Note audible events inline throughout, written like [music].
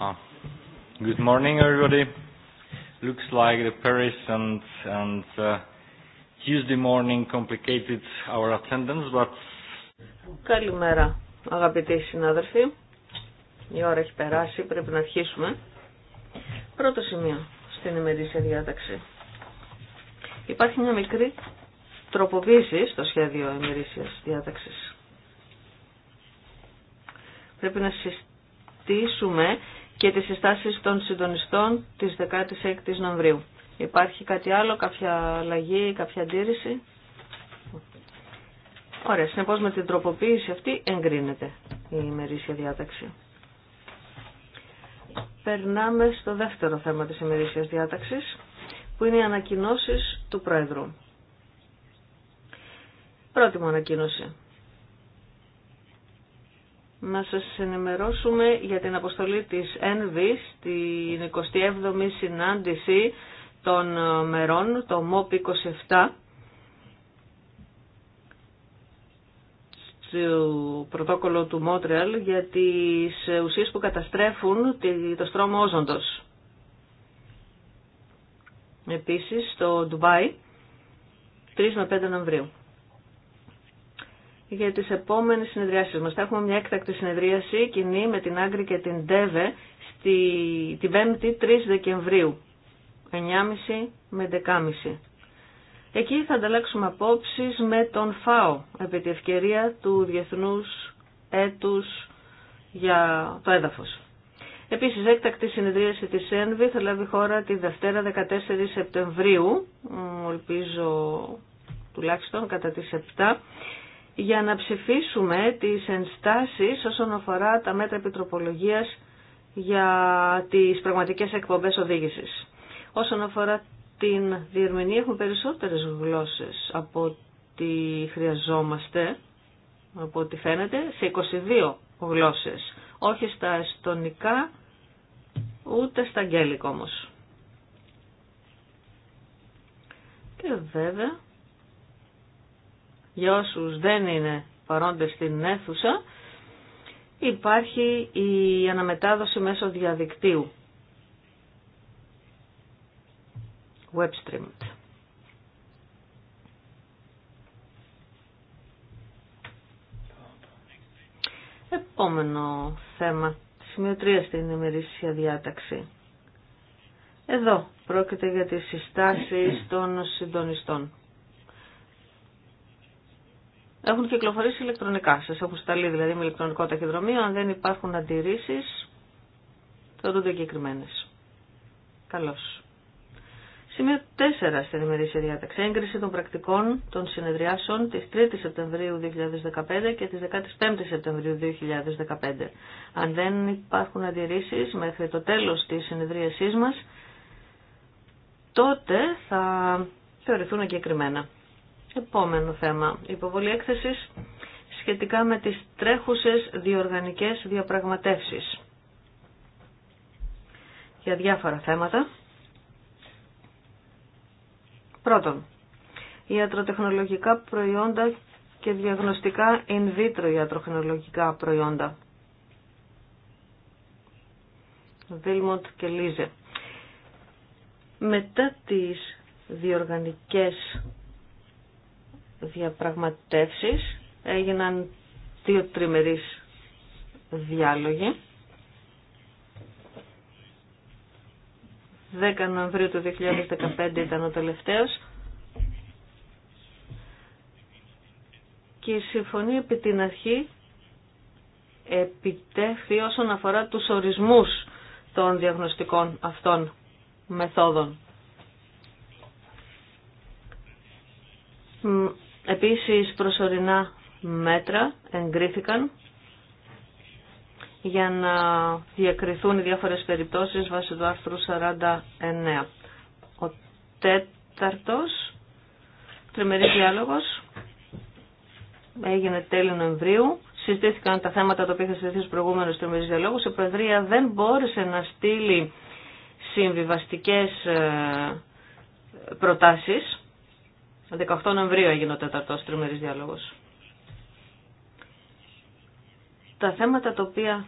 Ah. Good morning, everybody. Looks like the Paris and and uh, Tuesday morning complicated our attendance, but. Καλημέρα, αγαπητοί συνάδελφοι. Η ώρα έχει περάσει, πρέπει να αρχίσουμε. Πρώτο σημείο στην ημερήσια διάταξη. Υπάρχει μια μικρή τροποποίηση στο σχέδιο ημερήσιας διάταξης. Πρέπει να συστήσουμε συζητήσουμε και τις συστάσεις των συντονιστών της 16ης Νοεμβρίου. Υπάρχει κάτι άλλο, κάποια αλλαγή, κάποια αντίρρηση. Ωραία, συνεπώς με την τροποποίηση αυτή εγκρίνεται η ημερήσια διάταξη. Περνάμε στο δεύτερο θέμα της ημερήσιας διάταξης, που είναι οι ανακοινώσεις του Πρόεδρου. Πρώτη μου ανακοίνωση να σας ενημερώσουμε για την αποστολή της ΕΝΒΙ στην 27η συνάντηση των ε, μερών, το ΜΟΠ 27, στο πρωτόκολλο του Μότρεαλ για τις ουσίες που καταστρέφουν το στρώμα όζοντος. Επίσης στο Ντουμπάι, 3 με 5 Νοεμβρίου για τις επόμενες συνεδριάσεις μας. Θα έχουμε μια έκτακτη συνεδρίαση κοινή με την Άγκρη και την ΤΕΒΕ στη, την 5η 3 Δεκεμβρίου, 9.30 με 11.30. Εκεί θα ανταλλάξουμε απόψεις με τον ΦΑΟ, επί τη ευκαιρία του Διεθνούς Έτους για το έδαφος. Επίσης, έκτακτη συνεδρίαση της ΕΝΒΗ θα λάβει χώρα τη Δευτέρα 14 Σεπτεμβρίου, ελπίζω τουλάχιστον κατά τις 7 για να ψηφίσουμε τις ενστάσεις όσον αφορά τα μέτρα επιτροπολογίας για τις πραγματικές εκπομπές οδήγησης. Όσον αφορά την διερμηνία έχουν περισσότερες γλώσσες από ό,τι χρειαζόμαστε, από ό,τι φαίνεται, σε 22 γλώσσες. Όχι στα εστονικά, ούτε στα αγγέλικα όμως. Και βέβαια για όσους δεν είναι παρόντες στην αίθουσα, υπάρχει η αναμετάδοση μέσω διαδικτύου. Webstream. Επόμενο θέμα, σημείο 3 στην ημερήσια διάταξη. Εδώ πρόκειται για τις συστάσεις των συντονιστών έχουν κυκλοφορήσει ηλεκτρονικά. Σας έχουν σταλεί δηλαδή με ηλεκτρονικό ταχυδρομείο. Αν δεν υπάρχουν αντιρρήσεις, θεωρούνται εγκεκριμένε. Καλώ. Σημείο 4 στην ημερήσια διάταξη. Έγκριση των πρακτικών των συνεδριάσεων της 3 η Σεπτεμβρίου 2015 και της 15 η Σεπτεμβρίου 2015. Αν δεν υπάρχουν αντιρρήσει μέχρι το τέλο τη συνεδρίασή μα, τότε θα θεωρηθούν εγκεκριμένα. Επόμενο θέμα. Υποβολή έκθεση σχετικά με τις τρέχουσες διοργανικές διαπραγματεύσεις για διάφορα θέματα. Πρώτον, ιατροτεχνολογικά προϊόντα και διαγνωστικά in vitro ιατροχνολογικά προϊόντα. Βίλμοντ και Λίζε. Μετά τις διοργανικές διαπραγματεύσεις έγιναν δύο τριμερείς διάλογοι. 10 Νοεμβρίου του 2015 ήταν ο τελευταίος και η συμφωνία επί την αρχή επιτεύχθη όσον αφορά τους ορισμούς των διαγνωστικών αυτών μεθόδων. Επίσης προσωρινά μέτρα εγκρίθηκαν για να διακριθούν οι διάφορες περιπτώσεις βάσει του άρθρου 49. Ο τέταρτος τριμερή διάλογος έγινε τέλη Νοεμβρίου. Συζητήθηκαν τα θέματα τα οποία είχαν συζητήσει στους προηγούμενους τριμερείς διαλόγους. Η Προεδρία δεν μπόρεσε να στείλει συμβιβαστικές ε, προτάσεις 18 Νοεμβρίου έγινε ο τέταρτο τριμερή διάλογος. Τα θέματα τα οποία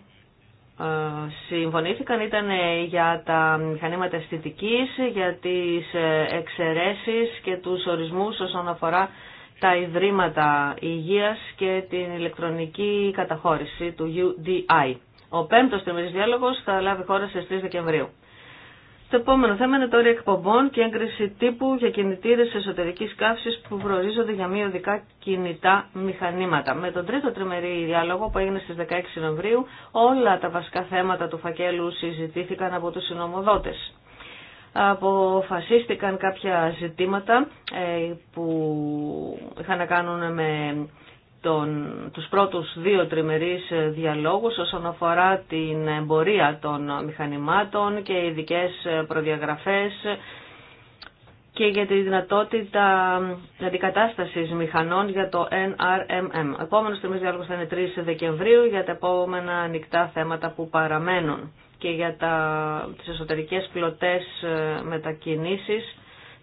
ε, συμφωνήθηκαν ήταν για τα μηχανήματα αισθητικής, για τις ε, εξαιρεσει και τους ορισμούς όσον αφορά τα Ιδρύματα Υγείας και την ηλεκτρονική καταχώρηση του UDI. Ο πέμπτος τριμερής διάλογος θα λάβει χώρα στις 3 Δεκεμβρίου. Το επόμενο θέμα είναι το εκπομπών και έγκριση τύπου για κινητήρες εσωτερικής καύσης που προορίζονται για μη οδικά κινητά μηχανήματα. Με τον τρίτο τριμερή διάλογο που έγινε στις 16 Νοεμβρίου, όλα τα βασικά θέματα του φακέλου συζητήθηκαν από τους συνομοδότες. Αποφασίστηκαν κάποια ζητήματα ε, που είχαν να κάνουν με τον, τους πρώτους δύο τριμερείς ε, διαλόγους όσον αφορά την εμπορία των μηχανημάτων και ειδικέ ε, προδιαγραφές και για τη δυνατότητα ε, αντικατάστασης μηχανών για το NRMM. Ο επόμενος τριμής διάλογος θα είναι 3 Δεκεμβρίου για τα επόμενα ανοιχτά θέματα που παραμένουν και για τα, τις εσωτερικές πλωτές μετακινήσεις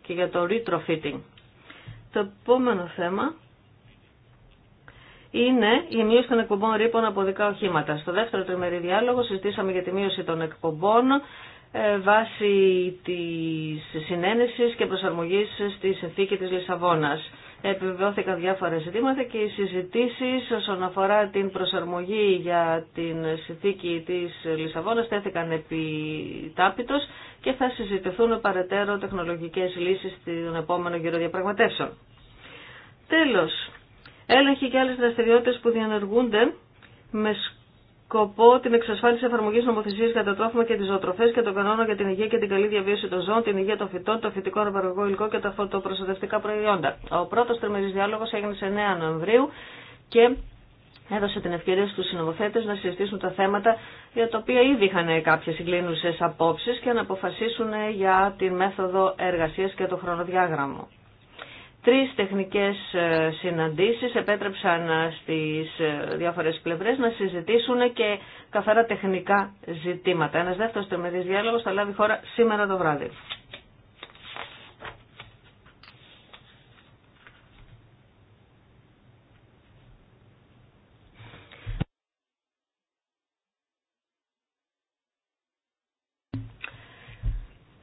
και για το retrofitting. Το επόμενο θέμα είναι η μείωση των εκπομπών ρήπων από δικά οχήματα. Στο δεύτερο τριμερή διάλογο συζητήσαμε για τη μείωση των εκπομπών ε, βάσει της συνένεσης και προσαρμογής στη συνθήκη της Λισαβόνας. Επιβεβαιώθηκαν διάφορα ζητήματα και οι συζητήσεις όσον αφορά την προσαρμογή για την συνθήκη της Λισαβόνας τέθηκαν τάπητος και θα συζητηθούν παρετέρω τεχνολογικές λύσεις στον επόμενο γύρο διαπραγματεύσεων. Τέλος, έλεγχοι και άλλες δραστηριότητες που διενεργούνται με σκοπό την εξασφάλιση εφαρμογή νομοθεσία για τα τρόφιμα και τι ζωοτροφέ και τον κανόνα για την υγεία και την καλή διαβίωση των ζώων, την υγεία των φυτών, το φυτικό αναπαραγωγικό υλικό και τα φωτοπροστατευτικά προϊόντα. Ο πρώτο τριμερή διάλογο έγινε σε 9 Νοεμβρίου και έδωσε την ευκαιρία στους συνομοθέτες να συζητήσουν τα θέματα για τα οποία ήδη είχαν κάποιες συγκλίνουσες απόψεις και να αποφασίσουν για την μέθοδο εργασία και το χρονοδιάγραμμα. Τρεις τεχνικές ε, συναντήσεις επέτρεψαν ε, στις ε, διάφορες πλευρές να συζητήσουν και καθαρά τεχνικά ζητήματα. Ένας δεύτερος τεμερής διάλογος θα λάβει χώρα σήμερα το βράδυ.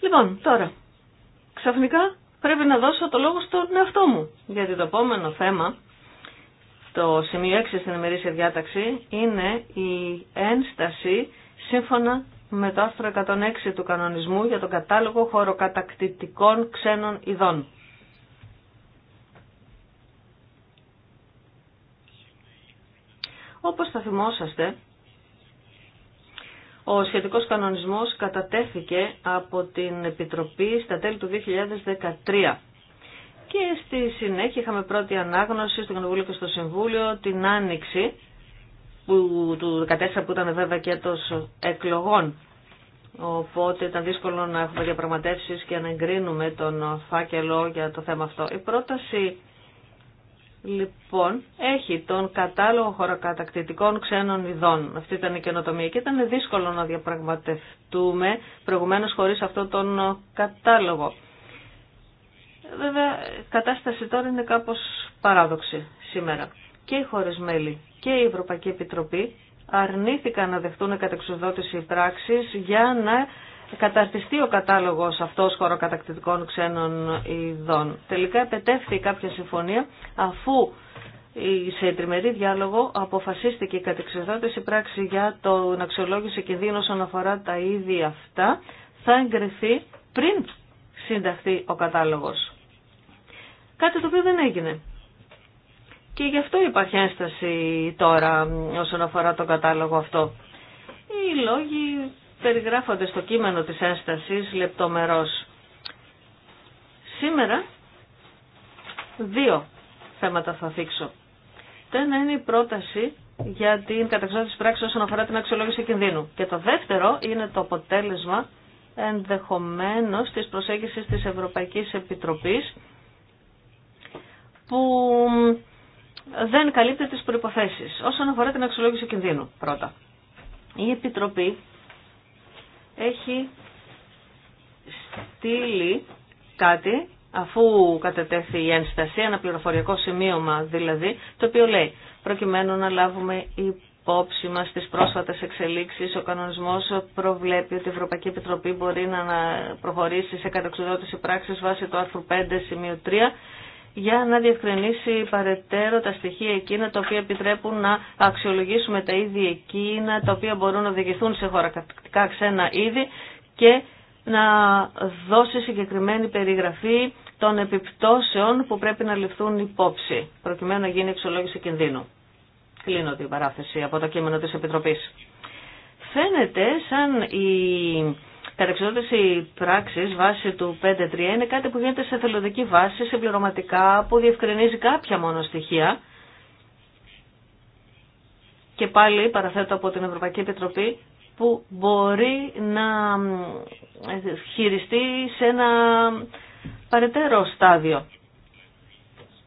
Λοιπόν, τώρα, ξαφνικά πρέπει να δώσω το λόγο στον εαυτό μου. Γιατί το επόμενο θέμα, το σημείο 6 στην ημερήσια διάταξη, είναι η ένσταση σύμφωνα με το άρθρο 106 του κανονισμού για τον κατάλογο χωροκατακτητικών ξένων ειδών. Όπως θα θυμόσαστε, ο σχετικός κανονισμός κατατέθηκε από την Επιτροπή στα τέλη του 2013. Και στη συνέχεια είχαμε πρώτη ανάγνωση στο Κοινοβούλιο και στο Συμβούλιο την Άνοιξη που, του 2014 που ήταν βέβαια και έτος εκλογών. Οπότε ήταν δύσκολο να έχουμε διαπραγματεύσει και να εγκρίνουμε τον φάκελο για το θέμα αυτό. Η πρόταση λοιπόν, έχει τον κατάλογο χωροκατακτητικών ξένων ειδών. Αυτή ήταν η καινοτομία και ήταν δύσκολο να διαπραγματευτούμε προηγουμένως χωρίς αυτό τον κατάλογο. Βέβαια, η κατάσταση τώρα είναι κάπως παράδοξη σήμερα. Και οι χώρες μέλη και η Ευρωπαϊκή Επιτροπή αρνήθηκαν να δεχτούν κατεξοδότηση πράξης για να καταρτιστεί ο κατάλογος αυτός χωροκατακτητικών ξένων ειδών. Τελικά επετεύχθη κάποια συμφωνία αφού σε τριμερή διάλογο αποφασίστηκε η κατεξοδότηση πράξη για το αξιολόγηση κινδύνου όσον αφορά τα είδη αυτά θα εγκριθεί πριν συνταχθεί ο κατάλογος. Κάτι το οποίο δεν έγινε. Και γι' αυτό υπάρχει ένσταση τώρα όσον αφορά τον κατάλογο αυτό. Οι λόγοι περιγράφονται στο κείμενο της ένστασης λεπτομερώς. Σήμερα δύο θέματα θα θίξω. Το ένα είναι η πρόταση για την καταξιότητα της πράξης όσον αφορά την αξιολόγηση κινδύνου. Και το δεύτερο είναι το αποτέλεσμα ενδεχομένως της προσέγγισης της Ευρωπαϊκής Επιτροπής που δεν καλύπτει τις προϋποθέσεις όσον αφορά την αξιολόγηση κινδύνου πρώτα. Η Επιτροπή έχει στείλει κάτι αφού κατατέθη η ένσταση, ένα πληροφοριακό σημείωμα δηλαδή, το οποίο λέει προκειμένου να λάβουμε υπόψη μας στις πρόσφατες εξελίξεις, ο κανονισμός προβλέπει ότι η Ευρωπαϊκή Επιτροπή μπορεί να προχωρήσει σε καταξιδότηση πράξη βάσει του άρθρου 5 σημείου για να διευκρινίσει παρετέρω τα στοιχεία εκείνα τα οποία επιτρέπουν να αξιολογήσουμε τα είδη εκείνα τα οποία μπορούν να οδηγηθούν σε χωρακακτικά ξένα είδη και να δώσει συγκεκριμένη περιγραφή των επιπτώσεων που πρέπει να ληφθούν υπόψη, προκειμένου να γίνει εξολόγηση κινδύνου. Κλείνω την παράθεση από το κείμενο της Επιτροπής. Φαίνεται σαν η Καταξιδότηση πράξη βάσει του 5.3 είναι κάτι που γίνεται σε θελοντική βάση, συμπληρωματικά, που διευκρινίζει κάποια μόνο στοιχεία. Και πάλι παραθέτω από την Ευρωπαϊκή Επιτροπή που μπορεί να χειριστεί σε ένα παρετέρω στάδιο.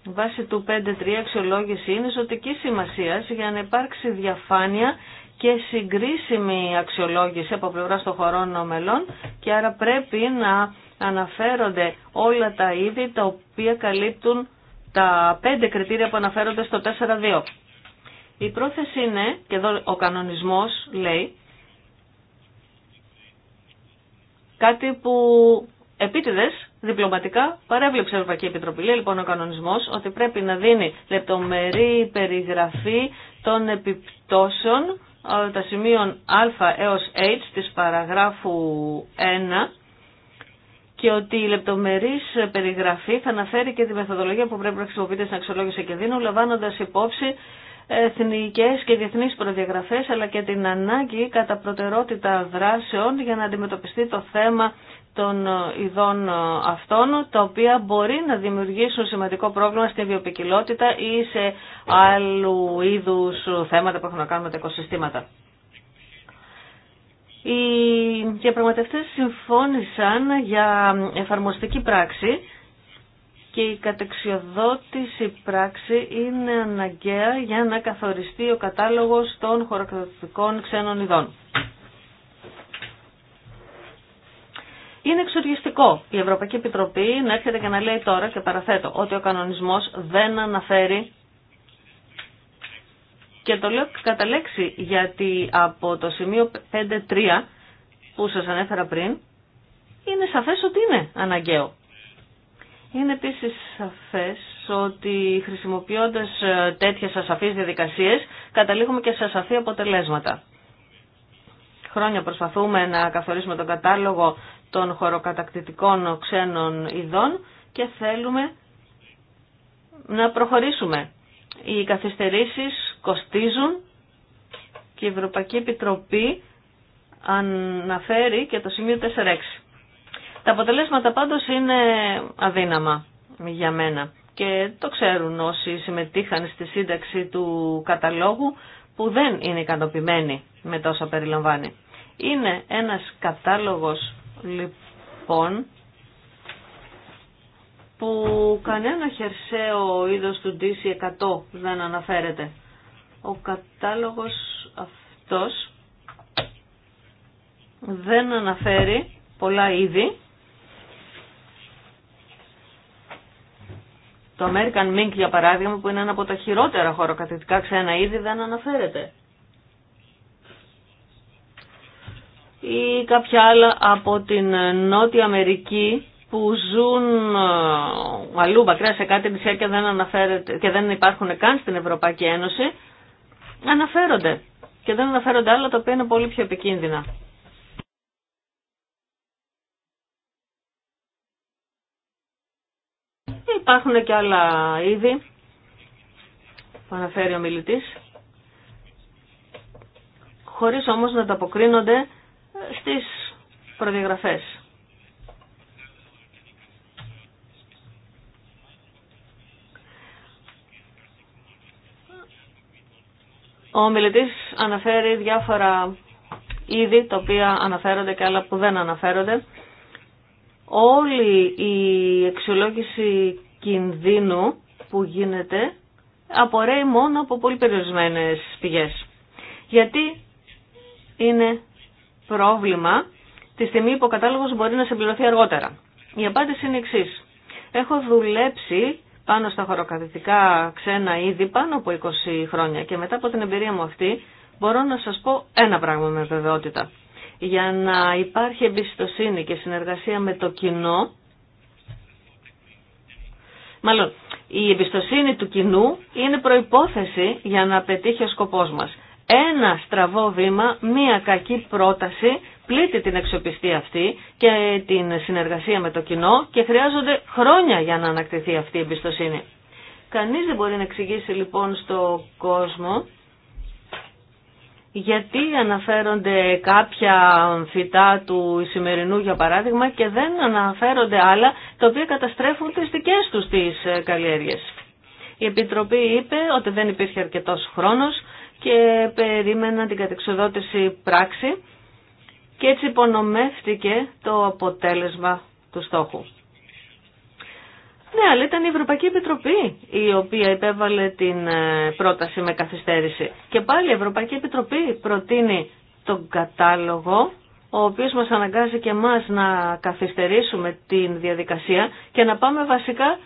Βάσει του 5.3 αξιολόγηση είναι ζωτική σημασία για να υπάρξει διαφάνεια και συγκρίσιμη αξιολόγηση από πλευρά των χωρών νομελών... και άρα πρέπει να αναφέρονται όλα τα είδη τα οποία καλύπτουν τα πέντε κριτήρια που αναφέρονται στο 4.2. Η πρόθεση είναι, και εδώ ο κανονισμός λέει, κάτι που επίτηδες διπλωματικά παρέβλεψε η Ευρωπαϊκή Επιτροπή. Λέει λοιπόν ο κανονισμός ότι πρέπει να δίνει λεπτομερή περιγραφή των επιπτώσεων τα σημείων α έως h της παραγράφου 1 και ότι η λεπτομερής περιγραφή θα αναφέρει και τη μεθοδολογία που πρέπει να χρησιμοποιείται στην αξιολόγηση κινδύνου, λαμβάνοντας υπόψη εθνικές και διεθνείς προδιαγραφές, αλλά και την ανάγκη κατά προτερότητα δράσεων για να αντιμετωπιστεί το θέμα των ειδών αυτών, τα οποία μπορεί να δημιουργήσουν σημαντικό πρόβλημα στην βιοπικιλότητα ή σε άλλου είδους θέματα που έχουν να κάνουν με τα οικοσυστήματα. Οι διαπραγματευτές συμφώνησαν για εφαρμοστική πράξη και η κατεξιοδότηση πράξη είναι αναγκαία για να καθοριστεί ο κατάλογος των χωροκρατικών ξένων ειδών. Είναι εξοργιστικό η Ευρωπαϊκή Επιτροπή να έρχεται και να λέει τώρα και παραθέτω ότι ο κανονισμός δεν αναφέρει και το λέω κατά λέξη γιατί από το σημείο 5.3 που σας ανέφερα πριν είναι σαφές ότι είναι αναγκαίο. Είναι επίσης σαφές ότι χρησιμοποιώντας ε, τέτοιες ασαφείς διαδικασίες καταλήγουμε και σε ασαφή αποτελέσματα. Χρόνια προσπαθούμε να καθορίσουμε τον κατάλογο των χωροκατακτητικών ξένων ειδών και θέλουμε να προχωρήσουμε. Οι καθυστερήσεις κοστίζουν και η Ευρωπαϊκή Επιτροπή αναφέρει και το σημείο 4-6. Τα αποτελέσματα πάντως είναι αδύναμα για μένα και το ξέρουν όσοι συμμετείχαν στη σύνταξη του καταλόγου που δεν είναι ικανοποιημένοι με τόσα περιλαμβάνει. Είναι ένας κατάλογος λοιπόν που κανένα χερσαίο είδος του DC100 δεν αναφέρεται. Ο κατάλογος αυτός δεν αναφέρει πολλά είδη. Το American Mink για παράδειγμα που είναι ένα από τα χειρότερα χωροκαθετικά ξένα είδη δεν αναφέρεται. ή κάποια άλλα από την Νότια Αμερική που ζουν ε, αλλού μακριά σε κάτι νησιά και δεν, και δεν υπάρχουν καν στην Ευρωπαϊκή Ένωση, αναφέρονται. Και δεν αναφέρονται άλλα τα οποία είναι πολύ πιο επικίνδυνα. Υπάρχουν και άλλα είδη που αναφέρει ο μιλητής, χωρίς όμως να τα αποκρίνονται στις προδιαγραφές. Ο μιλητή αναφέρει διάφορα είδη, τα οποία αναφέρονται και άλλα που δεν αναφέρονται. Όλη η εξολόγηση κινδύνου που γίνεται απορρέει μόνο από πολύ περιορισμένες πηγές. Γιατί είναι πρόβλημα τη στιγμή που ο κατάλογο μπορεί να συμπληρωθεί αργότερα. Η απάντηση είναι εξή. Έχω δουλέψει πάνω στα χωροκαθητικά ξένα ήδη πάνω από 20 χρόνια και μετά από την εμπειρία μου αυτή μπορώ να σας πω ένα πράγμα με βεβαιότητα. Για να υπάρχει εμπιστοσύνη και συνεργασία με το κοινό, μάλλον η εμπιστοσύνη του κοινού είναι προϋπόθεση για να πετύχει ο σκοπός μας. Ένα στραβό βήμα, μία κακή πρόταση πλήττει την εξοπιστία αυτή και την συνεργασία με το κοινό και χρειάζονται χρόνια για να ανακτηθεί αυτή η εμπιστοσύνη. Κανείς δεν μπορεί να εξηγήσει λοιπόν στο κόσμο γιατί αναφέρονται κάποια φυτά του σημερινού για παράδειγμα και δεν αναφέρονται άλλα τα οποία καταστρέφουν τις δικές τους τις ε, καλλιέργειες. Η Επιτροπή είπε ότι δεν υπήρχε αρκετός χρόνος και περίμενα την κατεξοδότηση πράξη και έτσι υπονομεύτηκε το αποτέλεσμα του στόχου. Ναι, αλλά ήταν η Ευρωπαϊκή Επιτροπή η οποία υπέβαλε την ε, πρόταση με καθυστέρηση. Και πάλι η Ευρωπαϊκή Επιτροπή προτείνει τον κατάλογο, ο οποίος μας αναγκάζει και εμάς να καθυστερήσουμε την διαδικασία και να πάμε βασικά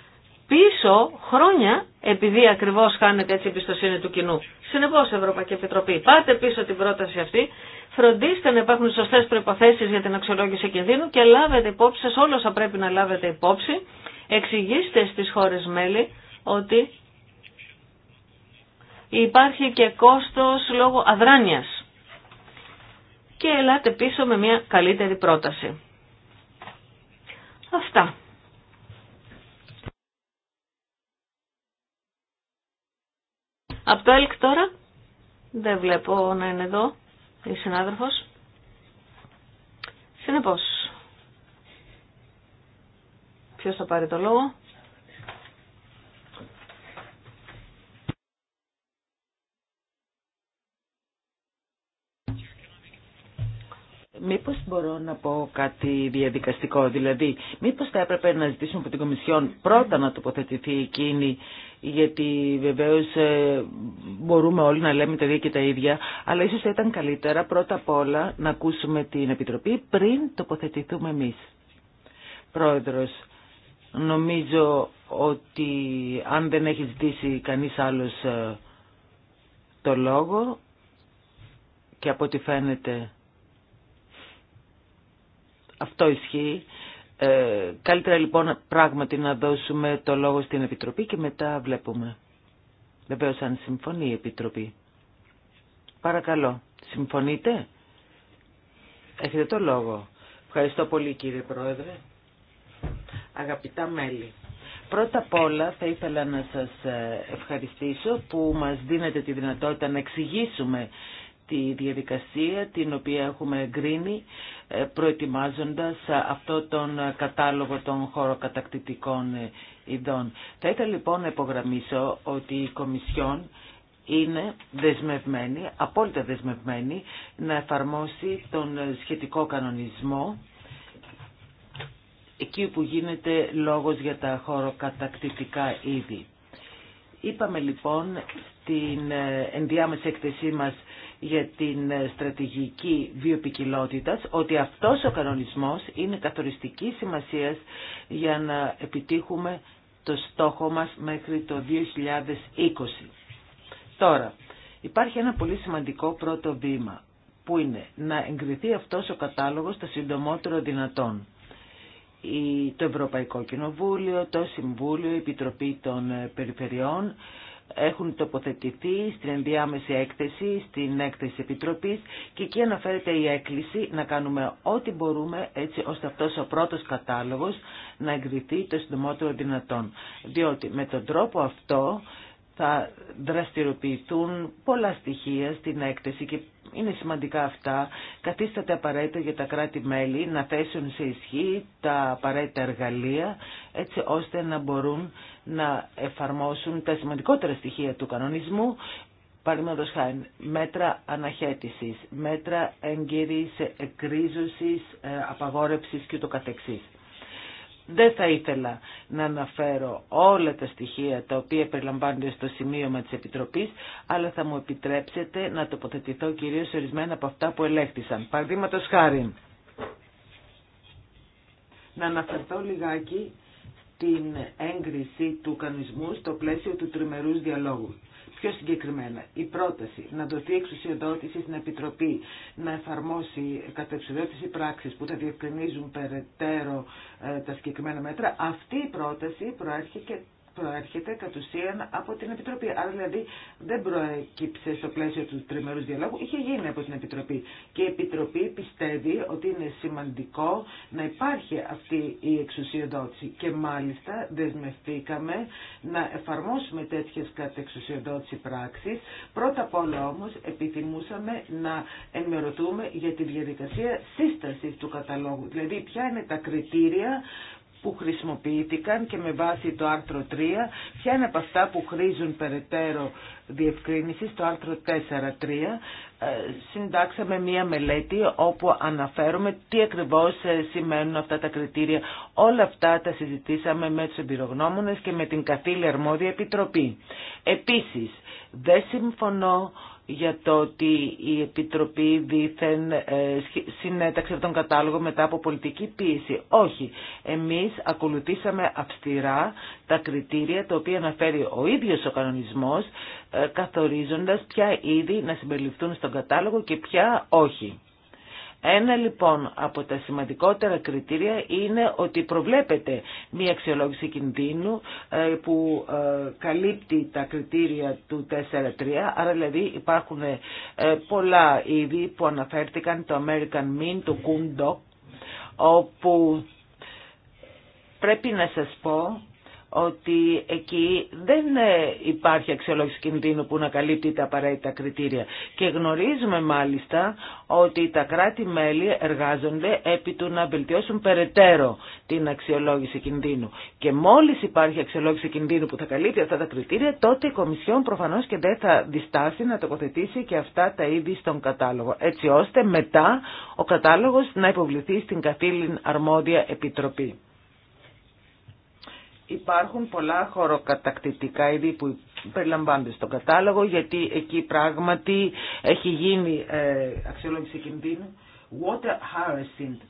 πίσω χρόνια επειδή ακριβώ χάνεται έτσι η εμπιστοσύνη του κοινού. Συνεπώς Ευρωπαϊκή Επιτροπή, πάτε πίσω την πρόταση αυτή, φροντίστε να υπάρχουν σωστέ προποθέσει για την αξιολόγηση κινδύνου και λάβετε υπόψη όλος όλο πρέπει να λάβετε υπόψη, εξηγήστε στις χώρε μέλη ότι υπάρχει και κόστος λόγω αδράνειας και ελάτε πίσω με μια καλύτερη πρόταση. Αυτά. Από το ΕΛΚ τώρα. Δεν βλέπω να είναι εδώ η συνάδελφος. Συνεπώς. Ποιος θα πάρει το λόγο. Μήπως μπορώ να πω κάτι διαδικαστικό, δηλαδή μήπως θα έπρεπε να ζητήσουμε από την Κομισιόν πρώτα να τοποθετηθεί εκείνη γιατί βεβαίως ε, μπορούμε όλοι να λέμε τα ίδια και τα ίδια αλλά ίσως θα ήταν καλύτερα πρώτα απ' όλα να ακούσουμε την Επιτροπή πριν τοποθετηθούμε εμείς. Πρόεδρος, νομίζω ότι αν δεν έχει ζητήσει κανείς άλλος ε, το λόγο και από ό,τι φαίνεται αυτό ισχύει. Ε, καλύτερα λοιπόν πράγματι να δώσουμε το λόγο στην Επιτροπή και μετά βλέπουμε. Βεβαίω αν συμφωνεί η Επιτροπή. Παρακαλώ, συμφωνείτε. Έχετε το λόγο. Ευχαριστώ πολύ κύριε Πρόεδρε. Αγαπητά μέλη. Πρώτα απ' όλα θα ήθελα να σας ε, ευχαριστήσω που μας δίνετε τη δυνατότητα να εξηγήσουμε τη διαδικασία την οποία έχουμε εγκρίνει ε, προετοιμάζοντας ε, αυτό τον ε, κατάλογο των χωροκατακτητικών ειδών. Θα ήθελα λοιπόν να υπογραμμίσω ότι η Κομισιόν είναι δεσμευμένη, απόλυτα δεσμευμένη, να εφαρμόσει τον σχετικό κανονισμό εκεί που γίνεται λόγος για τα χωροκατακτητικά είδη. Είπαμε λοιπόν στην ενδιάμεση έκθεσή μας για την στρατηγική βιοπικιλότητας ότι αυτός ο κανονισμός είναι καθοριστική σημασίας για να επιτύχουμε το στόχο μας μέχρι το 2020. Τώρα, υπάρχει ένα πολύ σημαντικό πρώτο βήμα που είναι να εγκριθεί αυτός ο κατάλογος το συντομότερο δυνατόν. Το Ευρωπαϊκό Κοινοβούλιο, το Συμβούλιο, η Επιτροπή των Περιφερειών έχουν τοποθετηθεί στην ενδιάμεση έκθεση, στην έκθεση Επιτροπής και εκεί αναφέρεται η έκκληση να κάνουμε ό,τι μπορούμε έτσι ώστε αυτός ο πρώτος κατάλογος να εγκριθεί το συντομότερο δυνατόν. Διότι με τον τρόπο αυτό θα δραστηριοποιηθούν πολλά στοιχεία στην έκθεση και είναι σημαντικά αυτά. Καθίσταται απαραίτητο για τα κράτη-μέλη να θέσουν σε ισχύ τα απαραίτητα εργαλεία έτσι ώστε να μπορούν να εφαρμόσουν τα σημαντικότερα στοιχεία του κανονισμού, παραδείγματο χάρη μέτρα αναχέτησης, μέτρα εγκύρη εκρίζωσης, ε, απαγόρευσης κ.ο.κ. Δεν θα ήθελα να αναφέρω όλα τα στοιχεία τα οποία περιλαμβάνονται στο σημείωμα της Επιτροπής, αλλά θα μου επιτρέψετε να τοποθετηθώ κυρίως ορισμένα από αυτά που ελέγχθησαν. Παραδείγματο χάρη, να αναφερθώ λιγάκι την έγκριση του κανονισμού στο πλαίσιο του τριμερούς διαλόγου. Πιο συγκεκριμένα, η πρόταση να δοθεί εξουσιοδότηση στην Επιτροπή να εφαρμόσει κατεξουσιοδότηση πράξεις που θα διευκρινίζουν περαιτέρω ε, τα συγκεκριμένα μέτρα, αυτή η πρόταση προέρχεται προέρχεται κατ' ουσίαν από την Επιτροπή. Άρα δηλαδή δεν προέκυψε στο πλαίσιο του τριμερού διαλόγου, είχε γίνει από την Επιτροπή. Και η Επιτροπή πιστεύει ότι είναι σημαντικό να υπάρχει αυτή η εξουσιοδότηση. Και μάλιστα δεσμευτήκαμε να εφαρμόσουμε τέτοιε κατεξουσιοδότηση πράξει. Πρώτα απ' όλα όμω επιθυμούσαμε να ενημερωθούμε για τη διαδικασία σύσταση του καταλόγου. Δηλαδή ποια είναι τα κριτήρια που χρησιμοποιήθηκαν και με βάση το άρθρο 3, ποια είναι από αυτά που χρήζουν περαιτέρω διευκρίνηση το άρθρο 4.3 ε, συντάξαμε μία μελέτη όπου αναφέρουμε τι ακριβώς ε, σημαίνουν αυτά τα κριτήρια. Όλα αυτά τα συζητήσαμε με τους εμπειρογνώμονες και με την καθήλια αρμόδια επιτροπή. Επίσης, δεν συμφωνώ για το ότι η Επιτροπή δήθεν ε, συνέταξε τον κατάλογο μετά από πολιτική πίεση. Όχι. Εμείς ακολουθήσαμε αυστηρά τα κριτήρια τα οποία αναφέρει ο ίδιος ο κανονισμός ε, καθορίζοντας ποια είδη να συμπεριληφθούν στον κατάλογο και ποια όχι. Ένα λοιπόν από τα σημαντικότερα κριτήρια είναι ότι προβλέπεται μία αξιολόγηση κινδύνου ε, που ε, καλύπτει τα κριτήρια του 4-3, άρα δηλαδή υπάρχουν ε, πολλά είδη που αναφέρθηκαν, το American Mean, το Kundo, όπου πρέπει να σας πω ότι εκεί δεν ε, υπάρχει αξιολόγηση κινδύνου που να καλύπτει τα απαραίτητα κριτήρια. Και γνωρίζουμε μάλιστα ότι τα κράτη-μέλη εργάζονται επί του να βελτιώσουν περαιτέρω την αξιολόγηση κινδύνου. Και μόλις υπάρχει αξιολόγηση κινδύνου που θα καλύπτει αυτά τα κριτήρια, τότε η Κομισιόν προφανώς και δεν θα διστάσει να τοποθετήσει και αυτά τα είδη στον κατάλογο. Έτσι ώστε μετά ο κατάλογος να υποβληθεί στην καθήλυν αρμόδια επιτροπή. Υπάρχουν πολλά χωροκατακτητικά είδη που περιλαμβάνονται στο κατάλογο γιατί εκεί πράγματι έχει γίνει ε, αξιολόγηση κινδύνου. Water hyacinth.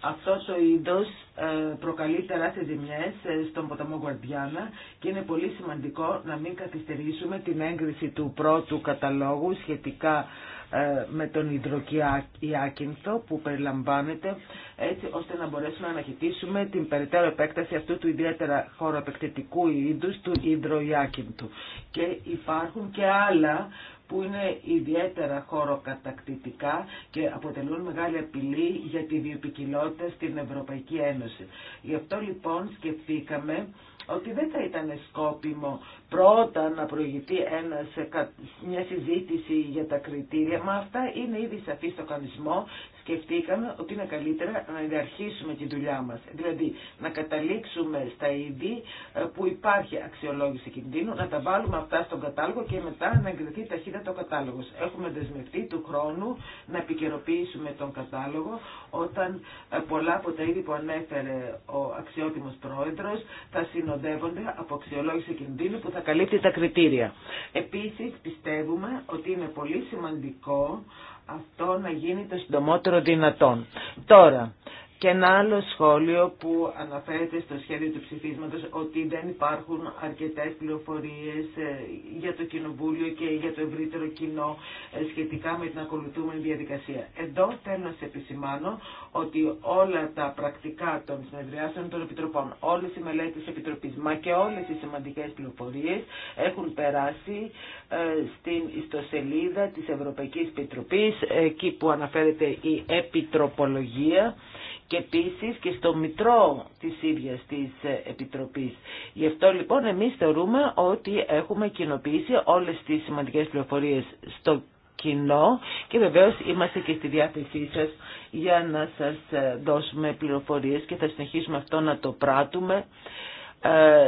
Αυτό ο είδο ε, προκαλεί τεράστιε ζημιέ ε, στον ποταμό Γουαρδιάνα και είναι πολύ σημαντικό να μην καθυστερήσουμε την έγκριση του πρώτου καταλόγου σχετικά ε, με τον Ιδροκιάκινθο που περιλαμβάνεται έτσι ώστε να μπορέσουμε να αναχαιτήσουμε την περαιτέρω επέκταση αυτού του ιδιαίτερα χωροπεκτητικού είδους του Ιδροϊάκινθου. Και υπάρχουν και άλλα που είναι ιδιαίτερα χωροκατακτητικά και αποτελούν μεγάλη απειλή για τη βιοπικιλότητα στην Ευρωπαϊκή Ένωση. Γι' αυτό λοιπόν σκεφτήκαμε ότι δεν θα ήταν σκόπιμο πρώτα να προηγηθεί μια συζήτηση για τα κριτήρια, μα αυτά είναι ήδη σαφή στο κανονισμό, σκεφτήκαμε ότι είναι καλύτερα να ιδιαρχήσουμε τη δουλειά μας. Δηλαδή να καταλήξουμε στα είδη ε, που υπάρχει αξιολόγηση κινδύνου, να τα βάλουμε αυτά στον κατάλογο και μετά να εκδοθεί ταχύτατα ο κατάλογος. Έχουμε δεσμευτεί του χρόνου να επικαιροποιήσουμε τον κατάλογο όταν ε, πολλά από τα είδη που ανέφερε ο αξιότιμος πρόεδρος θα συνοδεύονται από αξιολόγηση κινδύνου που θα καλύπτει τα κριτήρια. Επίσης πιστεύουμε ότι είναι πολύ σημαντικό αυτό να γίνει το συντομότερο δυνατόν. Τώρα, και ένα άλλο σχόλιο που αναφέρεται στο σχέδιο του ψηφίσματος ότι δεν υπάρχουν αρκετές πληροφορίες ε, για το Κοινοβούλιο και για το ευρύτερο κοινό ε, σχετικά με την ακολουθούμενη διαδικασία. Εδώ θέλω να σε επισημάνω ότι όλα τα πρακτικά των συνεδριάσεων των Επιτροπών, όλες οι μελέτες της Επιτροπής, μα και όλες οι σημαντικές πληροφορίες έχουν περάσει ε, στην ιστοσελίδα της Ευρωπαϊκής Επιτροπής, εκεί που αναφέρεται η Επιτροπολογία, και επίση και στο μητρό της ίδιας της ε, Επιτροπής. Γι' αυτό λοιπόν εμείς θεωρούμε ότι έχουμε κοινοποιήσει όλες τις σημαντικές πληροφορίες στο κοινό και βεβαίως είμαστε και στη διάθεσή σας για να σας ε, δώσουμε πληροφορίες και θα συνεχίσουμε αυτό να το πράττουμε ε,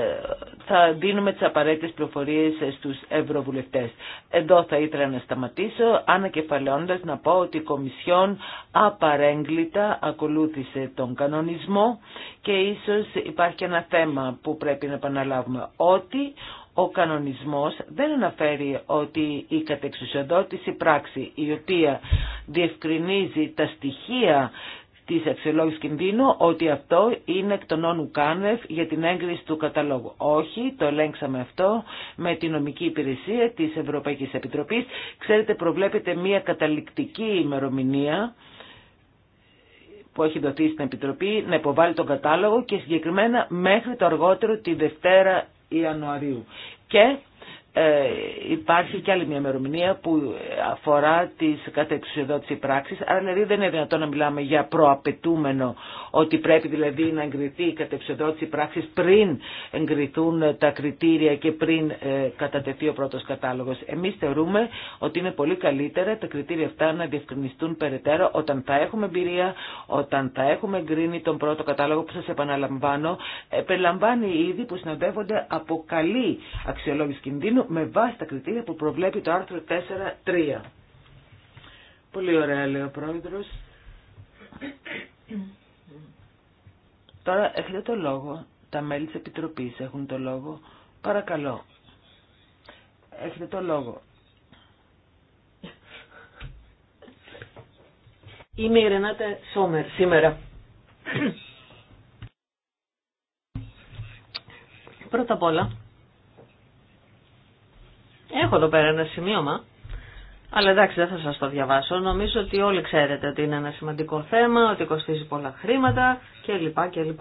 θα δίνουμε τις απαραίτητες πληροφορίες στους ευρωβουλευτές. Εδώ θα ήθελα να σταματήσω, ανακεφαλαιώντας να πω ότι η Κομισιόν απαρέγκλητα ακολούθησε τον κανονισμό και ίσως υπάρχει ένα θέμα που πρέπει να επαναλάβουμε, ότι ο κανονισμός δεν αναφέρει ότι η κατεξουσιοδότηση πράξη η οποία διευκρινίζει τα στοιχεία Τη αξιολόγησης κινδύνου ότι αυτό είναι εκ των όνου κάνευ για την έγκριση του καταλόγου. Όχι, το ελέγξαμε αυτό με την νομική υπηρεσία της Ευρωπαϊκής Επιτροπής. Ξέρετε, προβλέπεται μια καταληκτική ημερομηνία που έχει δοθεί στην Επιτροπή να υποβάλει τον κατάλογο και συγκεκριμένα μέχρι το αργότερο τη Δευτέρα Ιανουαρίου. Και ε, υπάρχει και άλλη μια ημερομηνία που αφορά τις κατεξουσιοδότηση πράξης, άρα δηλαδή δεν είναι δυνατόν να μιλάμε για προαπαιτούμενο ότι πρέπει δηλαδή να εγκριθεί η κατεξουσιοδότηση πράξης πριν εγκριθούν τα κριτήρια και πριν ε, κατατεθεί ο πρώτος κατάλογος. Εμείς θεωρούμε ότι είναι πολύ καλύτερα τα κριτήρια αυτά να διευκρινιστούν περαιτέρω όταν θα έχουμε εμπειρία, όταν θα έχουμε εγκρίνει τον πρώτο κατάλογο που σας επαναλαμβάνω, περιλαμβάνει ήδη που συνοδεύονται από καλή αξιολόγηση κινδύνου με βάση τα κριτήρια που προβλέπει το άρθρο 4.3. Πολύ ωραία λέει ο πρόεδρος. Τώρα έχετε το λόγο. Τα μέλη της Επιτροπής έχουν το λόγο. Παρακαλώ. Έχετε το λόγο. Είμαι η Ρενάτα Σόμερ σήμερα. Πρώτα απ' όλα, Έχω εδώ πέρα ένα σημείωμα, αλλά εντάξει δεν θα σας το διαβάσω. Νομίζω ότι όλοι ξέρετε ότι είναι ένα σημαντικό θέμα, ότι κοστίζει πολλά χρήματα κλπ. κλπ.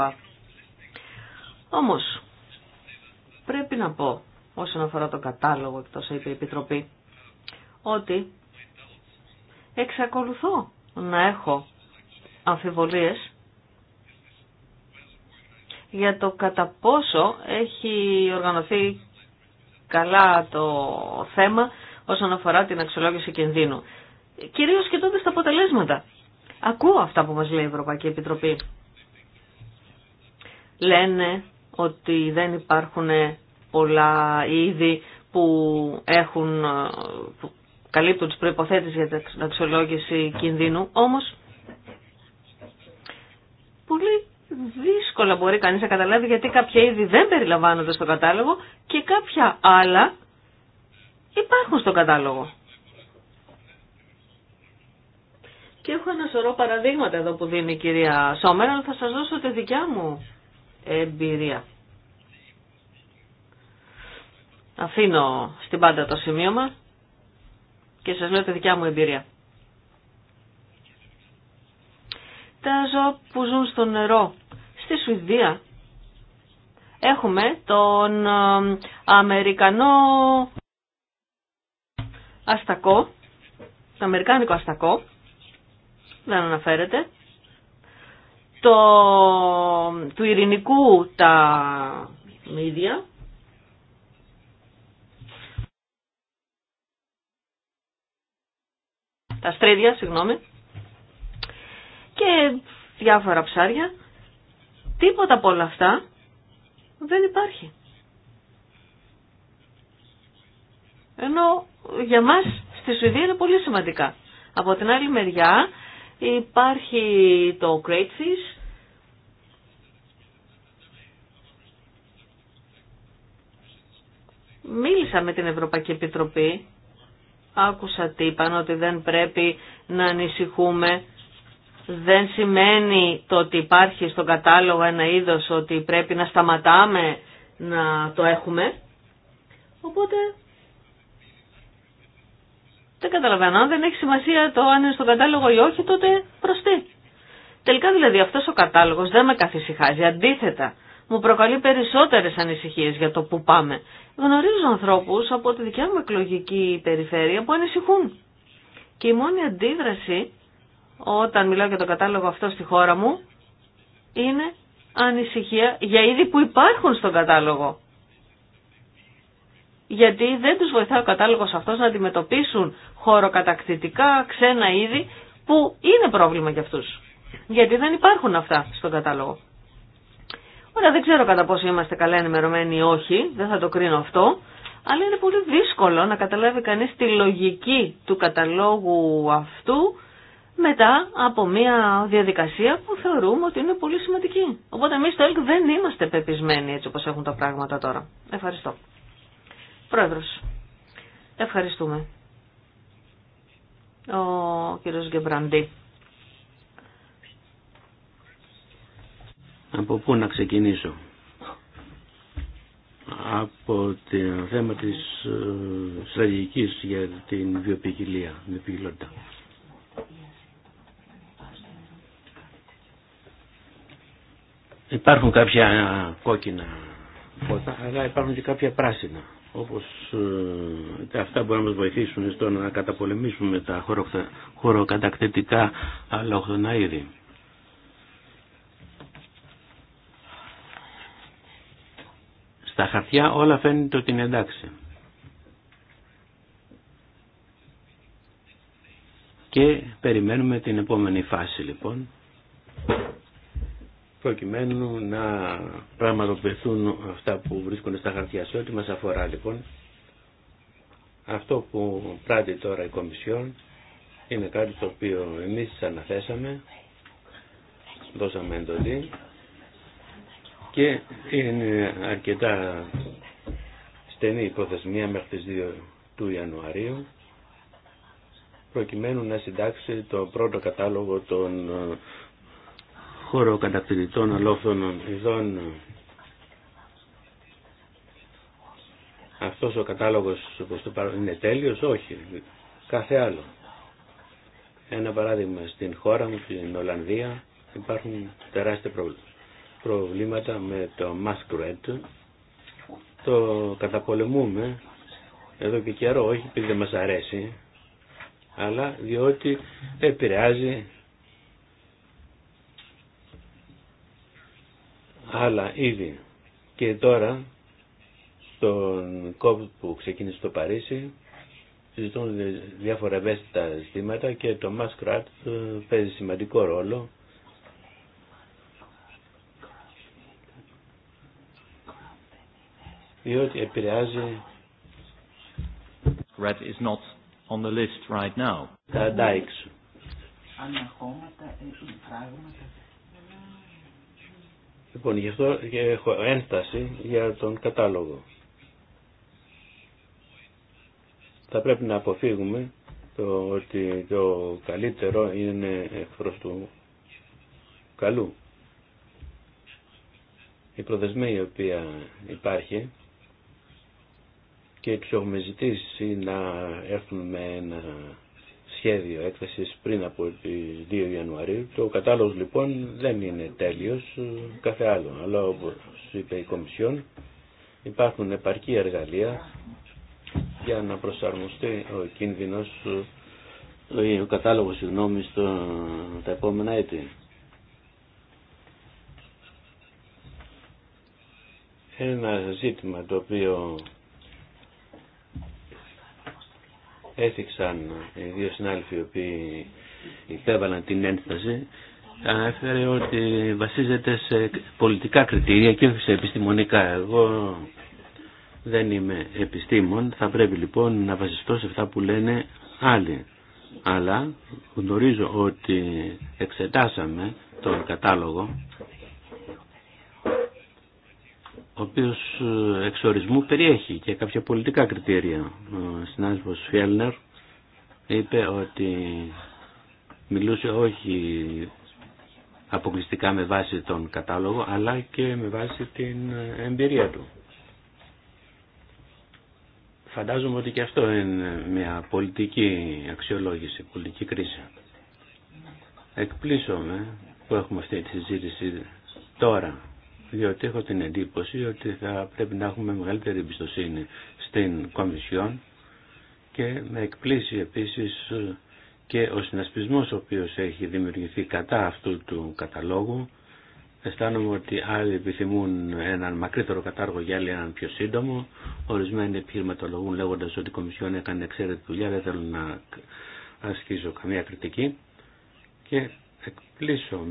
Όμως, πρέπει να πω, όσον αφορά το κατάλογο, εκτός είπε η Επιτροπή, ότι εξακολουθώ να έχω αμφιβολίες για το κατά πόσο έχει οργανωθεί καλά το θέμα όσον αφορά την αξιολόγηση κινδύνου. Κυρίως κοιτώντα τα αποτελέσματα. Ακούω αυτά που μας λέει η Ευρωπαϊκή Επιτροπή. Λένε ότι δεν υπάρχουν πολλά είδη που έχουν καλύπτουν τις προϋποθέτες για την αξιολόγηση κινδύνου, όμως πολύ δύσκολα μπορεί κανείς να καταλάβει γιατί κάποια είδη δεν περιλαμβάνονται στο κατάλογο και κάποια άλλα υπάρχουν στο κατάλογο. Και έχω ένα σωρό παραδείγματα εδώ που δίνει η κυρία Σόμερα, αλλά θα σας δώσω τη δικιά μου εμπειρία. Αφήνω στην πάντα το σημείο σημείωμα και σας λέω τη δικιά μου εμπειρία. Τα ζώα που ζουν στο νερό Στη Σουηδία έχουμε τον ε, Αμερικανό αστακό, τον Αμερικάνικο αστακό, δεν αναφέρεται, το, του ειρηνικού τα μίδια, τα στρίδια, συγγνώμη, και διάφορα ψάρια. Τίποτα από όλα αυτά δεν υπάρχει. Ενώ για μας στη Σουηδία είναι πολύ σημαντικά. Από την άλλη μεριά υπάρχει το Fish, Μίλησα με την Ευρωπαϊκή Επιτροπή, άκουσα τι είπαν ότι δεν πρέπει να ανησυχούμε δεν σημαίνει το ότι υπάρχει στον κατάλογο ένα είδος ότι πρέπει να σταματάμε να το έχουμε. Οπότε δεν καταλαβαίνω. Αν δεν έχει σημασία το αν είναι στον κατάλογο ή όχι, τότε τί; Τελικά δηλαδή αυτός ο κατάλογος δεν με καθησυχάζει. Αντίθετα, μου προκαλεί περισσότερες ανησυχίες για το που πάμε. Γνωρίζω ανθρώπους από τη δικιά μου εκλογική περιφέρεια που ανησυχούν. Και η μόνη αντίδραση όταν μιλάω για τον κατάλογο αυτό στη χώρα μου, είναι ανησυχία για είδη που υπάρχουν στον κατάλογο. Γιατί δεν τους βοηθά ο κατάλογος αυτός να αντιμετωπίσουν χωροκατακτητικά ξένα είδη που είναι πρόβλημα για αυτούς. Γιατί δεν υπάρχουν αυτά στον κατάλογο. Ωραία, δεν ξέρω κατά πόσο είμαστε καλά ενημερωμένοι ή όχι, δεν θα το κρίνω αυτό, αλλά είναι πολύ δύσκολο να καταλάβει κανείς τη λογική του καταλόγου αυτού μετά από μια διαδικασία που θεωρούμε ότι είναι πολύ σημαντική. Οπότε εμείς στο ΕΛΚ δεν είμαστε πεπισμένοι έτσι όπως έχουν τα πράγματα τώρα. Ευχαριστώ. Πρόεδρος, ευχαριστούμε. Ο κύριος Γκεμπραντή. Από πού να ξεκινήσω. Από το θέμα της ε, στρατηγικής για την βιοποικιλία, επικοινότητα. Υπάρχουν κάποια κόκκινα φώτα, αλλά υπάρχουν και κάποια πράσινα. Όπως ε, αυτά μπορούν να μας βοηθήσουν στο να καταπολεμήσουμε τα χωροκατακτητικά αλλοχθονά είδη. Στα χαρτιά όλα φαίνεται ότι είναι εντάξει. Και περιμένουμε την επόμενη φάση λοιπόν προκειμένου να πραγματοποιηθούν αυτά που βρίσκονται στα χαρτιά σε ό,τι μας αφορά λοιπόν αυτό που πράττει τώρα η Κομισιόν είναι κάτι το οποίο εμείς αναθέσαμε δώσαμε εντολή και είναι αρκετά στενή η προθεσμία μέχρι τις 2 του Ιανουαρίου προκειμένου να συντάξει το πρώτο κατάλογο των χώρο κατακτηριτών αλόφθονων ειδών. Αυτός ο κατάλογος που το παρόν είναι τέλειος, όχι, κάθε άλλο. Ένα παράδειγμα, στην χώρα μου, στην Ολλανδία, υπάρχουν τεράστια προβλήματα με το red Το καταπολεμούμε εδώ και καιρό, όχι επειδή δεν μας αρέσει, αλλά διότι επηρεάζει Αλλά ήδη και τώρα στον κόπο που ξεκίνησε στο Παρίσι συζητούν διάφορα ευαίσθητα ζητήματα και το μάσκρατ ε, παίζει σημαντικό ρόλο διότι επηρεάζει Red is not on the list right now. Τα Λοιπόν, γι' αυτό έχω ένσταση για τον κατάλογο. Θα πρέπει να αποφύγουμε το ότι το καλύτερο είναι εχθρός του καλού. Η προδεσμή η οποία υπάρχει και τους έχουμε ζητήσει να έρθουν με ένα σχέδιο έκθεσης πριν από τις 2 Ιανουαρίου. Το κατάλογος λοιπόν δεν είναι τέλειος ε, κάθε άλλο, αλλά όπως είπε η Κομισιόν υπάρχουν επαρκή εργαλεία για να προσαρμοστεί ο κίνδυνος, ε, ο κατάλογος συγγνώμη, στο, τα επόμενα έτη. Ένα ζήτημα το οποίο Έφυξαν οι δύο συνάδελφοι οι οποίοι υπέβαλαν την ένταση. ανέφερε ότι βασίζεται σε πολιτικά κριτήρια και όχι σε επιστημονικά. Εγώ δεν είμαι επιστήμον, θα πρέπει λοιπόν να βασιστώ σε αυτά που λένε άλλοι. Αλλά γνωρίζω ότι εξετάσαμε τον κατάλογο ο οποίος ε, εξορισμού περιέχει και κάποια πολιτικά κριτήρια. Ο συνάδελφος Φιέλνερ είπε ότι μιλούσε όχι αποκλειστικά με βάση τον κατάλογο αλλά και με βάση την ε, εμπειρία του. Φαντάζομαι ότι και αυτό είναι μια πολιτική αξιολόγηση, πολιτική κρίση. με που έχουμε αυτή τη συζήτηση τώρα διότι έχω την εντύπωση ότι θα πρέπει να έχουμε μεγαλύτερη εμπιστοσύνη στην Κομισιόν και με εκπλήσει επίσης και ο συνασπισμός ο οποίος έχει δημιουργηθεί κατά αυτού του καταλόγου αισθάνομαι ότι άλλοι επιθυμούν έναν μακρύτερο κατάργο για άλλοι έναν πιο σύντομο ορισμένοι επιχειρηματολογούν λέγοντας ότι η Κομισιόν έκανε εξαίρετη δουλειά δεν θέλω να ασκήσω καμία κριτική και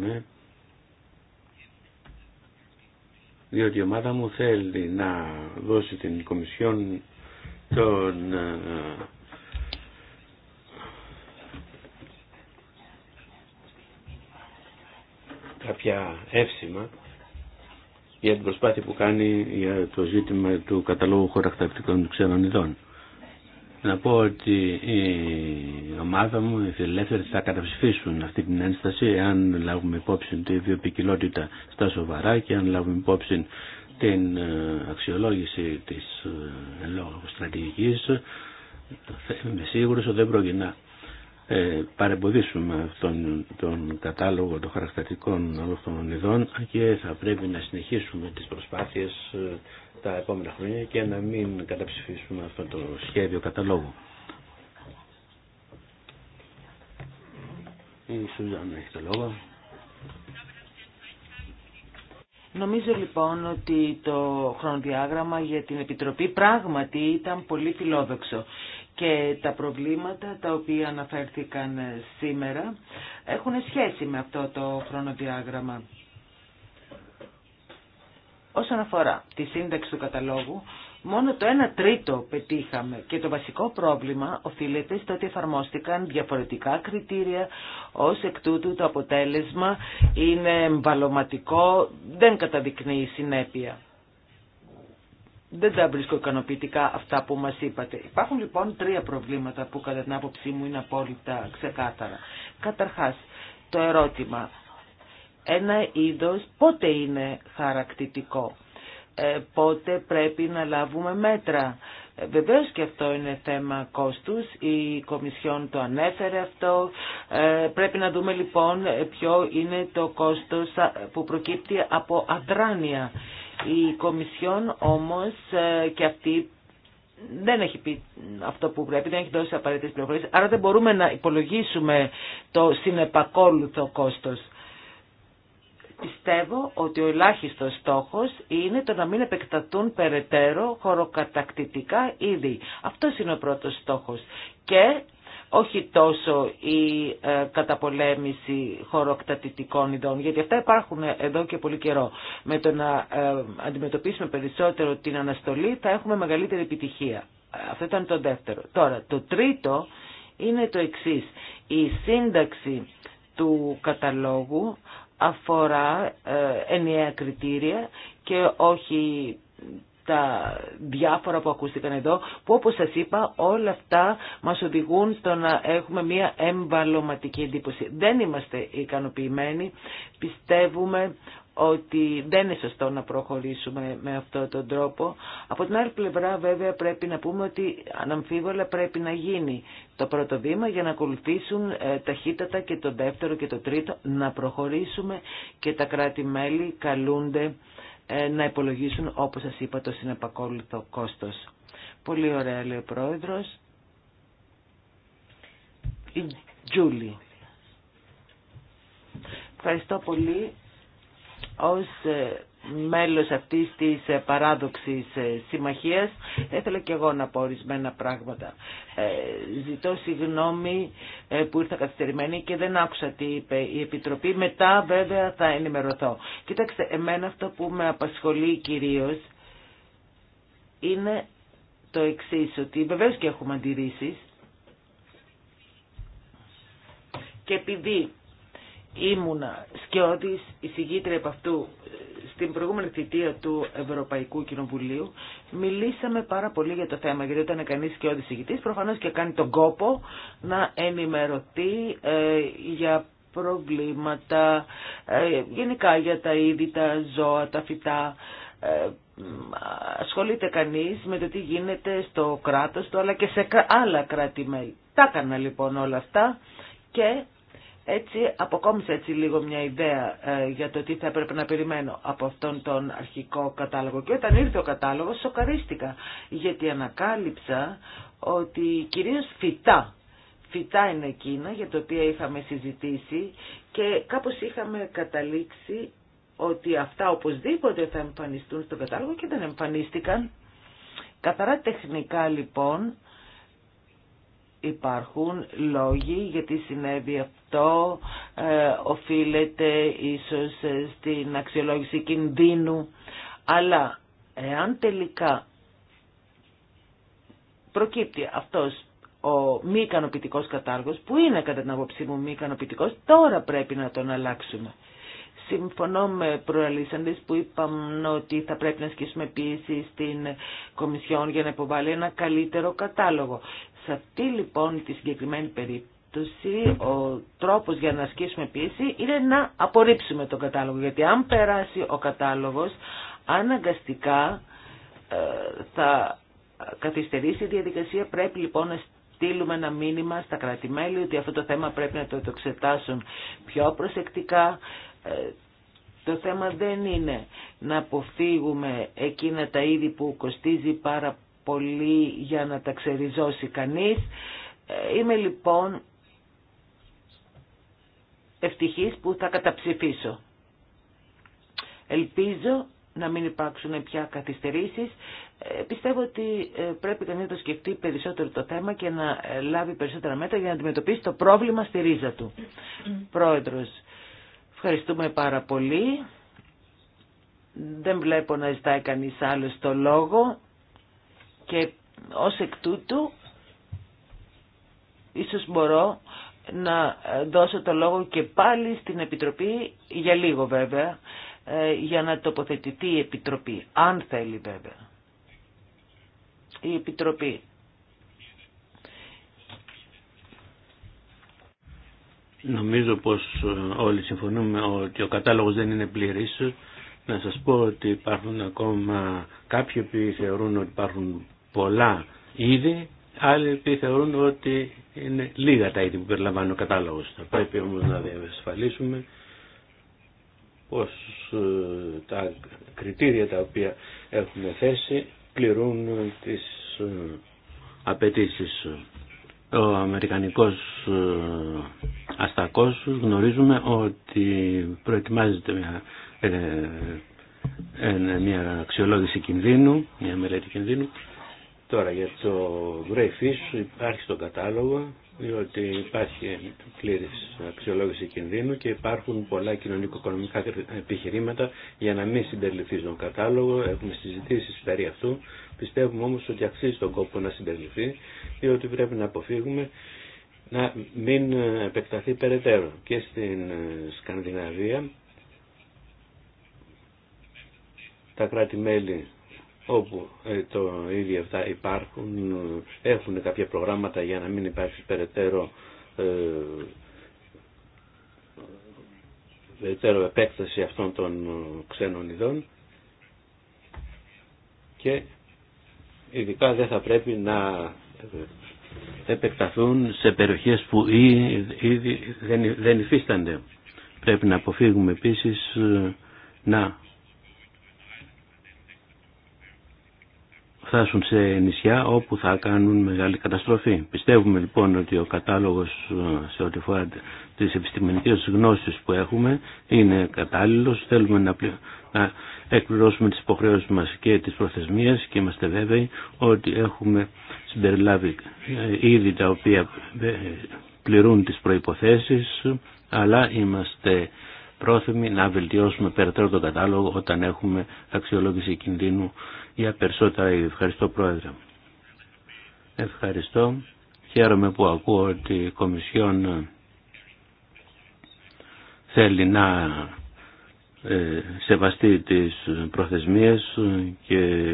με διότι η ομάδα μου θέλει να δώσει την Κομισιόν τον ε, κάποια εύσημα για την προσπάθεια που κάνει για το ζήτημα του καταλόγου χωρακτακτικών ξένων ειδών να πω ότι η ομάδα μου, οι φιλελεύθεροι, θα καταψηφίσουν αυτή την ένσταση αν λάβουμε υπόψη τη βιοπικιλότητα στα σοβαρά και αν λάβουμε υπόψη την ε, αξιολόγηση της ε, λόγω στρατηγικής είμαι σίγουρος ότι δεν πρόκειται να ε, παρεμποδίσουμε αυτόν τον κατάλογο των χαρακτηριστικών όλων των ειδών και θα πρέπει να συνεχίσουμε τις προσπάθειες ε, τα επόμενα χρόνια και να μην καταψηφίσουμε αυτό το σχέδιο καταλόγου. λόγο. Νομίζω λοιπόν ότι το χρονοδιάγραμμα για την Επιτροπή πράγματι ήταν πολύ φιλόδοξο και τα προβλήματα τα οποία αναφέρθηκαν σήμερα έχουν σχέση με αυτό το χρονοδιάγραμμα. Όσον αφορά τη σύνταξη του καταλόγου, μόνο το 1 τρίτο πετύχαμε και το βασικό πρόβλημα οφείλεται στο ότι εφαρμόστηκαν διαφορετικά κριτήρια, ως εκ τούτου το αποτέλεσμα είναι εμβαλωματικό, δεν καταδεικνύει συνέπεια. Δεν τα βρίσκω ικανοποιητικά αυτά που μας είπατε. Υπάρχουν λοιπόν τρία προβλήματα που κατά την άποψή μου είναι απόλυτα ξεκάθαρα. Καταρχάς, το ερώτημα ένα είδος πότε είναι χαρακτητικό, ε, πότε πρέπει να λάβουμε μέτρα. Ε, βεβαίως και αυτό είναι θέμα κόστους, η Κομισιόν το ανέφερε αυτό. Ε, πρέπει να δούμε λοιπόν ποιο είναι το κόστος που προκύπτει από αδράνεια. Η Κομισιόν όμως και αυτή δεν έχει πει αυτό που πρέπει, δεν έχει δώσει απαραίτητες πληροφορίες, άρα δεν μπορούμε να υπολογίσουμε το συνεπακόλουθο κόστος. Πιστεύω ότι ο ελάχιστος στόχος είναι το να μην επεκτατούν περαιτέρω χωροκατακτητικά είδη. αυτό είναι ο πρώτος στόχος. Και όχι τόσο η ε, καταπολέμηση χωροκτατητικών ειδών, γιατί αυτά υπάρχουν εδώ και πολύ καιρό. Με το να ε, αντιμετωπίσουμε περισσότερο την αναστολή θα έχουμε μεγαλύτερη επιτυχία. Αυτό ήταν το δεύτερο. Τώρα, το τρίτο είναι το εξής. Η σύνταξη του καταλόγου αφορά ε, ενιαία κριτήρια και όχι τα διάφορα που ακούστηκαν εδώ, που όπως σας είπα όλα αυτά μας οδηγούν στο να έχουμε μια εμβαλωματική εντύπωση. Δεν είμαστε ικανοποιημένοι, πιστεύουμε ότι δεν είναι σωστό να προχωρήσουμε με αυτόν τον τρόπο. Από την άλλη πλευρά βέβαια πρέπει να πούμε ότι αναμφίβολα πρέπει να γίνει το πρώτο βήμα για να ακολουθήσουν ε, ταχύτατα και το δεύτερο και το τρίτο να προχωρήσουμε και τα κράτη-μέλη καλούνται ε, να υπολογίσουν όπως σας είπα το συνεπακόλουθο κόστος. Πολύ ωραία λέει ο Πρόεδρος. Η Ευχαριστώ πολύ ως ε, μέλος αυτής της ε, παράδοξης ε, συμμαχίας ήθελα και εγώ να πω ορισμένα πράγματα. Ζητώ συγγνώμη που ήρθα καθυστερημένη και δεν άκουσα τι είπε η Επιτροπή. Μετά βέβαια θα ενημερωθώ. Κοίταξε, εμένα αυτό που με απασχολεί κυρίως είναι το εξής, ότι βεβαίως και έχουμε αντιρρήσεις και επειδή ήμουνα σκιώτη εισηγήτρια από αυτού στην προηγούμενη θητεία του Ευρωπαϊκού Κοινοβουλίου μιλήσαμε πάρα πολύ για το θέμα γιατί όταν είναι κανεί σκιώτης εισηγητής προφανώς και κάνει τον κόπο να ενημερωθεί ε, για προβλήματα ε, γενικά για τα είδη, τα ζώα, τα φυτά ε, ασχολείται κανείς με το τι γίνεται στο κράτος του αλλά και σε άλλα κράτη-μέλη. Τα έκανα λοιπόν όλα αυτά και έτσι αποκόμισε έτσι λίγο μια ιδέα ε, για το τι θα έπρεπε να περιμένω από αυτόν τον αρχικό κατάλογο. Και όταν ήρθε ο κατάλογος σοκαρίστηκα γιατί ανακάλυψα ότι κυρίως φυτά φυτά είναι εκείνα για τα οποία είχαμε συζητήσει και κάπως είχαμε καταλήξει ότι αυτά οπωσδήποτε θα εμφανιστούν στο κατάλογο και δεν εμφανίστηκαν. Καθαρά τεχνικά λοιπόν υπάρχουν λόγοι γιατί συνέβη αυτό αυτό ε, οφείλεται ίσως στην αξιολόγηση κινδύνου, αλλά εάν τελικά προκύπτει αυτός ο μη ικανοποιητικός κατάργος, που είναι κατά την απόψη μου μη ικανοποιητικός τώρα πρέπει να τον αλλάξουμε. Συμφωνώ με προαλήσαντες που είπαν ότι θα πρέπει να ασκήσουμε πίεση στην Κομισιόν για να υποβάλει ένα καλύτερο κατάλογο. Σε αυτή λοιπόν τη συγκεκριμένη περίπτωση, περίπτωση ο τρόπος για να ασκήσουμε πίεση είναι να απορρίψουμε τον κατάλογο. Γιατί αν περάσει ο κατάλογος, αναγκαστικά ε, θα καθυστερήσει η διαδικασία. Πρέπει λοιπόν να στείλουμε ένα μήνυμα στα κρατημέλη ότι αυτό το θέμα πρέπει να το εξετάσουν πιο προσεκτικά. Ε, το θέμα δεν είναι να αποφύγουμε εκείνα τα είδη που κοστίζει πάρα πολύ για να τα ξεριζώσει κανείς. Ε, είμαι λοιπόν ευτυχής που θα καταψηφίσω. Ελπίζω να μην υπάρξουν πια καθυστερήσεις. Ε, πιστεύω ότι ε, πρέπει κανείς να το σκεφτεί περισσότερο το θέμα και να ε, λάβει περισσότερα μέτρα για να αντιμετωπίσει το πρόβλημα στη ρίζα του. Πρόεδρος, ευχαριστούμε πάρα πολύ. Δεν βλέπω να ζητάει κανείς άλλο το λόγο και ως εκ τούτου ίσως μπορώ να δώσω το λόγο και πάλι στην Επιτροπή, για λίγο βέβαια, ε, για να τοποθετηθεί η Επιτροπή, αν θέλει βέβαια. Η Επιτροπή. Νομίζω πως ε, όλοι συμφωνούμε ότι ο κατάλογος δεν είναι πλήρης. Να σας πω ότι υπάρχουν ακόμα κάποιοι που θεωρούν ότι υπάρχουν πολλά είδη, άλλοι που θεωρούν ότι είναι λίγα τα είδη που περιλαμβάνει ο κατάλογο. Θα πρέπει όμως να διασφαλίσουμε πως ε, τα κριτήρια τα οποία έχουμε θέσει πληρούν τις ε, απαιτήσει. Ο Αμερικανικός ε, αστακός γνωρίζουμε ότι προετοιμάζεται μια, μια αξιολόγηση κινδύνου, μια μελέτη κινδύνου Τώρα για το Grey Fish υπάρχει στον κατάλογο διότι υπάρχει πλήρη αξιολόγηση κινδύνου και υπάρχουν πολλά κοινωνικο-οικονομικά επιχειρήματα για να μην συμπεριληφθεί στον κατάλογο. Έχουμε συζητήσει περί αυτού. Πιστεύουμε όμως ότι αξίζει τον κόπο να συμπεριληφθεί διότι πρέπει να αποφύγουμε να μην επεκταθεί περαιτέρω και στην Σκανδιναβία τα κράτη-μέλη όπου ε, το ίδιο αυτά υπάρχουν, έχουν κάποια προγράμματα για να μην υπάρχει περαιτέρω ε, περαιτέρω επέκταση αυτών των ξένων ειδών και ειδικά δεν θα πρέπει να επεκταθούν σε περιοχές που ήδη δεν υφίστανται. Πρέπει να αποφύγουμε επίσης ε, να φτάσουν σε νησιά όπου θα κάνουν μεγάλη καταστροφή. Πιστεύουμε λοιπόν ότι ο κατάλογος ε, σε ό,τι φορά τις επιστημονικές γνώσεις που έχουμε είναι κατάλληλος. Θέλουμε να, να εκπληρώσουμε τις υποχρεώσεις μας και τις προθεσμίες και είμαστε βέβαιοι ότι έχουμε συμπεριλάβει ήδη ε, τα οποία ε, πληρούν τις προϋποθέσεις αλλά είμαστε πρόθυμοι να βελτιώσουμε περαιτέρω τον κατάλογο όταν έχουμε αξιολόγηση κινδύνου για περισσότερα Ευχαριστώ Πρόεδρε. Ευχαριστώ. Χαίρομαι που ακούω ότι η Κομισιόν ε, θέλει να ε, σεβαστεί τις προθεσμίες και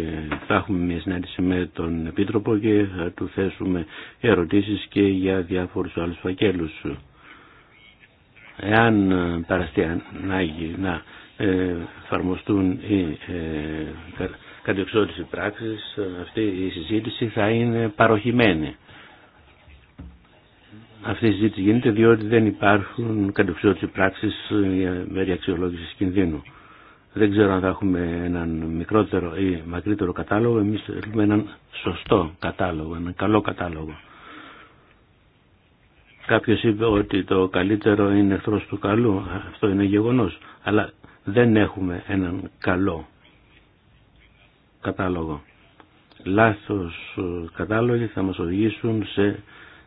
θα έχουμε μια συνάντηση με τον Επίτροπο και θα του θέσουμε ερωτήσεις και για διάφορους άλλους φακέλους. Εάν ε, παραστεί ανάγκη να εφαρμοστούν οι κατεξότηση πράξης ε, αυτή η συζήτηση θα είναι παροχημένη. Αυτή η συζήτηση γίνεται διότι δεν υπάρχουν κατεξότηση πράξης για μέρη αξιολόγησης κινδύνου. Δεν ξέρω αν θα έχουμε έναν μικρότερο ή μακρύτερο κατάλογο. Εμείς θέλουμε έναν σωστό κατάλογο, έναν καλό κατάλογο. Κάποιος είπε ότι το καλύτερο είναι εχθρός του καλού. Αυτό είναι γεγονός. Αλλά δεν έχουμε έναν καλό κατάλογο. Λάθος ε, κατάλογοι θα μας οδηγήσουν σε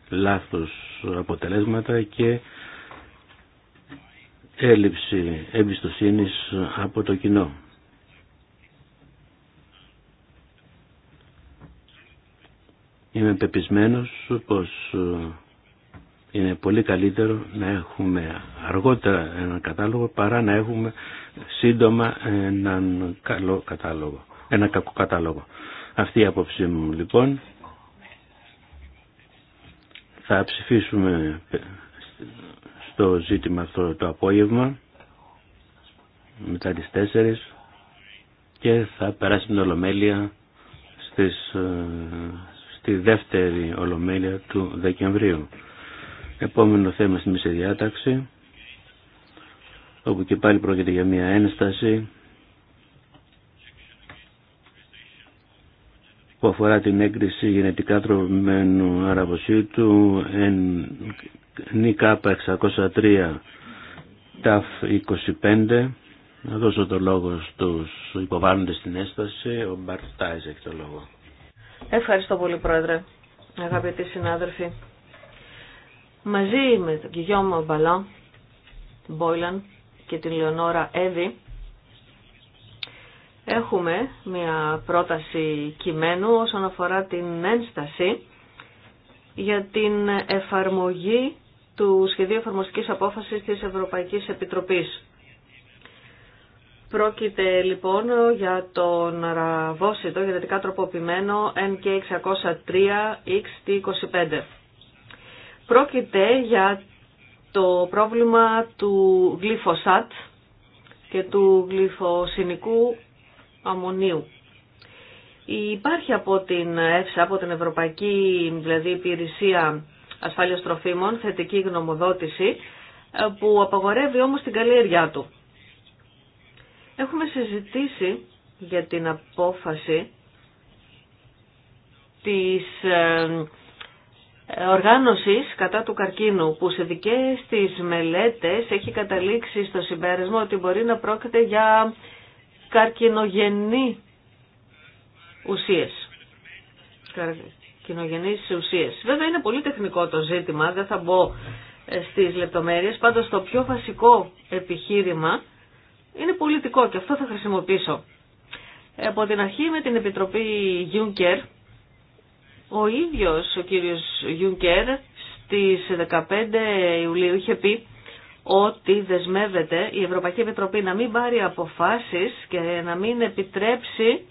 λάθος αποτελέσματα και έλλειψη εμπιστοσύνης από το κοινό. Είμαι πεπισμένος πως ε, είναι πολύ καλύτερο να έχουμε αργότερα έναν κατάλογο παρά να έχουμε σύντομα έναν καλό κατάλογο ένα κακό κατάλογο. Αυτή η άποψή μου λοιπόν θα ψηφίσουμε στο ζήτημα αυτό το απόγευμα μετά τις 4 και θα περάσει την Ολομέλεια στις, ε, στη δεύτερη Ολομέλεια του Δεκεμβρίου. Επόμενο θέμα στη μισή διάταξη όπου και πάλι πρόκειται για μια ένσταση που αφορά την έγκριση γενετικά τροπημένου ΝΙΚΑΠΑ ΝΚ603 ΤΑΦ 25 να δώσω το λόγο στους υποβάλλοντες στην έσταση ο Μπαρτ Τάιζ έχει το λόγο Ευχαριστώ πολύ Πρόεδρε αγαπητοί συνάδελφοι μαζί με τον Κιγιώμο Μπαλά Μπόιλαν και την Λεωνόρα Εύη Έχουμε μια πρόταση κειμένου όσον αφορά την ένσταση για την εφαρμογή του Σχεδίου Εφαρμοστικής Απόφασης της Ευρωπαϊκής Επιτροπής. Πρόκειται λοιπόν για τον αραβόσιτο γενετικά τροποποιημένο NK603-XT25. Πρόκειται για το πρόβλημα του γλυφοσάτ και του γλυφοσυνικού αμμονίου. Υπάρχει από την ΕΦΣΑ, από την Ευρωπαϊκή δηλαδή, Υπηρεσία Ασφάλειας Τροφίμων, θετική γνωμοδότηση, ε, που απαγορεύει όμως την καλλιέργειά του. Έχουμε συζητήσει για την απόφαση της ε, οργάνωσης κατά του καρκίνου που σε δικές της μελέτες έχει καταλήξει στο συμπέρασμα ότι μπορεί να πρόκειται για καρκινογενή ουσίες. Καρκινογενείς ουσίες. Βέβαια είναι πολύ τεχνικό το ζήτημα, δεν θα μπω ε, στις λεπτομέρειες. Πάντως το πιο βασικό επιχείρημα είναι πολιτικό και αυτό θα χρησιμοποιήσω. Από την αρχή με την Επιτροπή Γιούνκερ, ο ίδιος ο κύριος Γιούνκερ στις 15 Ιουλίου είχε πει ότι δεσμεύεται η Ευρωπαϊκή Επιτροπή να μην πάρει αποφάσεις και να μην επιτρέψει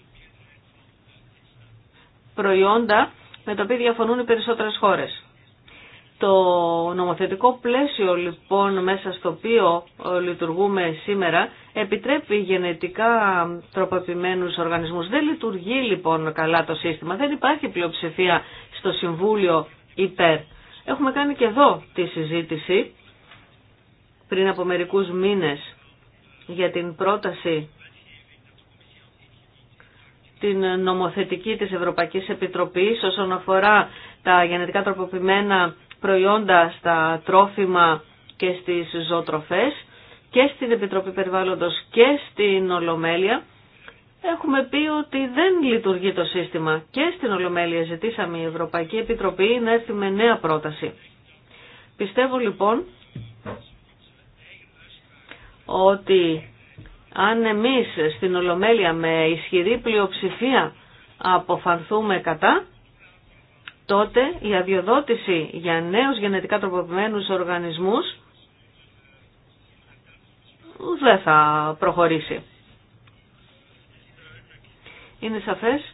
προϊόντα με τα οποία διαφωνούν οι περισσότερες χώρες. Το νομοθετικό πλαίσιο λοιπόν μέσα στο οποίο ε, λειτουργούμε σήμερα επιτρέπει γενετικά τροποποιημένους οργανισμούς. Δεν λειτουργεί λοιπόν καλά το σύστημα, δεν υπάρχει πλειοψηφία στο Συμβούλιο υπέρ. Έχουμε κάνει και εδώ τη συζήτηση πριν από μερικούς μήνες για την πρόταση την νομοθετική της Ευρωπαϊκής Επιτροπής όσον αφορά τα γενετικά τροποποιημένα προϊόντα στα τρόφιμα και στις ζωοτροφές και στην Επιτροπή Περιβάλλοντος και στην Ολομέλεια έχουμε πει ότι δεν λειτουργεί το σύστημα και στην Ολομέλεια ζητήσαμε η Ευρωπαϊκή Επιτροπή να έρθει με νέα πρόταση. Πιστεύω λοιπόν ότι αν εμείς στην Ολομέλεια με ισχυρή πλειοψηφία αποφανθούμε κατά, τότε η αδειοδότηση για νέους γενετικά τροποποιημένους οργανισμούς δεν θα προχωρήσει. Είναι σαφές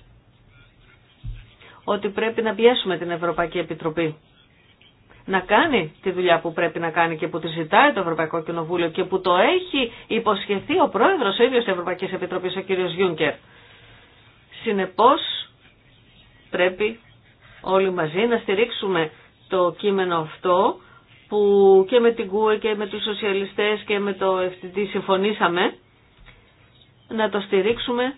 ότι πρέπει να πιέσουμε την Ευρωπαϊκή Επιτροπή να κάνει τη δουλειά που πρέπει να κάνει και που τη ζητάει το Ευρωπαϊκό Κοινοβούλιο και που το έχει υποσχεθεί ο πρόεδρος ο ίδιος της Ευρωπαϊκής Επιτροπής, ο κύριος Γιούνκερ. Συνεπώς πρέπει όλοι μαζί να στηρίξουμε το κείμενο αυτό που και με την ΚΟΕ και με τους σοσιαλιστές και με το FTD συμφωνήσαμε να το στηρίξουμε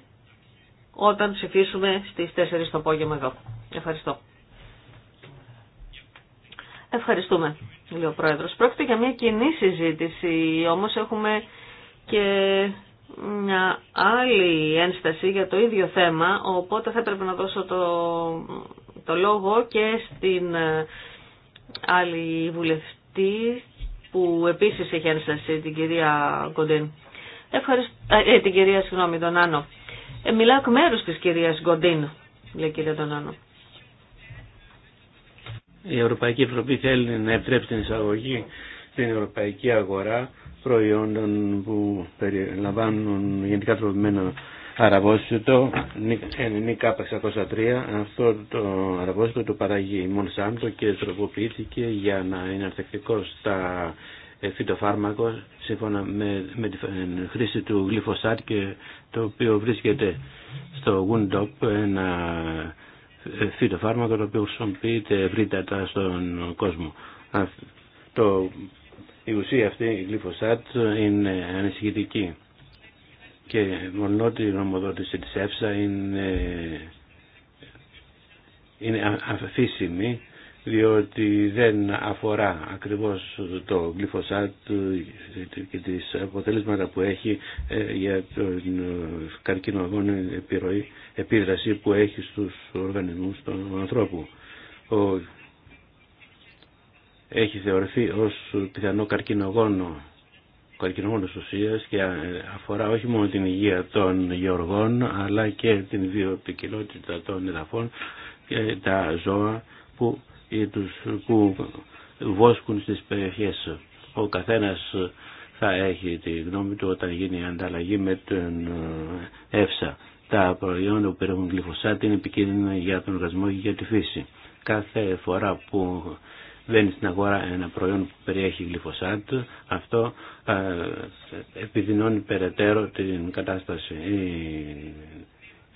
όταν ψηφίσουμε στις 4 το απόγευμα εδώ. Ευχαριστώ. Ευχαριστούμε, λέει ο Πρόεδρος. Πρόκειται για μια κοινή συζήτηση, όμως έχουμε και μια άλλη ένσταση για το ίδιο θέμα, οπότε θα έπρεπε να δώσω το, το λόγο και στην ε, άλλη βουλευτή που επίσης έχει ένσταση, την κυρία Κοντίν. Ευχαριστώ, ε, ε, την κυρία, συγγνώμη, τον Άνω. Ε, μιλάω εκ μέρους της κυρίας Γκοντίν, λέει κυρία Άνο. Η Ευρωπαϊκή Επιτροπή θέλει να επιτρέψει την εισαγωγή στην ευρωπαϊκή αγορά προϊόντων που περιλαμβάνουν γενικά τροποποιημένα αραβόσιτο NK603 ε, αυτό το αραβόσιτο το παράγει η Μονσάντο και τροποποιήθηκε για να είναι αρθεκτικό στα φυτοφάρμακο σύμφωνα με, με τη ε, χρήση του γλυφοσάτ και το οποίο βρίσκεται στο Wundop ένα φυτοφάρμακο το οποίο χρησιμοποιείται ευρύτατα στον κόσμο. Το, η ουσία αυτή, η γλυφοσάτ, είναι ανησυχητική και μόνο ότι η νομοδότηση της ΕΦΣΑ είναι, είναι αφήσιμη διότι δεν αφορά ακριβώς το γλυφοσάτ ε, και τις αποτελέσματα που έχει ε, για τον ε, καρκινογόνο επιρροή, επίδραση που έχει στους οργανισμούς των ανθρώπων. Ο... Έχει θεωρηθεί ως πιθανό καρκινογόνο καρκινογόνος ουσίας και αφορά όχι μόνο την υγεία των γεωργών αλλά και την βιοπικιλότητα των εδαφών και τα ζώα που ή τους που βόσκουν στις περιοχές. Ο καθένας θα έχει τη γνώμη του όταν γίνει η ανταλλαγή με τον ΕΦΣΑ. Τα προϊόντα που περιέχουν γλυφοσάτ είναι επικίνδυνα για τον οργασμό και για τη φύση. Κάθε φορά που βαίνει στην αγορά ένα προϊόν που περιέχει γλυφοσάτ, αυτό ε, επιδεινώνει περαιτέρω την κατάσταση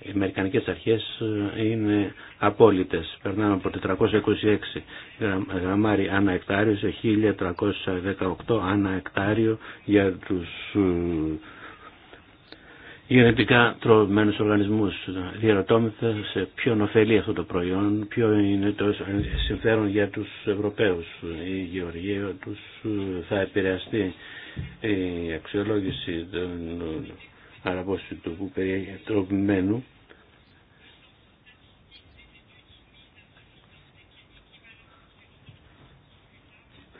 οι Αμερικανικές αρχές ε, είναι απόλυτες. Περνάμε από 426 γραμμάρια ανά εκτάριο σε 1318 ανά εκτάριο για τους ε, γενετικά τρομενούς οργανισμούς. Διερωτώμεθα σε ποιον ωφελεί αυτό το προϊόν, ποιο είναι το συμφέρον για τους Ευρωπαίους. Η γεωργία τους ε, θα επηρεαστεί η αξιολόγηση των του που περιέχει τροπημένου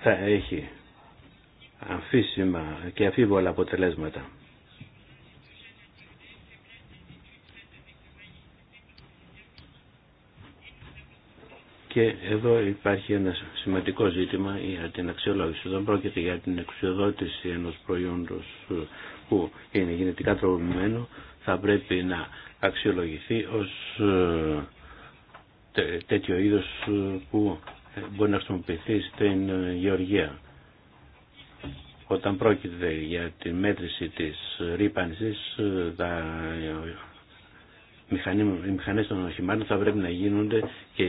θα έχει αμφίσιμα και αφίβολα αποτελέσματα. Και εδώ υπάρχει ένα σημαντικό ζήτημα για την αξιολόγηση. Δεν πρόκειται για την εξουσιοδότηση ενός προϊόντος που είναι γενετικά τροποποιημένο θα πρέπει να αξιολογηθεί ως ε, τέτοιο είδος ε, που μπορεί να χρησιμοποιηθεί στην ε, γεωργία. Όταν πρόκειται για τη μέτρηση της ρήπανσης, οι μηχανές των οχημάτων θα πρέπει να γίνονται και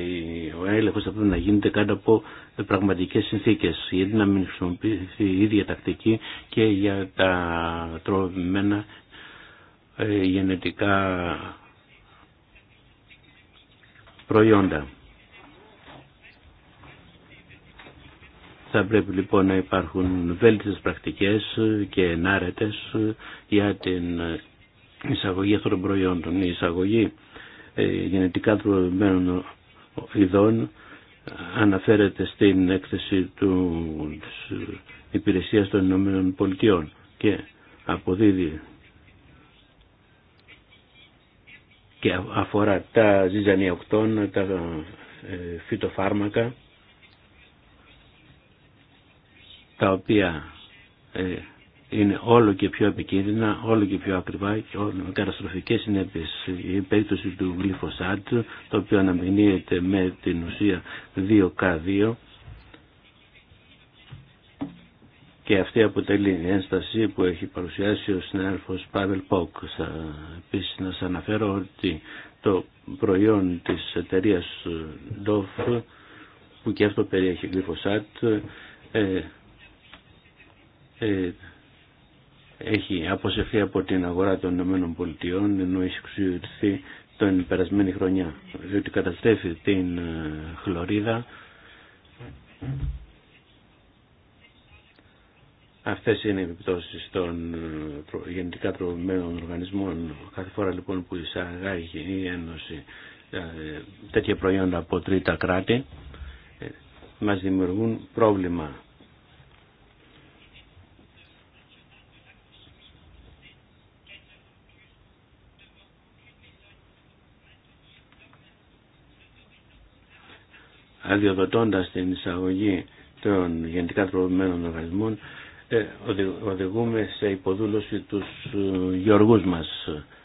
ο έλεγχος θα πρέπει να γίνεται κάτω από πραγματικές συνθήκες γιατί να μην χρησιμοποιηθεί η ίδια τακτική και για τα ε, γενετικά προϊόντα. Θα πρέπει λοιπόν να υπάρχουν βέλτιστες πρακτικές και ενάρετες για την εισαγωγή αυτών των προϊόντων. Η εισαγωγή ε, γενετικά τροποποιημένων ειδών ε, αναφέρεται στην έκθεση του, της ε, Υπηρεσίας των Ηνωμένων Πολιτειών και αποδίδει και αφορά τα ζυζανιοκτώνα, τα φυτοφάρμακα τα οποία είναι όλο και πιο επικίνδυνα, όλο και πιο ακριβά και με καταστροφικές συνέπειε. Η περίπτωση του γλυφοσάτ, το οποίο αναμειγνύεται με την ουσία 2K2 και αυτή αποτελεί η ένσταση που έχει παρουσιάσει ο συνάδελφος Πάβελ Πόκ. επίσης να σας αναφέρω ότι το προϊόν της εταιρεία DOF που και αυτό περιέχει γλυφοσάτ ε, ε, έχει αποσυρθεί από την αγορά των Ηνωμένων Πολιτειών ενώ έχει εξουσιοδοτηθεί την περασμένη χρονιά διότι καταστρέφει την ε, χλωρίδα Αυτές είναι οι επιπτώσεις των ε, γενετικά προβλημένων οργανισμών. Κάθε φορά λοιπόν που εισαγάγει η Ένωση ε, τέτοια προϊόντα από τρίτα κράτη μας δημιουργούν πρόβλημα αδειοδοτώντα την εισαγωγή των γενετικά τροποποιημένων οργανισμών ε, οδηγούμε σε υποδούλωση τους ε, γεωργού μας.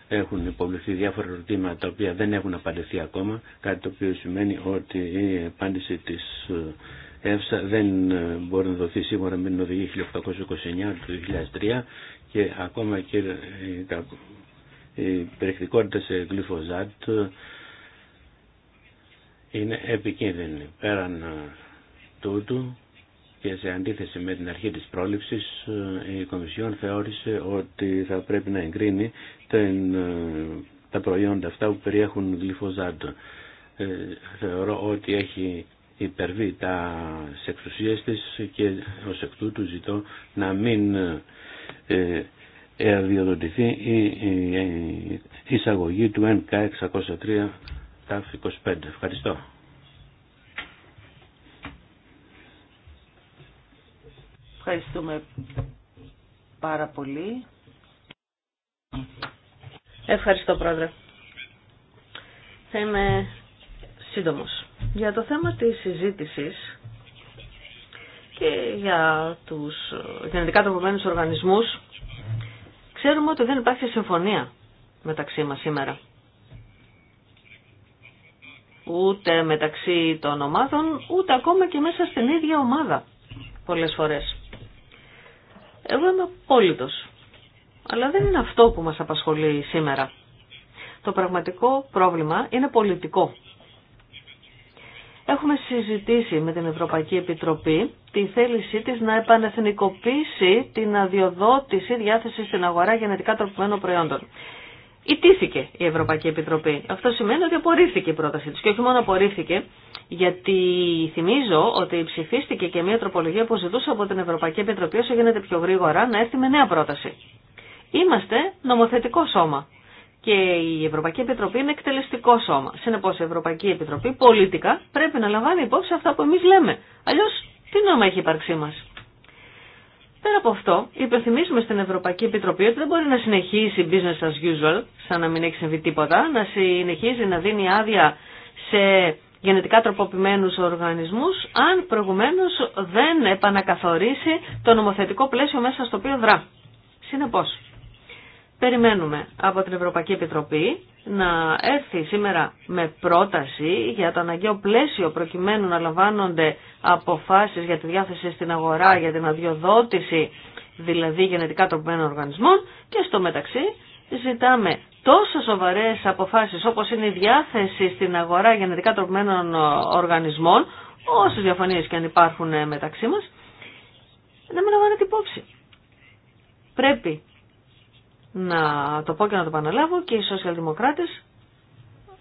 Έχουν υποβληθεί διάφορα ερωτήματα τα οποία δεν έχουν απαντηθεί ακόμα, κάτι το οποίο σημαίνει ότι η απάντηση της ε, ΕΦΣΑ δεν μπορεί να δοθεί σίγουρα με την οδηγη 1829 του 2003 και ακόμα και η περιεκτικότητα σε γλυφοζάτ είναι επικίνδυνη. Πέραν ε, τούτου και σε αντίθεση με την αρχή της πρόληψης ε, η Κομισιόν θεώρησε ότι θα πρέπει να εγκρίνει ε, τα προϊόντα αυτά που περιέχουν γλυφοζάντο. θεωρώ ότι έχει υπερβεί τα σεξουσίες της και ως εκ τούτου ζητώ να μην αδειοδοτηθεί η εισαγωγή του NK 603 ΤΑΦ 25. Ευχαριστώ. Ευχαριστούμε πάρα πολύ. Ευχαριστώ πρόεδρε. Θα είμαι σύντομος. Για το θέμα της συζήτησης και για τους γενετικά τοπομένους οργανισμούς, ξέρουμε ότι δεν υπάρχει συμφωνία μεταξύ μας σήμερα ούτε μεταξύ των ομάδων, ούτε ακόμα και μέσα στην ίδια ομάδα πολλές φορές. Εγώ είμαι απόλυτος, αλλά δεν είναι αυτό που μας απασχολεί σήμερα. Το πραγματικό πρόβλημα είναι πολιτικό. Έχουμε συζητήσει με την Ευρωπαϊκή Επιτροπή τη θέλησή της να επανεθνικοποιήσει την αδειοδότηση διάθεση στην αγορά γενετικά τροπημένων προϊόντων. Ιτήθηκε η Ευρωπαϊκή Επιτροπή. Αυτό σημαίνει ότι απορρίφθηκε η πρότασή τη Και όχι μόνο απορρίφθηκε, γιατί θυμίζω ότι ψηφίστηκε και μια τροπολογία που ζητούσε από την Ευρωπαϊκή Επιτροπή όσο γίνεται πιο γρήγορα να έρθει με νέα πρόταση. Είμαστε νομοθετικό σώμα και η Ευρωπαϊκή Επιτροπή είναι εκτελεστικό σώμα. Συνεπώ η Ευρωπαϊκή Επιτροπή πολιτικά πρέπει να λαμβάνει υπόψη αυτά που εμεί λέμε. Αλλιώ τι νόημα έχει η ύπαρξή μα. Πέρα από αυτό, υπενθυμίζουμε στην Ευρωπαϊκή Επιτροπή ότι δεν μπορεί να συνεχίσει business as usual, σαν να μην έχει συμβεί τίποτα, να συνεχίζει να δίνει άδεια σε γενετικά τροποποιημένους οργανισμούς, αν προηγουμένως δεν επανακαθορίσει το νομοθετικό πλαίσιο μέσα στο οποίο δρά. Συνεπώς, Περιμένουμε από την Ευρωπαϊκή Επιτροπή να έρθει σήμερα με πρόταση για το αναγκαίο πλαίσιο προκειμένου να λαμβάνονται αποφάσεις για τη διάθεση στην αγορά, για την αδειοδότηση δηλαδή γενετικά τροπημένων οργανισμών και στο μεταξύ ζητάμε τόσο σοβαρές αποφάσεις όπως είναι η διάθεση στην αγορά γενετικά τροπημένων οργανισμών όσες διαφωνίες και αν υπάρχουν μεταξύ μας να μην λαμβάνεται υπόψη. Πρέπει να το πω και να το επαναλάβω και οι σοσιαλδημοκράτες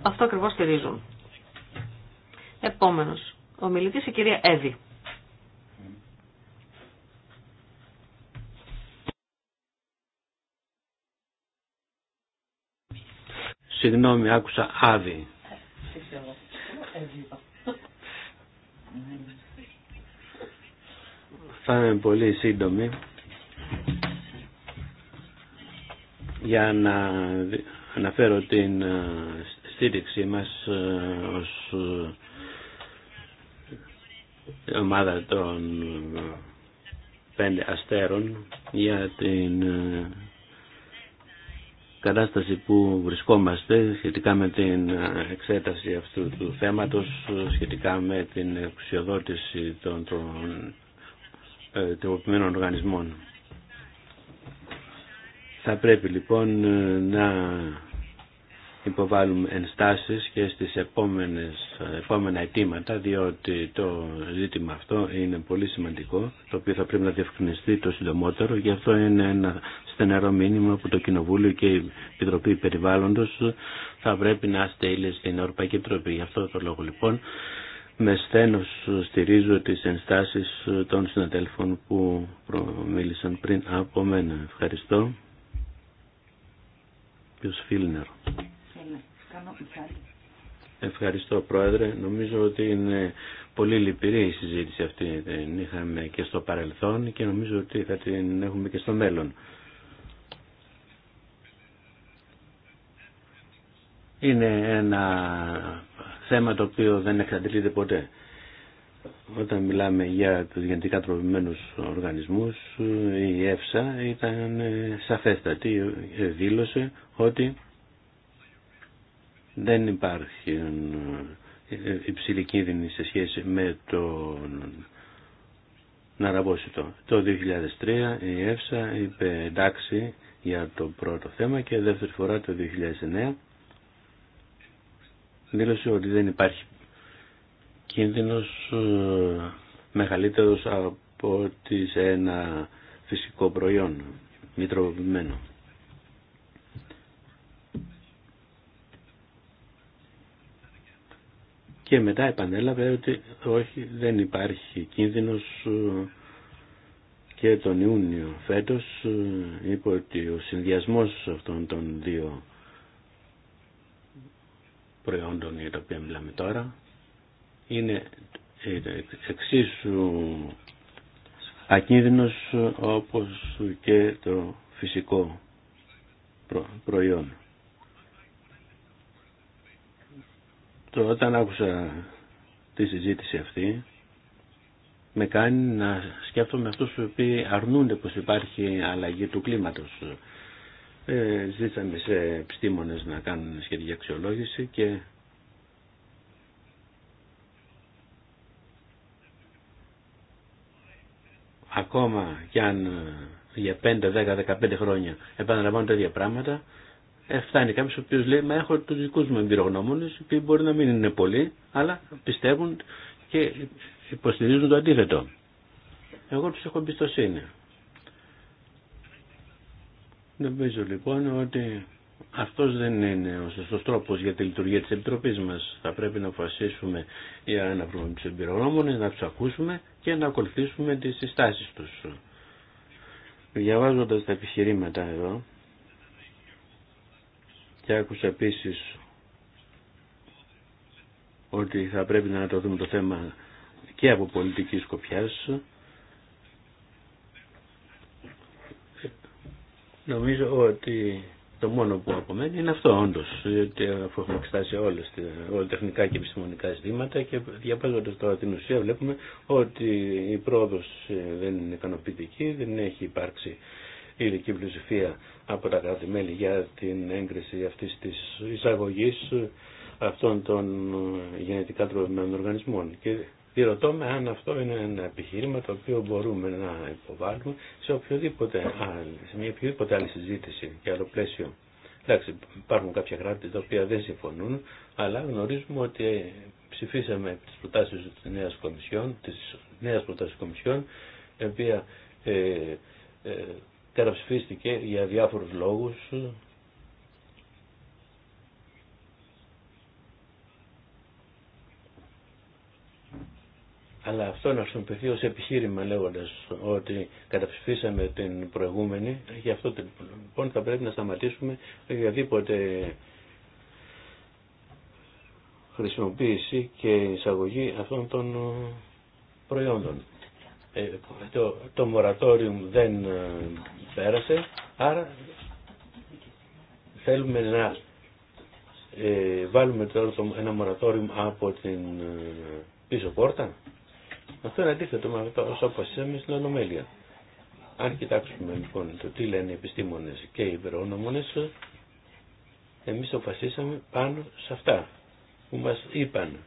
αυτό ακριβώς στηρίζουν. Επόμενος, ο μιλητής η κυρία Εύη. Συγγνώμη, άκουσα άδει. Θα είμαι πολύ σύντομη. για να αναφέρω την ε, στήριξή μας ε, ως ε, ομάδα των πέντε αστέρων για την κατάσταση που βρισκόμαστε σχετικά με την εξέταση αυτού του θέματος, σχετικά με την εξουσιοδότηση των, των οργανισμών. Θα πρέπει λοιπόν ε, να υποβάλουμε ενστάσεις και στις επόμενες, επόμενα αιτήματα διότι το ζήτημα αυτό είναι πολύ σημαντικό το οποίο θα πρέπει να διευκρινιστεί το συντομότερο γι' αυτό είναι ένα στενερό μήνυμα που το Κοινοβούλιο και η Επιτροπή Περιβάλλοντος θα πρέπει να στείλει στην Ευρωπαϊκή Επιτροπή. Γι' αυτό το λόγο λοιπόν με σθένος στηρίζω τις ενστάσεις των συναδέλφων που μίλησαν πριν από μένα. Ευχαριστώ. Φίλνερ. Ευχαριστώ Πρόεδρε. Νομίζω ότι είναι πολύ λυπηρή η συζήτηση αυτή. Την είχαμε και στο παρελθόν και νομίζω ότι θα την έχουμε και στο μέλλον. Είναι ένα θέμα το οποίο δεν εξαντλείται ποτέ. Όταν μιλάμε για τους γενετικά τροπημένους οργανισμούς, η ΕΦΣΑ ήταν σαφέστατη, δήλωσε ότι δεν υπάρχει υψηλή κίνδυνη σε σχέση με τον ναραβόσιτο. Το 2003 η ΕΦΣΑ είπε εντάξει για το πρώτο θέμα και δεύτερη φορά το 2009 δήλωσε ότι δεν υπάρχει κίνδυνος ε, μεγαλύτερος από ότι σε ένα φυσικό προϊόν μη τροποποιημένο. Και μετά επανέλαβε ότι όχι δεν υπάρχει κίνδυνος ε, και τον Ιούνιο φέτος ε, είπε ότι ο συνδυασμός αυτών των δύο προϊόντων για τα οποία μιλάμε τώρα είναι ε, εξίσου ακίνδυνος όπως και το φυσικό προϊόν. Το όταν άκουσα τη συζήτηση αυτή με κάνει να σκέφτομαι αυτούς που οποίοι αρνούνται πως υπάρχει αλλαγή του κλίματος. Ε, ζήσαμε σε επιστήμονες να κάνουν σχετική αξιολόγηση και ακόμα κι αν ε, για 5, 10, 15 χρόνια επαναλαμβάνουν τα ίδια πράγματα, ε, φτάνει κάποιο ο οποίο λέει: Μα έχω του δικού μου εμπειρογνώμονε, οι οποίοι μπορεί να μην είναι πολλοί, αλλά πιστεύουν και υποστηρίζουν το αντίθετο. Εγώ του έχω εμπιστοσύνη. Νομίζω λοιπόν ότι αυτός δεν είναι ο σωστός τρόπος για τη λειτουργία της Επιτροπής μας. Θα πρέπει να αποφασίσουμε για να βρούμε τους εμπειρογνώμονες, να τους ακούσουμε και να ακολουθήσουμε τις συστάσεις τους. Διαβάζοντας τα επιχειρήματα εδώ και άκουσα επίσης ότι θα πρέπει να το δούμε το θέμα και από πολιτική σκοπιάς. Νομίζω ότι το μόνο που απομένει είναι αυτό όντω. γιατί αφού έχουμε εξετάσει όλες, τα τεχνικά και επιστημονικά ζητήματα και διαβάζοντα τώρα την ουσία βλέπουμε ότι η πρόοδο ε, δεν είναι ικανοποιητική, δεν έχει υπάρξει ειδική πλειοψηφία από τα κράτη-μέλη για την έγκριση αυτή τη εισαγωγή ε, αυτών των ε, γενετικά τροποποιημένων οργανισμών. Και Ρωτώ με αν αυτό είναι ένα επιχείρημα το οποίο μπορούμε να υποβάλουμε σε, οποιοδήποτε άλλη, σε μια οποιοδήποτε άλλη συζήτηση και άλλο πλαίσιο. Εντάξει, υπάρχουν κάποια κράτη τα οποία δεν συμφωνούν, αλλά γνωρίζουμε ότι ψηφίσαμε τι προτάσει της νέας κομισιόν, της η οποία ε, ε, για διάφορου λόγου. Αλλά αυτό να χρησιμοποιηθεί ως επιχείρημα λέγοντας ότι καταψηφίσαμε την προηγούμενη, για αυτό λοιπόν θα πρέπει να σταματήσουμε οποιαδήποτε χρησιμοποίηση και εισαγωγή αυτών των ε, προϊόντων. Ε, το, το μορατόριο δεν ε, πέρασε, άρα θέλουμε να ε, βάλουμε τώρα το, ένα μορατόριο από την πίσω πόρτα. Αυτό είναι αντίθετο με αυτό όπω στην Ολομέλεια. Αν κοιτάξουμε λοιπόν το τι λένε οι επιστήμονες και οι υπερογνώμονες, εμείς αποφασίσαμε πάνω σε αυτά που μας είπαν.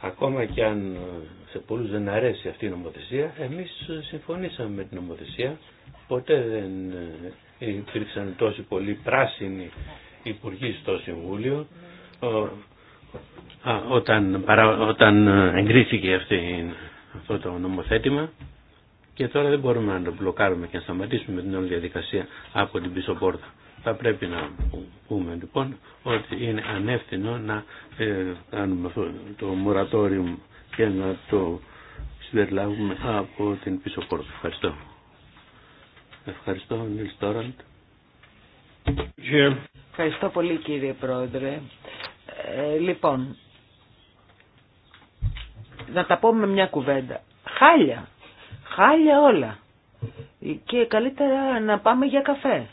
Ακόμα και αν ε, σε πολλούς δεν αρέσει αυτή η νομοθεσία, εμείς συμφωνήσαμε με την νομοθεσία. Ποτέ δεν ε, υπήρξαν τόσοι πολλοί πράσινοι υπουργοί στο Συμβούλιο. Α, όταν, παρά, όταν ε, εγκρίθηκε αυτή, αυτό το νομοθέτημα και τώρα δεν μπορούμε να το μπλοκάρουμε και να σταματήσουμε την όλη διαδικασία από την πίσω πόρτα. Θα πρέπει να πούμε λοιπόν ότι είναι ανεύθυνο να ε, κάνουμε το μορατόριο και να το συμπεριλάβουμε από την πίσω πόρτα. Ευχαριστώ. Ευχαριστώ, Νίλ Στόραντ. Ευχαριστώ πολύ κύριε Πρόεδρε. Ε, λοιπόν, να τα πούμε με μια κουβέντα. Χάλια. Χάλια όλα. Και καλύτερα να πάμε για καφέ.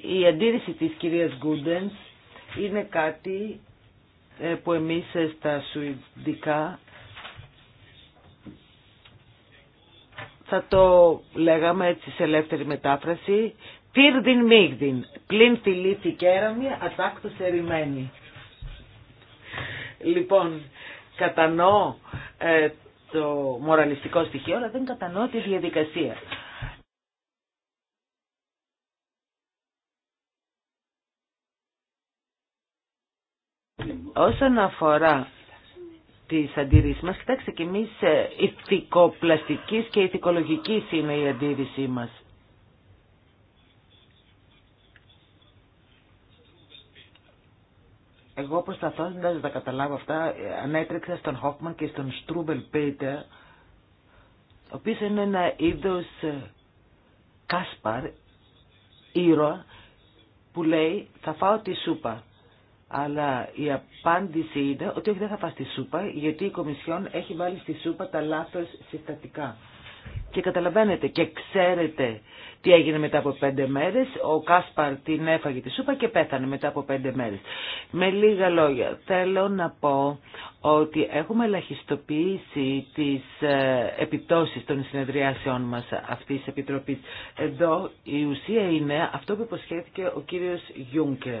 Η αντίρρηση της κυρίας Γκούντενς είναι κάτι ε, που εμείς ε, στα σουηδικά θα το λέγαμε έτσι σε ελεύθερη μετάφραση Τύρδιν μίγδιν, πλην φιλήθη κέραμια, ατάκτου ερημένη. Λοιπόν, κατανοώ ε, το μοραλιστικό στοιχείο, αλλά δεν κατανοώ τη διαδικασία. Όσον αφορά τις αντιρρήσεις μας, κοιτάξτε και εμείς ε, ηθικοπλαστικής και ηθικολογικής είναι η αντίρρησή μας. Εγώ προσπαθώντα να τα καταλάβω αυτά, ανέτρεξα στον Χόκμαν και στον Στρούμπελ Πέιτερ, ο οποίος είναι ένα είδος ε, Κάσπαρ, ήρωα, που λέει θα φάω τη σούπα. Αλλά η απάντηση είναι ότι όχι δεν θα φας τη σούπα, γιατί η Κομισιόν έχει βάλει στη σούπα τα λάθος συστατικά. Και καταλαβαίνετε και ξέρετε τι έγινε μετά από πέντε μέρες. Ο Κάσπαρ την έφαγε τη σούπα και πέθανε μετά από πέντε μέρες. Με λίγα λόγια, θέλω να πω ότι έχουμε ελαχιστοποιήσει τις ε, επιπτώσεις των συνεδριάσεών μας αυτής της Επιτροπής. Εδώ η ουσία είναι αυτό που υποσχέθηκε ο κύριος Γιούνκερ.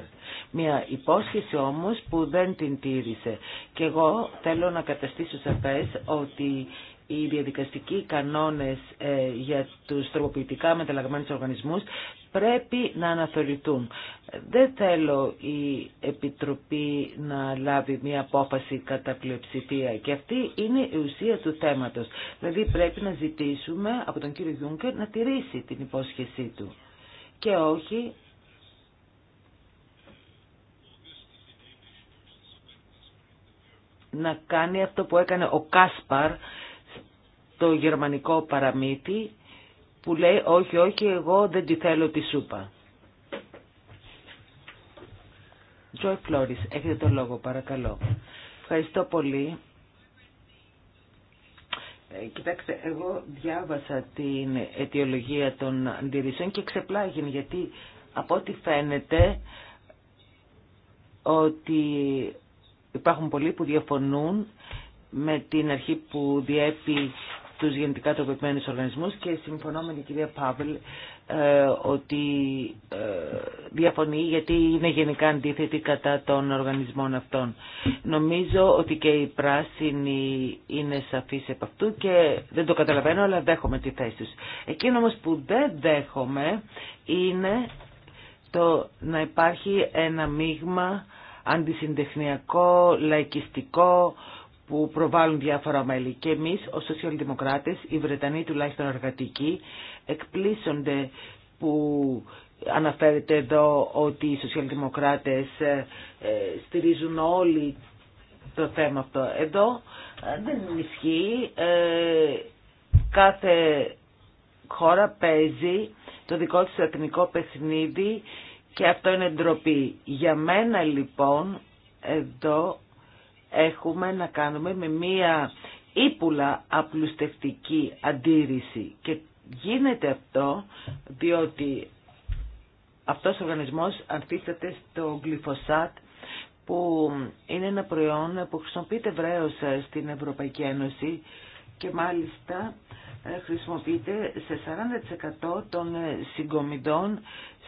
Μια υπόσχεση όμως που δεν την τήρησε. Και εγώ θέλω να καταστήσω σαφές ότι οι διαδικαστικοί κανόνες ε, για τους τροποποιητικά μεταλλαγμένους οργανισμούς πρέπει να αναθεωρηθούν. Δεν θέλω η Επιτροπή να λάβει μια απόφαση κατά πλειοψηφία και αυτή είναι η ουσία του θέματος. Δηλαδή πρέπει να ζητήσουμε από τον κύριο Γιούγκερ να τηρήσει την υπόσχεσή του και όχι να κάνει αυτό που έκανε ο Κάσπαρ το γερμανικό παραμύθι που λέει όχι όχι εγώ δεν τη θέλω τη σούπα. Joy Flores, έχετε το λόγο παρακαλώ. Ευχαριστώ πολύ. Ε, κοιτάξτε, εγώ διάβασα την αιτιολογία των αντιρρήσεων και ξεπλάγινε γιατί από ό,τι φαίνεται ότι υπάρχουν πολλοί που διαφωνούν με την αρχή που διέπει τους γενετικά τροπεπμένους οργανισμούς και συμφωνώ με την κυρία Παύλ ε, ότι ε, διαφωνεί γιατί είναι γενικά αντίθετη κατά των οργανισμών αυτών. Νομίζω ότι και η πράσινη είναι σαφής επ' αυτού και δεν το καταλαβαίνω αλλά δέχομαι τη θέση τους. Εκείνο όμως που δεν δέχομαι είναι το να υπάρχει ένα μείγμα αντισυντεχνιακό, λαϊκιστικό, που προβάλλουν διάφορα μέλη. Και εμείς ως σοσιαλδημοκράτες, οι Βρετανοί τουλάχιστον εργατικοί, εκπλήσονται που αναφέρεται εδώ ότι οι σοσιαλδημοκράτες ε, ε, στηρίζουν όλοι το θέμα αυτό. Εδώ ε, δεν ισχύει. Κάθε χώρα παίζει το δικό της εθνικό παιχνίδι και αυτό είναι ντροπή. Για μένα λοιπόν εδώ έχουμε να κάνουμε με μία ύπουλα απλουστευτική αντίρρηση και γίνεται αυτό διότι αυτός ο οργανισμός αντίσταται στο γλυφοσάτ που είναι ένα προϊόν που χρησιμοποιείται βρέως στην Ευρωπαϊκή Ένωση και μάλιστα ε, χρησιμοποιείται σε 40% των ε, συγκομιδών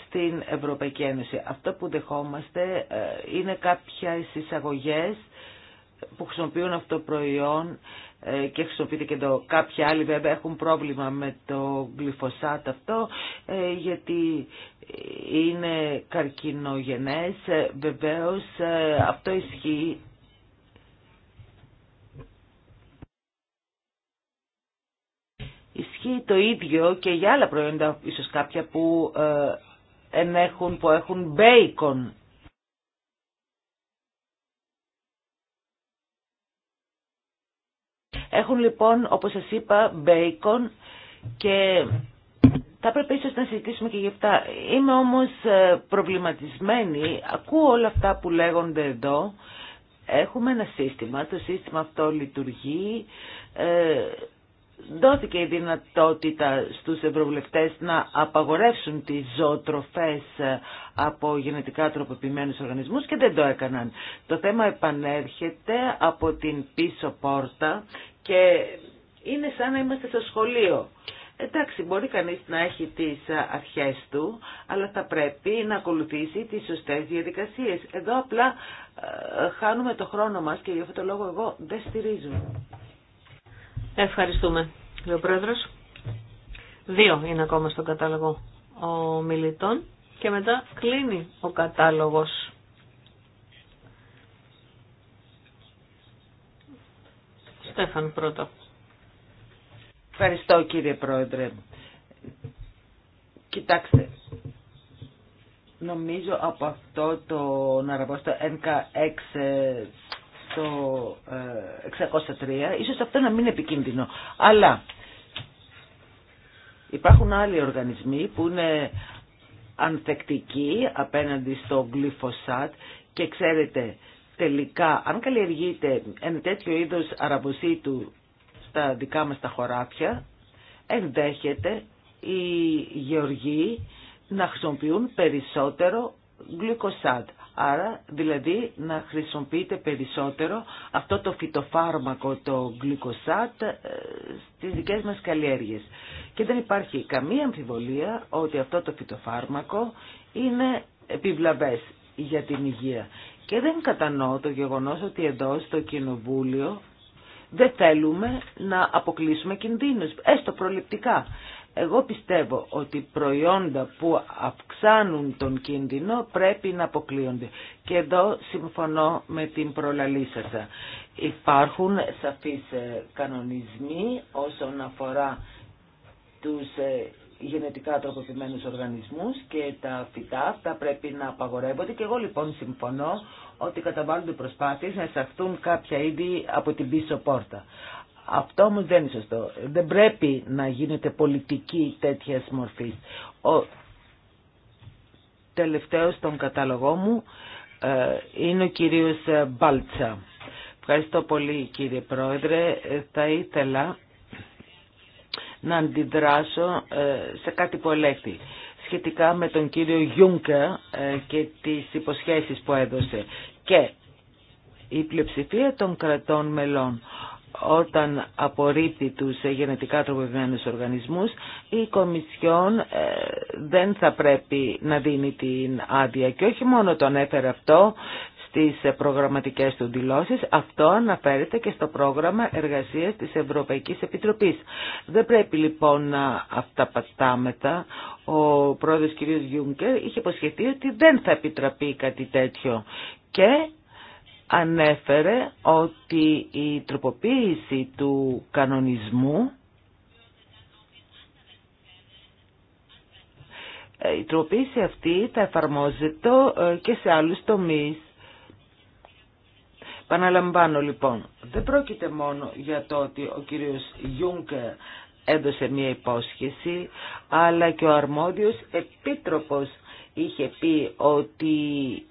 στην Ευρωπαϊκή Ένωση. Αυτό που δεχόμαστε ε, είναι κάποιες εισαγωγές που χρησιμοποιούν αυτό το προϊόν ε, και χρησιμοποιείται και το κάποιοι άλλοι βέβαια έχουν πρόβλημα με το γλυφοσάτ αυτό ε, γιατί είναι καρκινογενές ε, βεβαίως αυτό ισχύει Ισχύει το ίδιο και για άλλα προϊόντα, ίσως κάποια που ενέχουν, που έχουν μπέικον Έχουν λοιπόν, όπως σας είπα, μπέικον και θα πρέπει ίσως να συζητήσουμε και γι' αυτά. Είμαι όμως ε, προβληματισμένη, ακούω όλα αυτά που λέγονται εδώ. Έχουμε ένα σύστημα, το σύστημα αυτό λειτουργεί, ε, δόθηκε η δυνατότητα στους ευρωβουλευτές να απαγορεύσουν τις ζωοτροφές ε, από γενετικά τροποποιημένους οργανισμούς και δεν το έκαναν. Το θέμα επανέρχεται από την πίσω πόρτα και είναι σαν να είμαστε στο σχολείο. Εντάξει, μπορεί κανείς να έχει τις αρχές του, αλλά θα πρέπει να ακολουθήσει τις σωστές διαδικασίες. Εδώ απλά ε, χάνουμε το χρόνο μας και γι' αυτό το λόγο εγώ δεν στηρίζω. Ευχαριστούμε. Ο Πρόεδρος. Δύο είναι ακόμα στον κατάλογο ο Μιλιτών και μετά κλείνει ο κατάλογος. πρώτα. Ευχαριστώ κύριε Πρόεδρε. Κοιτάξτε, νομίζω από αυτό το να στο NK6 ε, στο 603, ε, ίσως αυτό να μην είναι επικίνδυνο. Αλλά υπάρχουν άλλοι οργανισμοί που είναι ανθεκτικοί απέναντι στο γλυφοσάτ και ξέρετε τελικά αν καλλιεργείται ένα τέτοιο είδος αραβοσίτου στα δικά μας τα χωράφια, ενδέχεται οι γεωργοί να χρησιμοποιούν περισσότερο γλυκοσάτ. Άρα δηλαδή να χρησιμοποιείται περισσότερο αυτό το φυτοφάρμακο το γλυκοσάτ ε, στις δικές μας καλλιέργειες. Και δεν υπάρχει καμία αμφιβολία ότι αυτό το φυτοφάρμακο είναι επιβλαβές για την υγεία. Και δεν κατανοώ το γεγονός ότι εδώ στο Κοινοβούλιο δεν θέλουμε να αποκλείσουμε κινδύνους, έστω προληπτικά. Εγώ πιστεύω ότι προϊόντα που αυξάνουν τον κίνδυνο πρέπει να αποκλείονται. Και εδώ συμφωνώ με την προλαλή σας. Υπάρχουν σαφείς ε, κανονισμοί όσον αφορά τους ε, γενετικά τροποποιημένους οργανισμούς και τα φυτά αυτά πρέπει να απαγορεύονται και εγώ λοιπόν συμφωνώ ότι καταβάλλονται προσπάθειες να εισαχθούν κάποια είδη από την πίσω πόρτα. Αυτό όμως δεν είναι σωστό. Δεν πρέπει να γίνεται πολιτική τέτοια μορφή. Ο τελευταίος στον καταλογό μου ε, είναι ο κύριος Μπάλτσα. Ευχαριστώ πολύ κύριε Πρόεδρε. Ε, θα ήθελα να αντιδράσω ε, σε κάτι που ελέγχει σχετικά με τον κύριο Γιούγκερ ε, και τις υποσχέσεις που έδωσε. Και η πλειοψηφία των κρατών μελών όταν απορρίπτει τους ε, γενετικά τροποποιημένους οργανισμούς, η Κομισιόν δεν θα πρέπει να δίνει την άδεια. Και όχι μόνο τον έφερε αυτό, στις προγραμματικές του δηλώσεις. Αυτό αναφέρεται και στο πρόγραμμα εργασίας της Ευρωπαϊκής Επιτροπής. Δεν πρέπει λοιπόν να αυταπατάμετα. Ο πρόεδρος κ. Γιούγκερ είχε υποσχεθεί ότι δεν θα επιτραπεί κάτι τέτοιο και ανέφερε ότι η τροποποίηση του κανονισμού ε, η τροποποίηση αυτή θα εφαρμόζεται ε, και σε άλλους τομείς. Παναλαμβάνω λοιπόν, δεν πρόκειται μόνο για το ότι ο κύριος Γιούγκερ έδωσε μια υπόσχεση, αλλά και ο αρμόδιος επίτροπος είχε πει ότι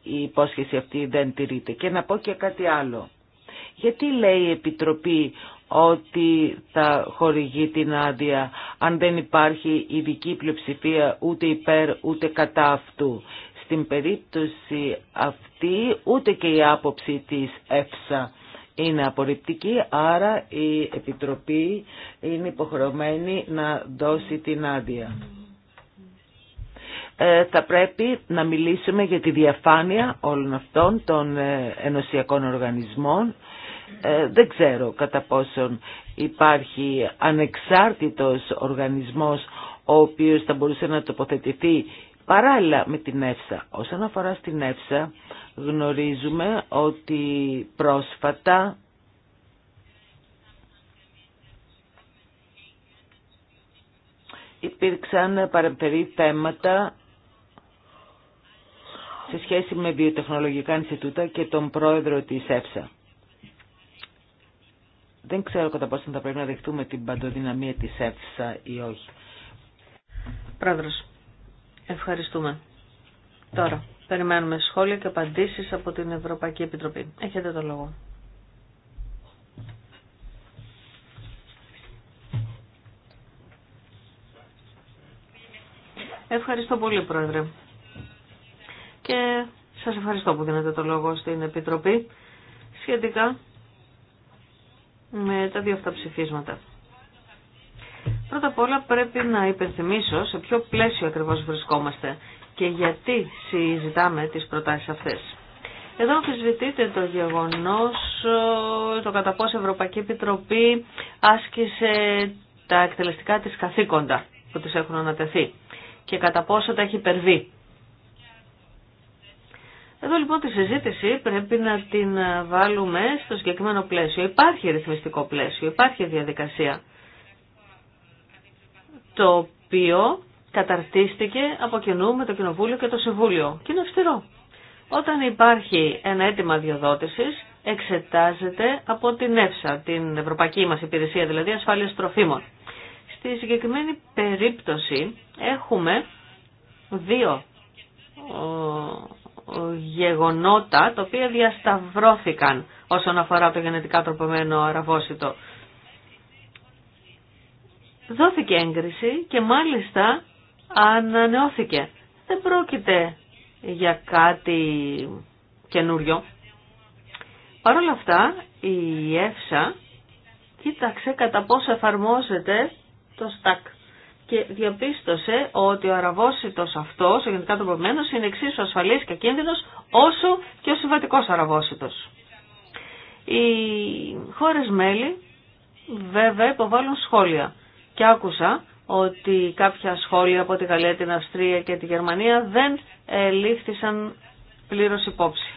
η υπόσχεση αυτή δεν τηρείται. Και να πω και κάτι άλλο. Γιατί λέει η Επιτροπή ότι θα χορηγεί την άδεια αν δεν υπάρχει ειδική πλειοψηφία ούτε υπέρ ούτε κατά αυτού. Στην περίπτωση αυτή ούτε και η άποψη της ΕΦΣΑ είναι απορριπτική, άρα η Επιτροπή είναι υποχρεωμένη να δώσει την άδεια. Ε, θα πρέπει να μιλήσουμε για τη διαφάνεια όλων αυτών των ε, ενωσιακών οργανισμών. Ε, δεν ξέρω κατά πόσον υπάρχει ανεξάρτητος οργανισμός ο οποίος θα μπορούσε να τοποθετηθεί παράλληλα με την ΕΦΣΑ. Όσον αφορά στην ΕΦΣΑ γνωρίζουμε ότι πρόσφατα υπήρξαν παρεμφερή θέματα σε σχέση με βιοτεχνολογικά Ινστιτούτα και τον πρόεδρο της ΕΦΣΑ. Δεν ξέρω κατά πόσο θα πρέπει να δεχτούμε την παντοδυναμία της ΕΦΣΑ ή όχι. Πρόεδρος, Ευχαριστούμε. Τώρα, περιμένουμε σχόλια και απαντήσεις από την Ευρωπαϊκή Επιτροπή. Έχετε το λόγο. Ευχαριστώ πολύ, Πρόεδρε. Και σας ευχαριστώ που δίνετε το λόγο στην Επιτροπή σχετικά με τα δύο αυτά ψηφίσματα. Πρώτα απ' όλα πρέπει να υπενθυμίσω σε ποιο πλαίσιο ακριβώς βρισκόμαστε και γιατί συζητάμε τις προτάσεις αυτές. Εδώ αμφισβητείται το γεγονός, ε, το κατά πόσο η Ευρωπαϊκή Επιτροπή άσκησε τα εκτελεστικά της καθήκοντα που της έχουν ανατεθεί και κατά πόσο τα έχει υπερβεί. Εδώ λοιπόν τη συζήτηση πρέπει να την βάλουμε στο συγκεκριμένο πλαίσιο. Υπάρχει ρυθμιστικό πλαίσιο, υπάρχει διαδικασία το οποίο καταρτίστηκε από κοινού με το Κοινοβούλιο και το Συμβούλιο. Και είναι αυστηρό. Όταν υπάρχει ένα αίτημα διοδότησης, εξετάζεται από την ΕΦΣΑ, την Ευρωπαϊκή μας Υπηρεσία δηλαδή ασφαλεία Τροφίμων. Στη συγκεκριμένη περίπτωση έχουμε δύο γεγονότα τα οποία διασταυρώθηκαν όσον αφορά το γενετικά τροπομένο αραβόσιτο δόθηκε έγκριση και μάλιστα ανανεώθηκε. Δεν πρόκειται για κάτι καινούριο. Παρ' όλα αυτά η ΕΦΣΑ κοίταξε κατά πόσο εφαρμόζεται το ΣΤΑΚ και διαπίστωσε ότι ο αραβόσιτος αυτός, ο γενικά το είναι εξίσου ασφαλής και κίνδυνος όσο και ο συμβατικός αραβόσιτος. Οι χώρες μέλη βέβαια υποβάλλουν σχόλια. Και άκουσα ότι κάποια σχόλια από τη Γαλλία, την Αυστρία και τη Γερμανία δεν λήφθησαν πλήρως υπόψη.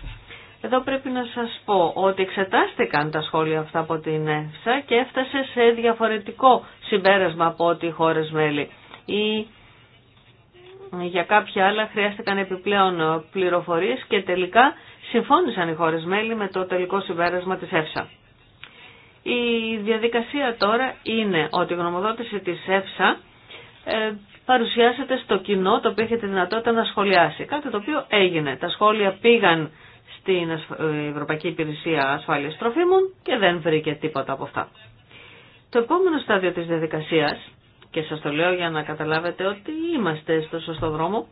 Εδώ πρέπει να σας πω ότι εξετάστηκαν τα σχόλια αυτά από την ΕΦΣΑ και έφτασε σε διαφορετικό συμπέρασμα από ό,τι οι χώρες μέλη. Ή για κάποια άλλα χρειάστηκαν επιπλέον πληροφορίες και τελικά συμφώνησαν οι χώρες μέλη με το τελικό συμπέρασμα της ΕΦΣΑ. Η διαδικασία τώρα είναι ότι η γνωμοδότηση της ΕΦΣΑ ε, παρουσιάσεται στο κοινό το οποίο είχε τη δυνατότητα να σχολιάσει. Κάτι το οποίο έγινε. Τα σχόλια πήγαν στην ε, Ευρωπαϊκή Υπηρεσία Ασφάλειας Τροφίμων και δεν βρήκε τίποτα από αυτά. Το επόμενο στάδιο της διαδικασίας, και σας το λέω για να καταλάβετε ότι είμαστε στο σωστό δρόμο,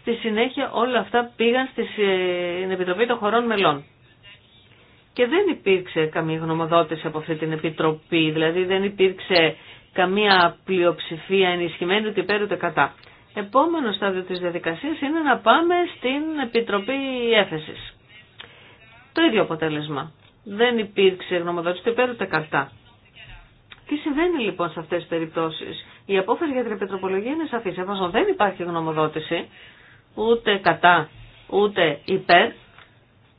στη συνέχεια όλα αυτά πήγαν ε, στην Επιτροπή των Χωρών Μελών και δεν υπήρξε καμία γνωμοδότηση από αυτή την Επιτροπή, δηλαδή δεν υπήρξε καμία πλειοψηφία ενισχυμένη ούτε υπέρ ούτε κατά. Επόμενο στάδιο της διαδικασίας είναι να πάμε στην Επιτροπή Έφεσης. Το ίδιο αποτέλεσμα. Δεν υπήρξε γνωμοδότηση ούτε υπέρ ούτε κατά. Τι συμβαίνει λοιπόν σε αυτές τις περιπτώσεις. Η απόφαση για την επιτροπολογία είναι σαφή. Εφόσον δεν υπάρχει γνωμοδότηση, ούτε κατά, ούτε υπέρ,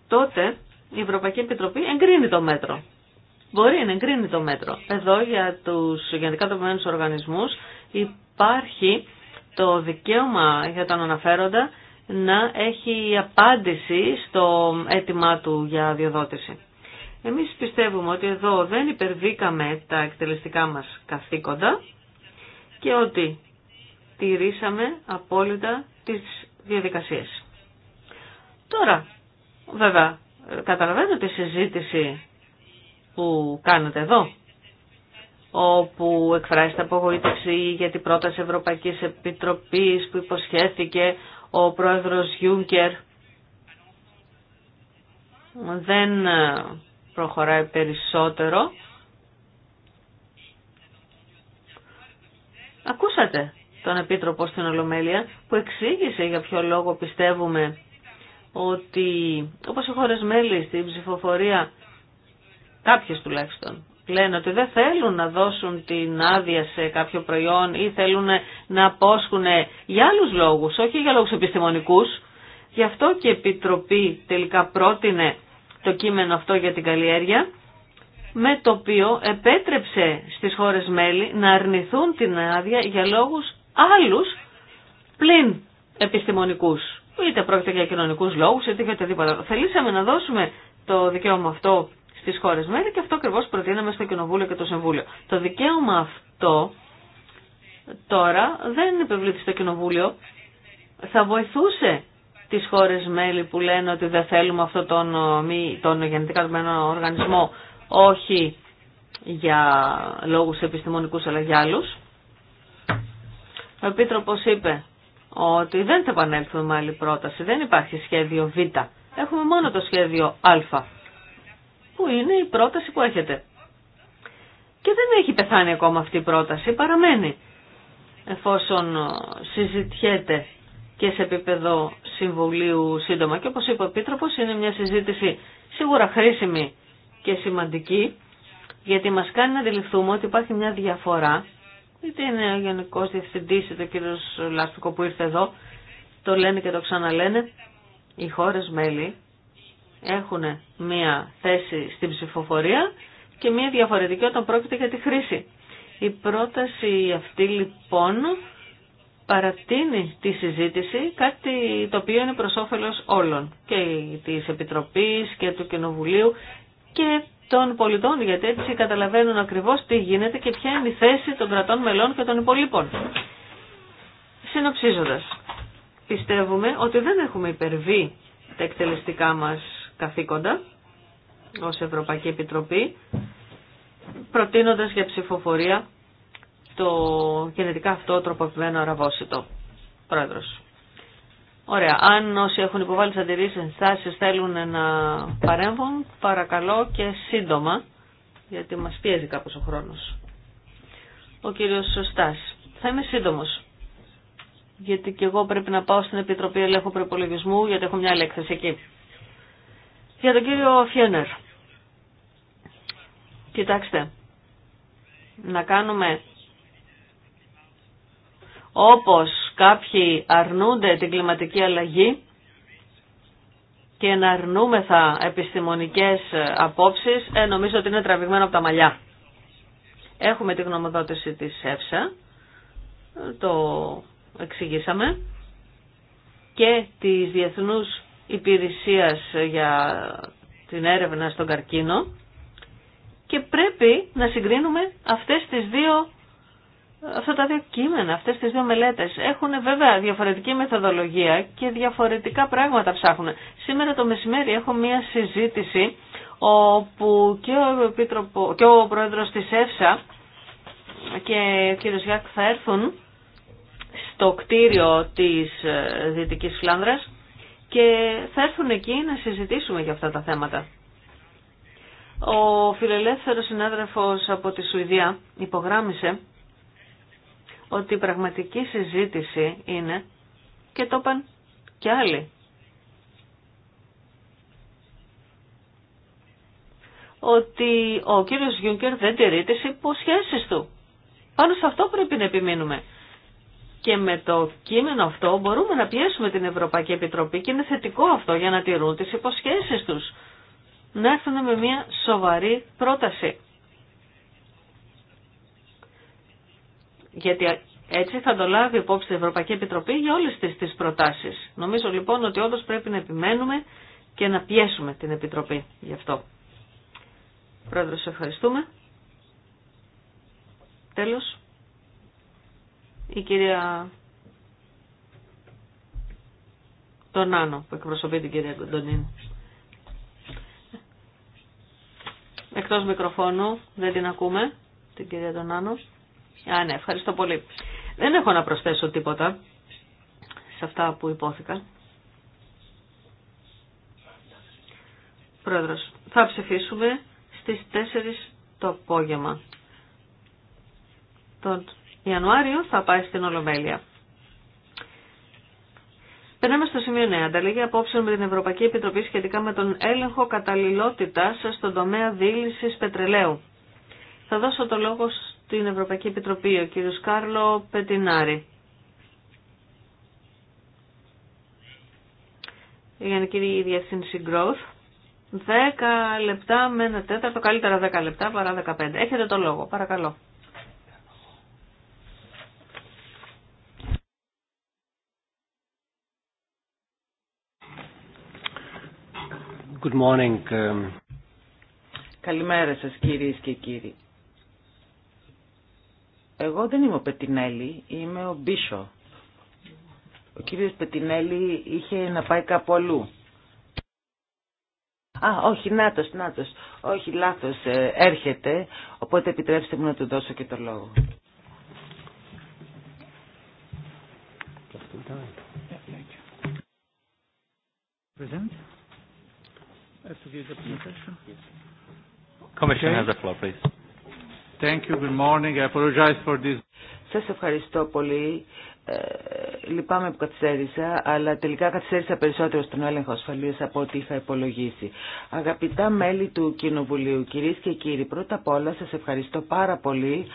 τότε η Ευρωπαϊκή Επιτροπή εγκρίνει το μέτρο. Μπορεί να εγκρίνει το μέτρο. Εδώ για τους γενικά δομημένους οργανισμούς υπάρχει το δικαίωμα για τον αναφέροντα να έχει απάντηση στο αίτημά του για διοδότηση. Εμείς πιστεύουμε ότι εδώ δεν υπερβήκαμε τα εκτελεστικά μας καθήκοντα και ότι τηρήσαμε απόλυτα τις διαδικασίες. Τώρα, βέβαια, Καταλαβαίνετε τη συζήτηση που κάνετε εδώ, όπου εκφράζεται απογοήτευση για την πρόταση Ευρωπαϊκής Επιτροπής που υποσχέθηκε ο πρόεδρος Γιούγκερ Δεν προχωράει περισσότερο. Ακούσατε τον Επίτροπο στην Ολομέλεια που εξήγησε για ποιο λόγο πιστεύουμε ότι όπως οι χώρες μέλη στην ψηφοφορία, κάποιες τουλάχιστον, λένε ότι δεν θέλουν να δώσουν την άδεια σε κάποιο προϊόν ή θέλουν να απόσχουν για άλλους λόγους, όχι για λόγους επιστημονικούς. Γι' αυτό και η Επιτροπή τελικά πρότεινε το κείμενο αυτό για την καλλιέργεια, με το οποίο επέτρεψε στις χώρες μέλη να αρνηθούν την άδεια για λόγους άλλους πλην επιστημονικούς είτε πρόκειται για κοινωνικού λόγους, είτε για οτιδήποτε. Θελήσαμε να δώσουμε το δικαίωμα αυτό στις χώρε μέλη και αυτό ακριβώ προτείναμε στο Κοινοβούλιο και το Συμβούλιο. Το δικαίωμα αυτό τώρα δεν επιβλήθη στο Κοινοβούλιο. Θα βοηθούσε τις χώρε μέλη που λένε ότι δεν θέλουμε αυτό τον, μη, τον γενετικά δομένο οργανισμό όχι για λόγους επιστημονικούς αλλά για άλλους. Ο Επίτροπος είπε ότι δεν θα επανέλθουμε με άλλη πρόταση. Δεν υπάρχει σχέδιο Β. Έχουμε μόνο το σχέδιο Α, που είναι η πρόταση που έχετε. Και δεν έχει πεθάνει ακόμα αυτή η πρόταση, παραμένει, εφόσον ε, συζητιέται και σε επίπεδο Συμβουλίου σύντομα. Και όπως είπε ο Επίτροπος, είναι μια συζήτηση σίγουρα χρήσιμη και σημαντική, γιατί μας κάνει να αντιληφθούμε ότι υπάρχει μια διαφορά είτε είναι ο Γενικό Διευθυντής είτε ο κύριο Λάστικο που ήρθε εδώ, το λένε και το ξαναλένε, οι χώρες μέλη έχουν μία θέση στην ψηφοφορία και μία διαφορετική όταν πρόκειται για τη χρήση. Η πρόταση αυτή λοιπόν παρατείνει τη συζήτηση, κάτι το οποίο είναι προς όφελος όλων και τη Επιτροπής και του Κοινοβουλίου και των πολιτών, γιατί έτσι καταλαβαίνουν ακριβώς τι γίνεται και ποια είναι η θέση των κρατών μελών και των υπολείπων. Συνοψίζοντας, πιστεύουμε ότι δεν έχουμε υπερβεί τα εκτελεστικά μας καθήκοντα ως Ευρωπαϊκή Επιτροπή, προτείνοντας για ψηφοφορία το γενετικά αυτό τροποποιημένο αραβόσιτο. Πρόεδρος. Ωραία. Αν όσοι έχουν υποβάλει τι αντιρρήσει ενστάσει θέλουν να παρέμβουν, παρακαλώ και σύντομα, γιατί μα πιέζει κάπω ο χρόνο. Ο κύριο Σωστά. Θα είμαι σύντομο. Γιατί και εγώ πρέπει να πάω στην Επιτροπή Ελέγχου Προπολογισμού, γιατί έχω μια άλλη έκθεση εκεί. Για τον κύριο Φιένερ. Κοιτάξτε. Να κάνουμε όπως κάποιοι αρνούνται την κλιματική αλλαγή και να αρνούμεθα επιστημονικές απόψεις, ε, νομίζω ότι είναι τραβηγμένο από τα μαλλιά. Έχουμε τη γνωμοδότηση της ΕΦΣΑ, το εξηγήσαμε, και της Διεθνούς Υπηρεσίας για την έρευνα στον καρκίνο και πρέπει να συγκρίνουμε αυτές τις δύο αυτά τα δύο κείμενα, αυτές τις δύο μελέτες έχουν βέβαια διαφορετική μεθοδολογία και διαφορετικά πράγματα ψάχνουν. Σήμερα το μεσημέρι έχω μία συζήτηση όπου και ο, Επίτροπο, και ο Πρόεδρος της ΕΦΣΑ και ο κύριος Γιάκ θα έρθουν στο κτίριο της ε, Δυτικής Φλάνδρας και θα έρθουν εκεί να συζητήσουμε για αυτά τα θέματα. Ο φιλελεύθερος συνάδελφος από τη Σουηδία υπογράμμισε ότι η πραγματική συζήτηση είναι, και το είπαν και άλλοι, ότι ο κύριος Γιούγκερ δεν τηρεί τις υποσχέσεις του. Πάνω σε αυτό πρέπει να επιμείνουμε. Και με το κείμενο αυτό μπορούμε να πιέσουμε την Ευρωπαϊκή Επιτροπή και είναι θετικό αυτό για να τηρούν τις υποσχέσεις τους. Να έρθουν με μια σοβαρή πρόταση. Γιατί έτσι θα το λάβει υπόψη η Ευρωπαϊκή Επιτροπή για όλες τις, τις προτάσεις. Νομίζω λοιπόν ότι όντως πρέπει να επιμένουμε και να πιέσουμε την Επιτροπή γι' αυτό. Πρόεδρος, ευχαριστούμε. Τέλος. Η κυρία τον Άνω που εκπροσωπεί την κυρία Κοντονίν. Εκτός μικροφώνου δεν την ακούμε, την κυρία Τον Τονάνο. Α, ναι, ευχαριστώ πολύ. Δεν έχω να προσθέσω τίποτα σε αυτά που υπόθηκαν. Πρόεδρος, θα ψηφίσουμε στις 4 το απόγευμα. Τον Ιανουάριο θα πάει στην Ολομέλεια. Περνάμε στο σημείο 9. Ανταλλαγή απόψεων με την Ευρωπαϊκή Επιτροπή σχετικά με τον έλεγχο καταλληλότητά στον τομέα δίλησης πετρελαίου. Θα δώσω το λόγο την Ευρωπαϊκή Επιτροπή, ο κύριος Κάρλο Πετινάρη. Η Γενική Διευθύνση Growth. 10 λεπτά με ένα τέταρτο, καλύτερα 10 λεπτά παρά 15. Έχετε το λόγο, παρακαλώ. Good morning. Um, Καλημέρα σας κυρίες και κύριοι. Εγώ δεν είμαι ο Πετινέλη, είμαι ο Μπίσο. Ο κύριος Πετινέλη είχε να πάει κάπου αλλού. Α, όχι, νάτος, νάτος. Όχι, λάθος, ε, έρχεται, οπότε επιτρέψτε μου να του δώσω και το λόγο. has the floor, please. Thank you. Good morning. I apologize for this. Σας ευχαριστώ πολύ λυπάμαι που καθυστέρησα, αλλά τελικά καθυστέρησα περισσότερο στον έλεγχο ασφαλείας από ό,τι είχα υπολογίσει. Αγαπητά μέλη του Κοινοβουλίου, κυρίες και κύριοι, πρώτα απ' όλα σας ευχαριστώ πάρα πολύ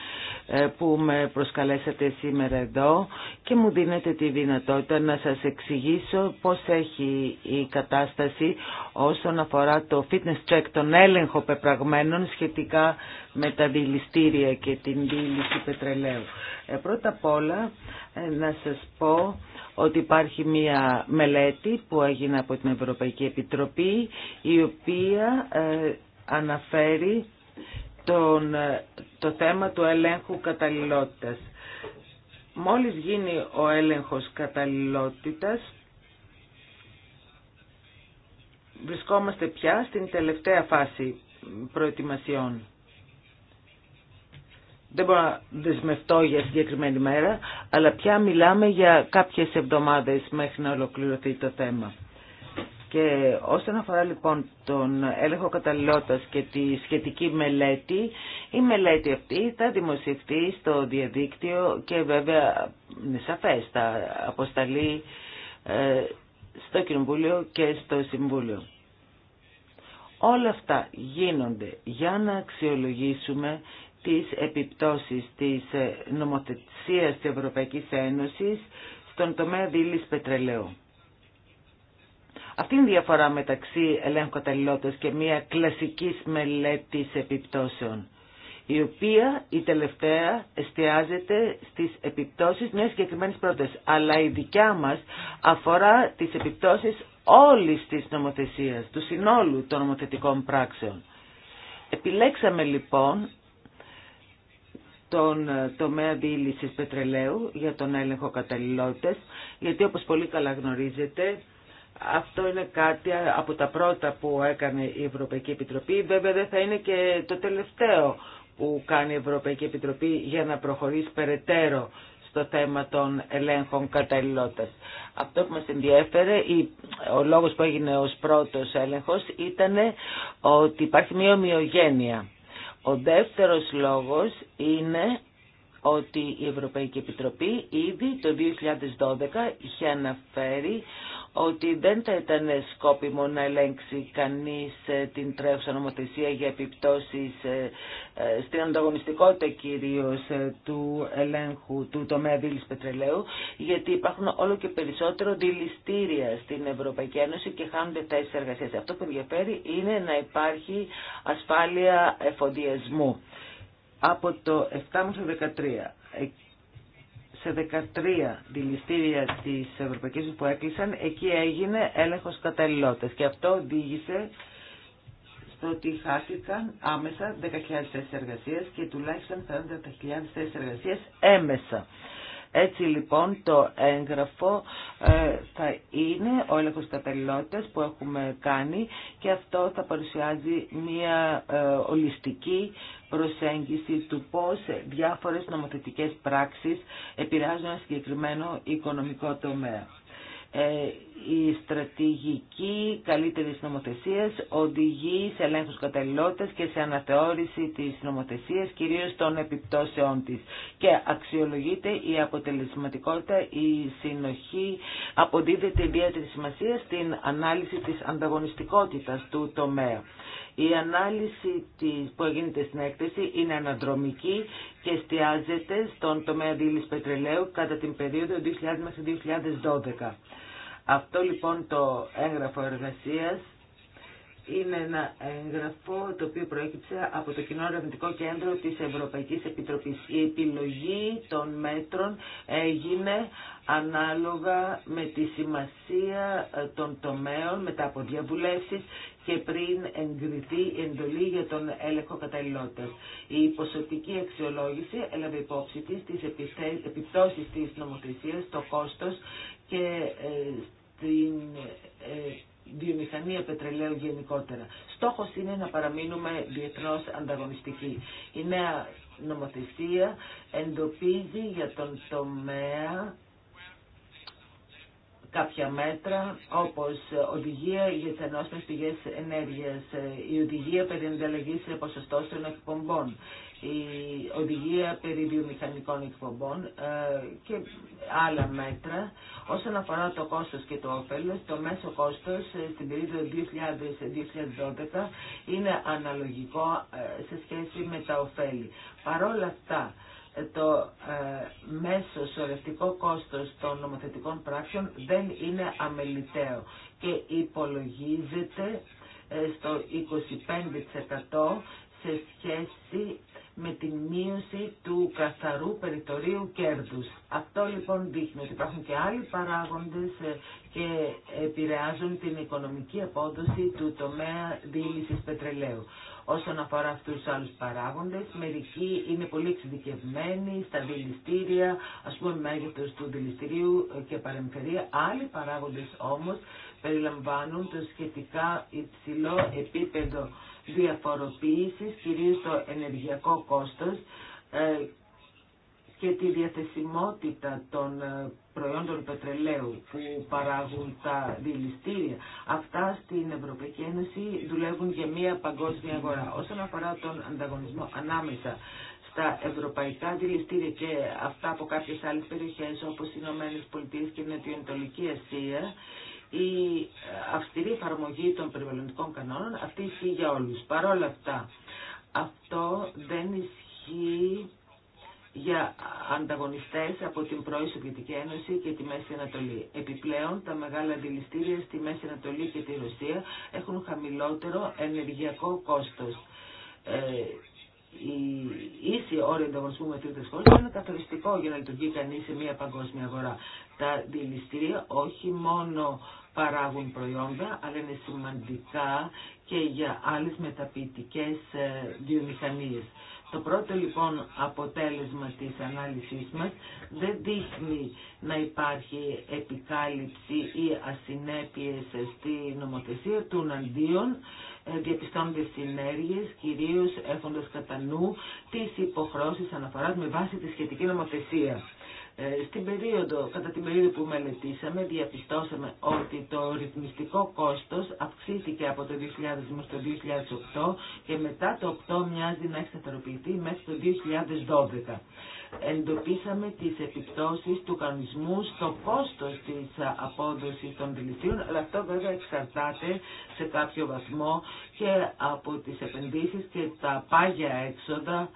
ε, που με προσκαλέσατε σήμερα εδώ και μου δίνετε τη δυνατότητα να σας εξηγήσω πώς έχει η κατάσταση όσον αφορά το fitness check, τον έλεγχο πεπραγμένων σχετικά με τα δηληστήρια και την δήληση πετρελαίου. Ε, πρώτα απ' όλα ε, να σας πω ότι υπάρχει μία μελέτη που έγινε από την Ευρωπαϊκή Επιτροπή η οποία ε, αναφέρει τον, ε, το θέμα του ελέγχου καταλληλότητας. Μόλις γίνει ο έλεγχος καταλληλότητας βρισκόμαστε πια στην τελευταία φάση προετοιμασιών δεν μπορώ να δεσμευτώ για συγκεκριμένη μέρα, αλλά πια μιλάμε για κάποιες εβδομάδες μέχρι να ολοκληρωθεί το θέμα. Και όσον αφορά λοιπόν τον έλεγχο καταλληλότητας και τη σχετική μελέτη, η μελέτη αυτή θα δημοσιευτεί στο διαδίκτυο και βέβαια είναι σαφές, θα αποσταλεί ε, στο Κοινοβούλιο και στο Συμβούλιο. Όλα αυτά γίνονται για να αξιολογήσουμε τις επιπτώσεις της ε, νομοθεσίας της Ευρωπαϊκής Ένωσης στον τομέα δίλης πετρελαίου. Αυτή είναι η διαφορά μεταξύ ελέγχου καταλληλότητας και μια κλασικής μελέτης επιπτώσεων, η οποία η τελευταία εστιάζεται στις επιπτώσεις μιας συγκεκριμένης πρότασης, αλλά η δικιά μας αφορά τις επιπτώσεις όλης της νομοθεσίας, του συνόλου των νομοθετικών πράξεων. Επιλέξαμε λοιπόν τον ε, τομέα διήλυσης πετρελαίου για τον έλεγχο καταλληλότητα, γιατί όπως πολύ καλά γνωρίζετε, αυτό είναι κάτι από τα πρώτα που έκανε η Ευρωπαϊκή Επιτροπή. Βέβαια δεν θα είναι και το τελευταίο που κάνει η Ευρωπαϊκή Επιτροπή για να προχωρήσει περαιτέρω στο θέμα των ελέγχων καταλληλότητας. Αυτό που μας ενδιέφερε, ο λόγος που έγινε ως πρώτος έλεγχος, ήταν ότι υπάρχει μια ομοιογένεια ο δεύτερος λόγος είναι ότι η Ευρωπαϊκή Επιτροπή ήδη το 2012 είχε αναφέρει ότι δεν θα ήταν σκόπιμο να ελέγξει κανείς ε, την τρέχουσα νομοθεσία για επιπτώσεις ε, ε, στην ανταγωνιστικότητα κυρίως του ελέγχου του τομέα δίλης πετρελαίου, γιατί υπάρχουν όλο και περισσότερο δηληστήρια στην Ευρωπαϊκή Ένωση και χάνονται θέσεις εργασίας. Αυτό που ενδιαφέρει είναι να υπάρχει ασφάλεια εφοδιασμού. Από το 7 13 σε 13 δηληστήρια της Ευρωπαϊκής που έκλεισαν, εκεί έγινε έλεγχος καταλληλότητας και αυτό οδήγησε στο ότι χάθηκαν άμεσα 10.000 θέσεις εργασίας και τουλάχιστον 40.000 θέσεις εργασίας έμεσα. Έτσι λοιπόν το έγγραφο ε, θα είναι ο έλεγχος καταλληλότητας που έχουμε κάνει και αυτό θα παρουσιάζει μια ε, ολιστική προσέγγιση του πώς διάφορες νομοθετικές πράξεις επηρεάζουν ένα συγκεκριμένο οικονομικό τομέα. Ε, η στρατηγική καλύτερη νομοθεσία οδηγεί σε ελέγχου καταλληλότητα και σε αναθεώρηση τη νομοθεσία, κυρίω των επιπτώσεών τη. Και αξιολογείται η αποτελεσματικότητα, η συνοχή, αποδίδεται ιδιαίτερη σημασία στην ανάλυση τη ανταγωνιστικότητα του τομέα. Η ανάλυση της, που γίνεται στην έκθεση είναι αναδρομική και εστιάζεται στον τομέα δίλης πετρελαίου κατά την περίοδο 2000 2012. Αυτό λοιπόν το έγγραφο εργασίας είναι ένα έγγραφο το οποίο προέκυψε από το Κοινό Ερευνητικό Κέντρο της Ευρωπαϊκής Επιτροπής. Η επιλογή των μέτρων έγινε ανάλογα με τη σημασία των τομέων μετά από διαβουλεύσεις και πριν εγκριθεί η εντολή για τον έλεγχο καταλληλότητας. Η ποσοτική αξιολόγηση έλαβε υπόψη της τις επιπτώσεις της νομοθεσίας, το κόστος και ε, στην ε, βιομηχανία πετρελαίου γενικότερα. Στόχος είναι να παραμείνουμε διεθνώς ανταγωνιστικοί. Η νέα νομοθεσία εντοπίζει για τον τομέα κάποια μέτρα όπως οδηγία για τις ενώσεις πηγές ενέργειας, ε, η οδηγία περί ανταλλαγής ποσοστώσεων εκπομπών, η οδηγία περί βιομηχανικών εκπομπών ε, και άλλα μέτρα. Όσον αφορά το κόστος και το όφελος, το μέσο κόστος ε, στην περίοδο 2000-2012 ε, είναι αναλογικό σε σχέση με τα ωφέλη. Παρόλα αυτά, το μέσο σωρευτικό κόστος των νομοθετικών πράξεων δεν είναι αμεληταίο και υπολογίζεται στο 25% σε σχέση με τη μείωση του καθαρού περιτορίου κέρδους. Αυτό λοιπόν δείχνει ότι υπάρχουν και άλλοι παράγοντες ε, και επηρεάζουν την οικονομική απόδοση του τομέα διήλυσης πετρελαίου. Όσον αφορά αυτούς τους άλλους παράγοντες, μερικοί είναι πολύ εξειδικευμένοι στα δηληστήρια, ας πούμε μέγεθος του δηληστηρίου ε, και παρεμφερία. Άλλοι παράγοντες όμως περιλαμβάνουν το σχετικά υψηλό επίπεδο διαφοροποίησης, κυρίως το ενεργειακό κόστος ε, και τη διαθεσιμότητα των ε, προϊόντων πετρελαίου που παράγουν τα δηληστήρια. Αυτά στην Ευρωπαϊκή Ένωση δουλεύουν για μια παγκόσμια αγορά. Όσον αφορά τον ανταγωνισμό ανάμεσα στα ευρωπαϊκά δηληστήρια και αυτά από κάποιες άλλες περιοχές όπως οι Ηνωμένες Πολιτείες και η Νοτιοανατολική Ασία, η αυστηρή εφαρμογή των περιβαλλοντικών κανόνων, αυτή ισχύει για όλους. Παρόλα αυτά, αυτό δεν ισχύει για ανταγωνιστές από την πρώη Σοβιετική Ένωση και τη Μέση Ανατολή. Επιπλέον, τα μεγάλα δηληστήρια στη Μέση Ανατολή και τη Ρωσία έχουν χαμηλότερο ενεργειακό κόστος. Ε, η ίση όρια ανταγωνισμού με τρίτες χώρε είναι καθοριστικό για να λειτουργεί κανεί σε μια παγκόσμια αγορά. Τα δηληστήρια όχι μόνο παράγουν προϊόντα, αλλά είναι σημαντικά και για άλλες μεταποιητικές ε, βιομηχανίες. Το πρώτο λοιπόν αποτέλεσμα της ανάλυσης μας δεν δείχνει να υπάρχει επικάλυψη ή ασυνέπειες στη νομοθεσία του αντίον ε, διαπιστώνονται συνέργειες, κυρίως έχοντας κατά νου τις υποχρώσεις αναφοράς με βάση τη σχετική νομοθεσία. Ε, στην περίοδο, κατά την περίοδο που μελετήσαμε, διαπιστώσαμε ότι το ρυθμιστικό κόστος αυξήθηκε από το 2000 μέχρι το 2008 και μετά το 8 μοιάζει να έχει μέχρι το 2012. Εντοπίσαμε τις επιπτώσεις του κανονισμού στο κόστος της απόδοσης των δηληστήρων, αλλά αυτό βέβαια εξαρτάται σε κάποιο βαθμό και από τις επενδύσεις και τα πάγια έξοδα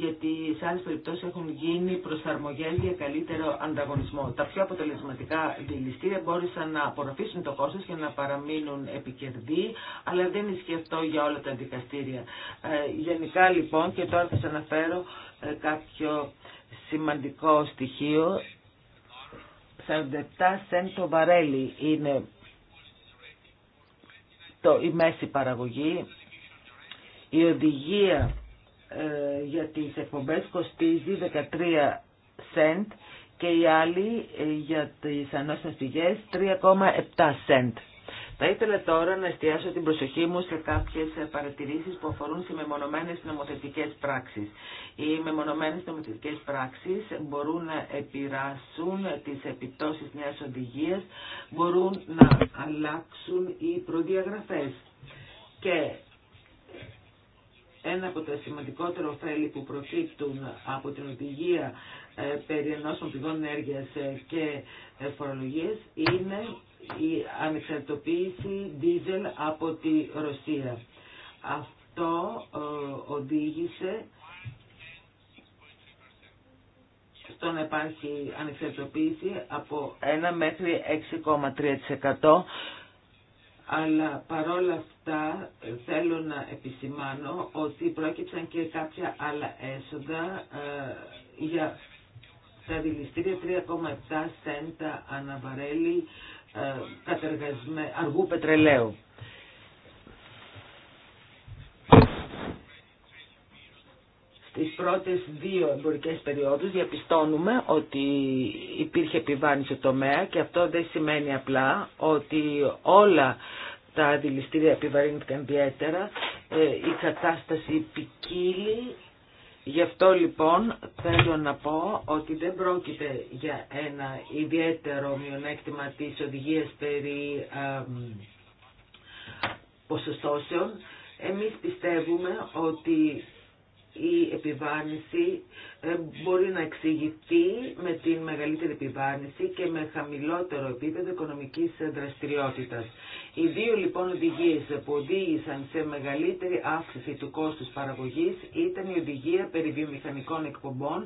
γιατί σε άλλες περιπτώσεις έχουν γίνει προσαρμογές καλύτερο ανταγωνισμό. Τα πιο αποτελεσματικά δηληστήρια μπόρεσαν να απορροφήσουν το κόστος και να παραμείνουν επικερδοί, αλλά δεν ισχύει αυτό για όλα τα δικαστήρια. Ε, γενικά λοιπόν, και τώρα θα σας αναφέρω ε, κάποιο σημαντικό στοιχείο, 47 σεν το βαρέλι είναι το, η μέση παραγωγή, η οδηγία ε, για τις εκπομπές κοστίζει 13 cent και η άλλη ε, για τις ανώσιμες πηγές 3,7 cent. Θα ήθελα τώρα να εστιάσω την προσοχή μου σε κάποιες παρατηρήσεις που αφορούν σε μεμονωμένες νομοθετικές πράξεις. Οι μεμονωμένες νομοθετικές πράξεις μπορούν να επηρεασούν τις επιπτώσεις μιας οδηγίας, μπορούν να αλλάξουν οι προδιαγραφές. Και ένα από τα σημαντικότερα ωφέλη που προκύπτουν από την οδηγία ε, περί ενώσεων πηγών ε, και ε, φορολογίε είναι η ανεξαρτητοποίηση δίζελ από τη Ρωσία. Αυτό οδήγησε στο να υπάρχει ανεξαρτητοποίηση από 1 μέχρι 6,3% αλλά παρόλα αυτά ε, θέλω να επισημάνω ότι πρόκειψαν και κάποια άλλα έσοδα ε, για τα δηληστήρια 3,7 σέντα αναβαρέλι ε, αργού πετρελαίου. Στις πρώτες δύο εμπορικές περιόδους διαπιστώνουμε ότι υπήρχε επιβάρυνση τομέα και αυτό δεν σημαίνει απλά ότι όλα τα δηληστήρια επιβαρύνθηκαν ιδιαίτερα, ε, η κατάσταση ποικίλει. Γι' αυτό λοιπόν θέλω να πω ότι δεν πρόκειται για ένα ιδιαίτερο μειονέκτημα της οδηγίας περί ποσοστώσεων. Εμείς πιστεύουμε ότι η επιβάρυνση ε, μπορεί να εξηγηθεί με την μεγαλύτερη επιβάρυνση και με χαμηλότερο επίπεδο οικονομικής δραστηριότητας. Οι δύο λοιπόν οδηγίες που οδήγησαν σε μεγαλύτερη αύξηση του κόστους παραγωγής ήταν η οδηγία περί βιομηχανικών εκπομπών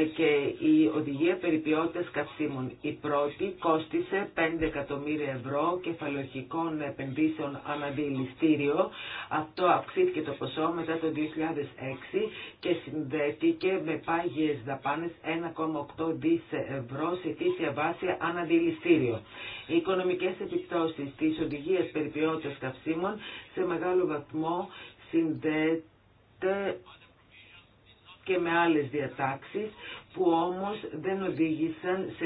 ε, και η οδηγία περί ποιότητας καυσίμων. Η πρώτη κόστισε 5 εκατομμύρια ευρώ κεφαλαιοχικών επενδύσεων αναδηληστήριο. Αυτό αυξήθηκε το ποσό μετά το 2006 και συνδέθηκε πάγιες δαπάνες 1,8 δις ευρώ σε τήσια βάση αναδηληστήριο. Οι οικονομικές επιπτώσεις της οδηγίας περιποιότητας καυσίμων σε μεγάλο βαθμό συνδέεται και με άλλες διατάξεις που όμως δεν οδήγησαν σε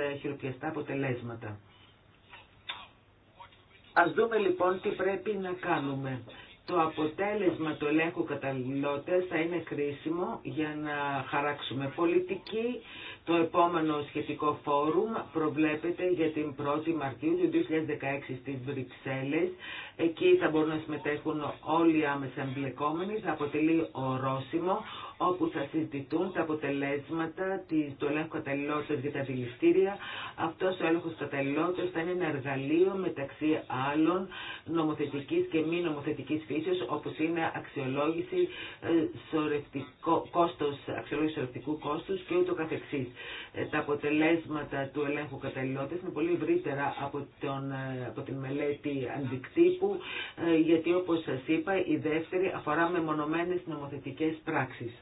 ε, χειροπιαστά αποτελέσματα. Ας δούμε λοιπόν τι πρέπει να κάνουμε το αποτέλεσμα του ελέγχου καταναλώτε θα είναι κρίσιμο για να χαράξουμε πολιτική. Το επόμενο σχετικό φόρουμ προβλέπεται για την 1η Μαρτίου του 2016 στις Βρυξέλλες. Εκεί θα μπορούν να συμμετέχουν όλοι οι άμεσα εμπλεκόμενοι, θα αποτελεί ορόσημο όπου θα συζητηθούν τα αποτελέσματα του ελέγχου καταλληλότητας για τα δηληστήρια. Αυτό ο έλεγχος καταλληλότητας θα είναι ένα εργαλείο μεταξύ άλλων νομοθετικής και μη νομοθετικής φύσεως, όπως είναι αξιολόγηση ε, κόστος, αξιολόγηση σωρευτικού κόστου και ούτω καθεξής. Ε, τα αποτελέσματα του ελέγχου καταλληλότητας είναι πολύ ευρύτερα από, ε, από την μελέτη αντικτύπου, γιατί όπως σας είπα η δεύτερη αφορά μεμονωμένες νομοθετικές πράξεις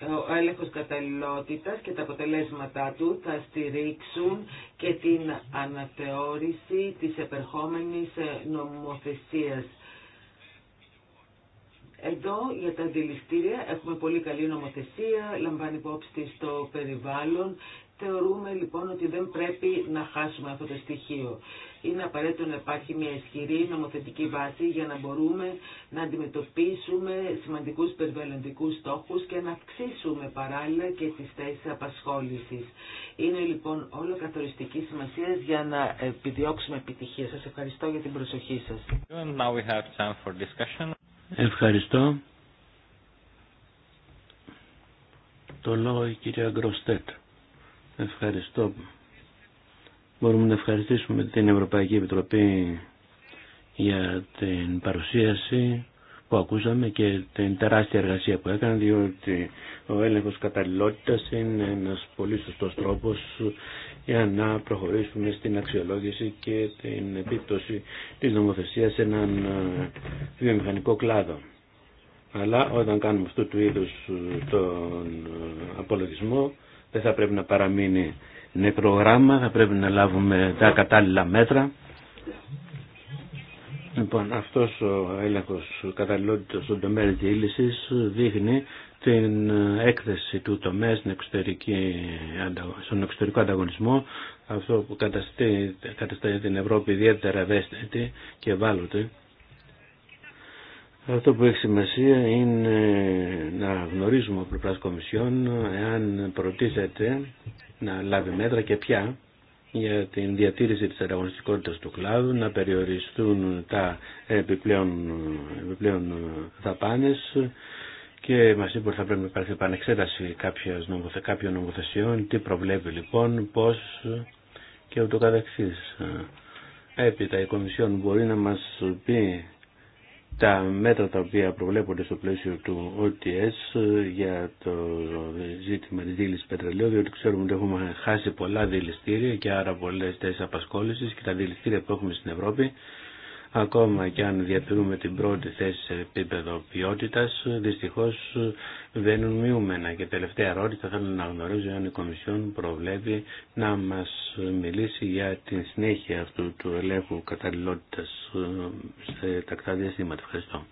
ο έλεγχος καταλληλότητας και τα αποτελέσματά του θα στηρίξουν και την αναθεώρηση της επερχόμενης ε, νομοθεσίας. Εδώ για τα δηληστήρια έχουμε πολύ καλή νομοθεσία, λαμβάνει υπόψη στο περιβάλλον. Θεωρούμε λοιπόν ότι δεν πρέπει να χάσουμε αυτό το στοιχείο είναι απαραίτητο να υπάρχει μια ισχυρή νομοθετική βάση για να μπορούμε να αντιμετωπίσουμε σημαντικούς περιβαλλοντικούς στόχους και να αυξήσουμε παράλληλα και τις θέσεις απασχόλησης. Είναι λοιπόν όλο καθοριστική σημασία για να επιδιώξουμε επιτυχία. Σας ευχαριστώ για την προσοχή σας. Ευχαριστώ. Το λόγο η κυρία Γκροστέτ. Ευχαριστώ Μπορούμε να ευχαριστήσουμε την Ευρωπαϊκή Επιτροπή για την παρουσίαση που ακούσαμε και την τεράστια εργασία που έκανε διότι ο έλεγχος καταλληλότητας είναι ένας πολύ σωστός τρόπος για να προχωρήσουμε στην αξιολόγηση και την επίπτωση της νομοθεσίας σε έναν ε, βιομηχανικό κλάδο. Αλλά όταν κάνουμε αυτού του είδους τον ε, απολογισμό δεν θα πρέπει να παραμείνει είναι πρόγραμμα, θα πρέπει να λάβουμε τα κατάλληλα μέτρα. Λοιπόν, αυτός ο έλεγχος καταλληλότητας στον τομέα της διήλυσης δείχνει την έκθεση του τομέα στην στον εξωτερικό ανταγωνισμό, αυτό που καταστεί, την Ευρώπη ιδιαίτερα ευαίσθητη και ευάλωτη. Αυτό που έχει σημασία είναι να γνωρίζουμε ο πλευράς Κομισιόν εάν προτίθεται να λάβει μέτρα και πια για την διατήρηση της ανταγωνιστικότητας του κλάδου, να περιοριστούν τα επιπλέον, επιπλέον δαπάνες και μας είπε ότι θα πρέπει να υπάρχει επανεξέταση κάποιων νομοθεσιών, τι προβλέπει λοιπόν, πώς και ούτω καθεξής. Έπειτα η Κομισιόν μπορεί να μας πει τα μέτρα τα οποία προβλέπονται στο πλαίσιο του OTS για το ζήτημα της δίλησης πετρελαίου, διότι ξέρουμε ότι έχουμε χάσει πολλά δηληστήρια και άρα πολλές θέσεις απασχόλησης και τα δηληστήρια που έχουμε στην Ευρώπη Ακόμα και αν διατηρούμε την πρώτη θέση σε επίπεδο ποιότητα, δυστυχώ βαίνουν μειούμενα. Και τελευταία ερώτηση θα θέλω να γνωρίζω αν η Κομισιόν προβλέπει να μα μιλήσει για την συνέχεια αυτού του ελέγχου καταλληλότητα ε, σε τακτά διαστήματα. Ευχαριστώ.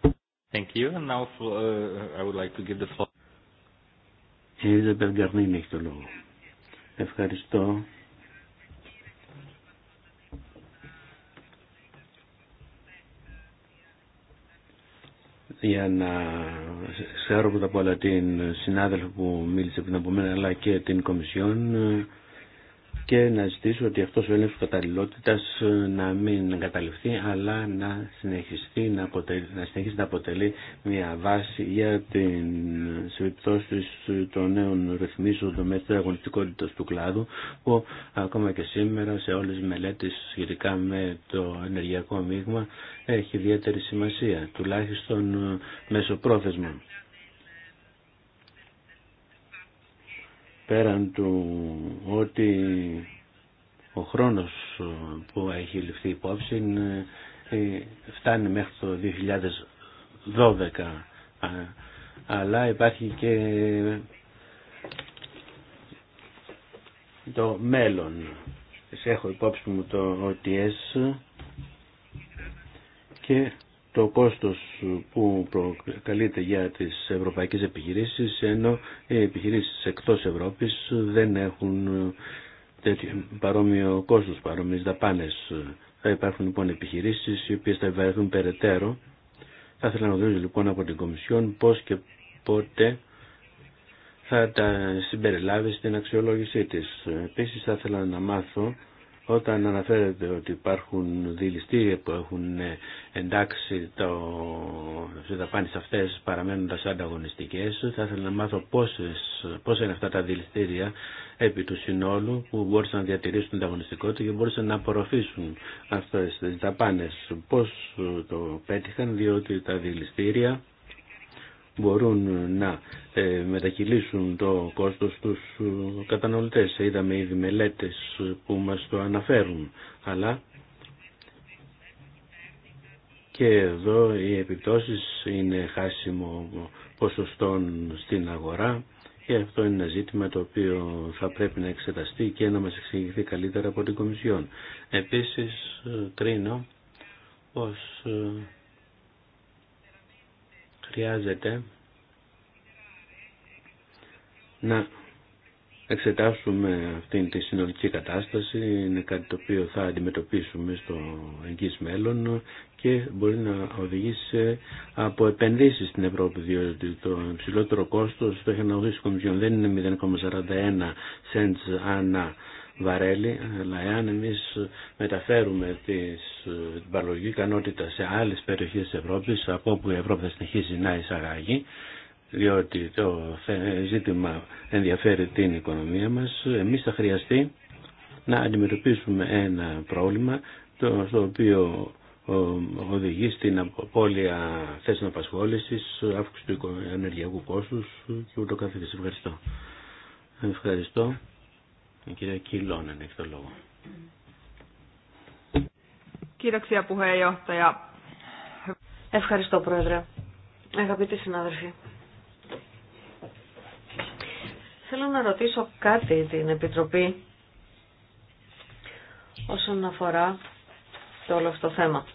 Ευχαριστώ. για να συγχαρώ πρώτα απ' όλα την συνάδελφο που μίλησε πριν από μένα αλλά και την Κομισιόν και να ζητήσω ότι αυτός ο έλεγχος καταλληλότητας ε, να μην εγκαταλειφθεί αλλά να συνεχιστεί να, αποτελεί, να συνεχίσει να αποτελεί μια βάση για την ε, επιπτώσει ε, των νέων ρυθμίσεων των μέτρων αγωνιστικότητας του κλάδου που ακόμα και σήμερα σε όλες τις μελέτες σχετικά με το ενεργειακό μείγμα έχει ιδιαίτερη σημασία τουλάχιστον μέσω πρόθεσμα. πέραν του ότι ο χρόνος που έχει ληφθεί υπόψη ε, φτάνει μέχρι το 2012 αλλά υπάρχει και το μέλλον έχω υπόψη μου το OTS και το κόστος που προκαλείται για τις ευρωπαϊκές επιχειρήσεις ενώ οι επιχειρήσεις εκτός Ευρώπης δεν έχουν τέτοιο, παρόμοιο κόστος, παρόμοιες δαπάνες. Θα υπάρχουν λοιπόν επιχειρήσεις οι οποίες θα ευαρεθούν περαιτέρω. Θα ήθελα να γνωρίζω λοιπόν από την Κομισιόν πώς και πότε θα τα συμπεριλάβει στην αξιολόγησή της. Επίσης θα ήθελα να μάθω όταν αναφέρεται ότι υπάρχουν δηληστήρια που έχουν ε, εντάξει το, τις δαπάνες αυτές παραμένοντας ανταγωνιστικές, θα ήθελα να μάθω πόσες, είναι αυτά τα δηληστήρια επί του συνόλου που μπόρεσαν να διατηρήσουν την ανταγωνιστικότητα και μπόρεσαν να απορροφήσουν αυτές τις δαπάνες. Πώς το πέτυχαν, διότι τα δηληστήρια μπορούν να ε, μετακυλήσουν το κόστος τους ε, καταναλωτές. Είδαμε ήδη μελέτες που μας το αναφέρουν, αλλά και εδώ οι επιπτώσεις είναι χάσιμο ποσοστών στην αγορά και αυτό είναι ένα ζήτημα το οποίο θα πρέπει να εξεταστεί και να μας εξηγηθεί καλύτερα από την Κομισιόν. Επίσης ε, κρίνω πως χρειάζεται να εξετάσουμε αυτή τη συνολική κατάσταση. Είναι κάτι το οποίο θα αντιμετωπίσουμε στο εγγύς μέλλον και μπορεί να οδηγήσει από επενδύσεις στην Ευρώπη διότι το υψηλότερο κόστος το έχει αναγνωρίσει η Κομισιόν δεν είναι 0,41 cents ανά Βαρέλη, αλλά εάν εμεί μεταφέρουμε τις, ε, την παραγωγική ικανότητα σε άλλες περιοχές της Ευρώπης, από όπου η Ευρώπη θα συνεχίσει να εισαγάγει, διότι το ζήτημα ενδιαφέρει την οικονομία μας, εμείς θα χρειαστεί να αντιμετωπίσουμε ένα πρόβλημα το, οποίο οδηγεί στην απώλεια θέσεων απασχόλησης, αύξηση του ενεργειακού κόστου και ούτω καθεξή. Ευχαριστώ. Ευχαριστώ κυρία Ευχαριστώ, Πρόεδρε. Αγαπητοί συνάδελφοι. Θέλω να ρωτήσω κάτι την Επιτροπή όσον αφορά το όλο αυτό το θέμα.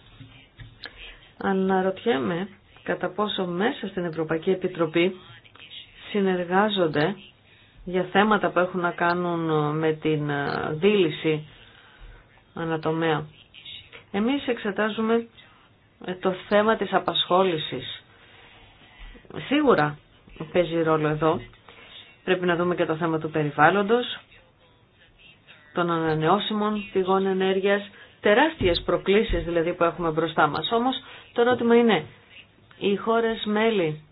Αναρωτιέμαι κατά πόσο μέσα στην Ευρωπαϊκή Επιτροπή συνεργάζονται για θέματα που έχουν να κάνουν ε, με την ε, δίληση ανατομέα. Εμείς εξετάζουμε ε, το θέμα της απασχόλησης. Σίγουρα παίζει ρόλο εδώ. Πρέπει να δούμε και το θέμα του περιβάλλοντος, των ανανεώσιμων πηγών ενέργειας, τεράστιες προκλήσεις δηλαδή που έχουμε μπροστά μας. Όμως το ερώτημα είναι, οι χώρες μέλη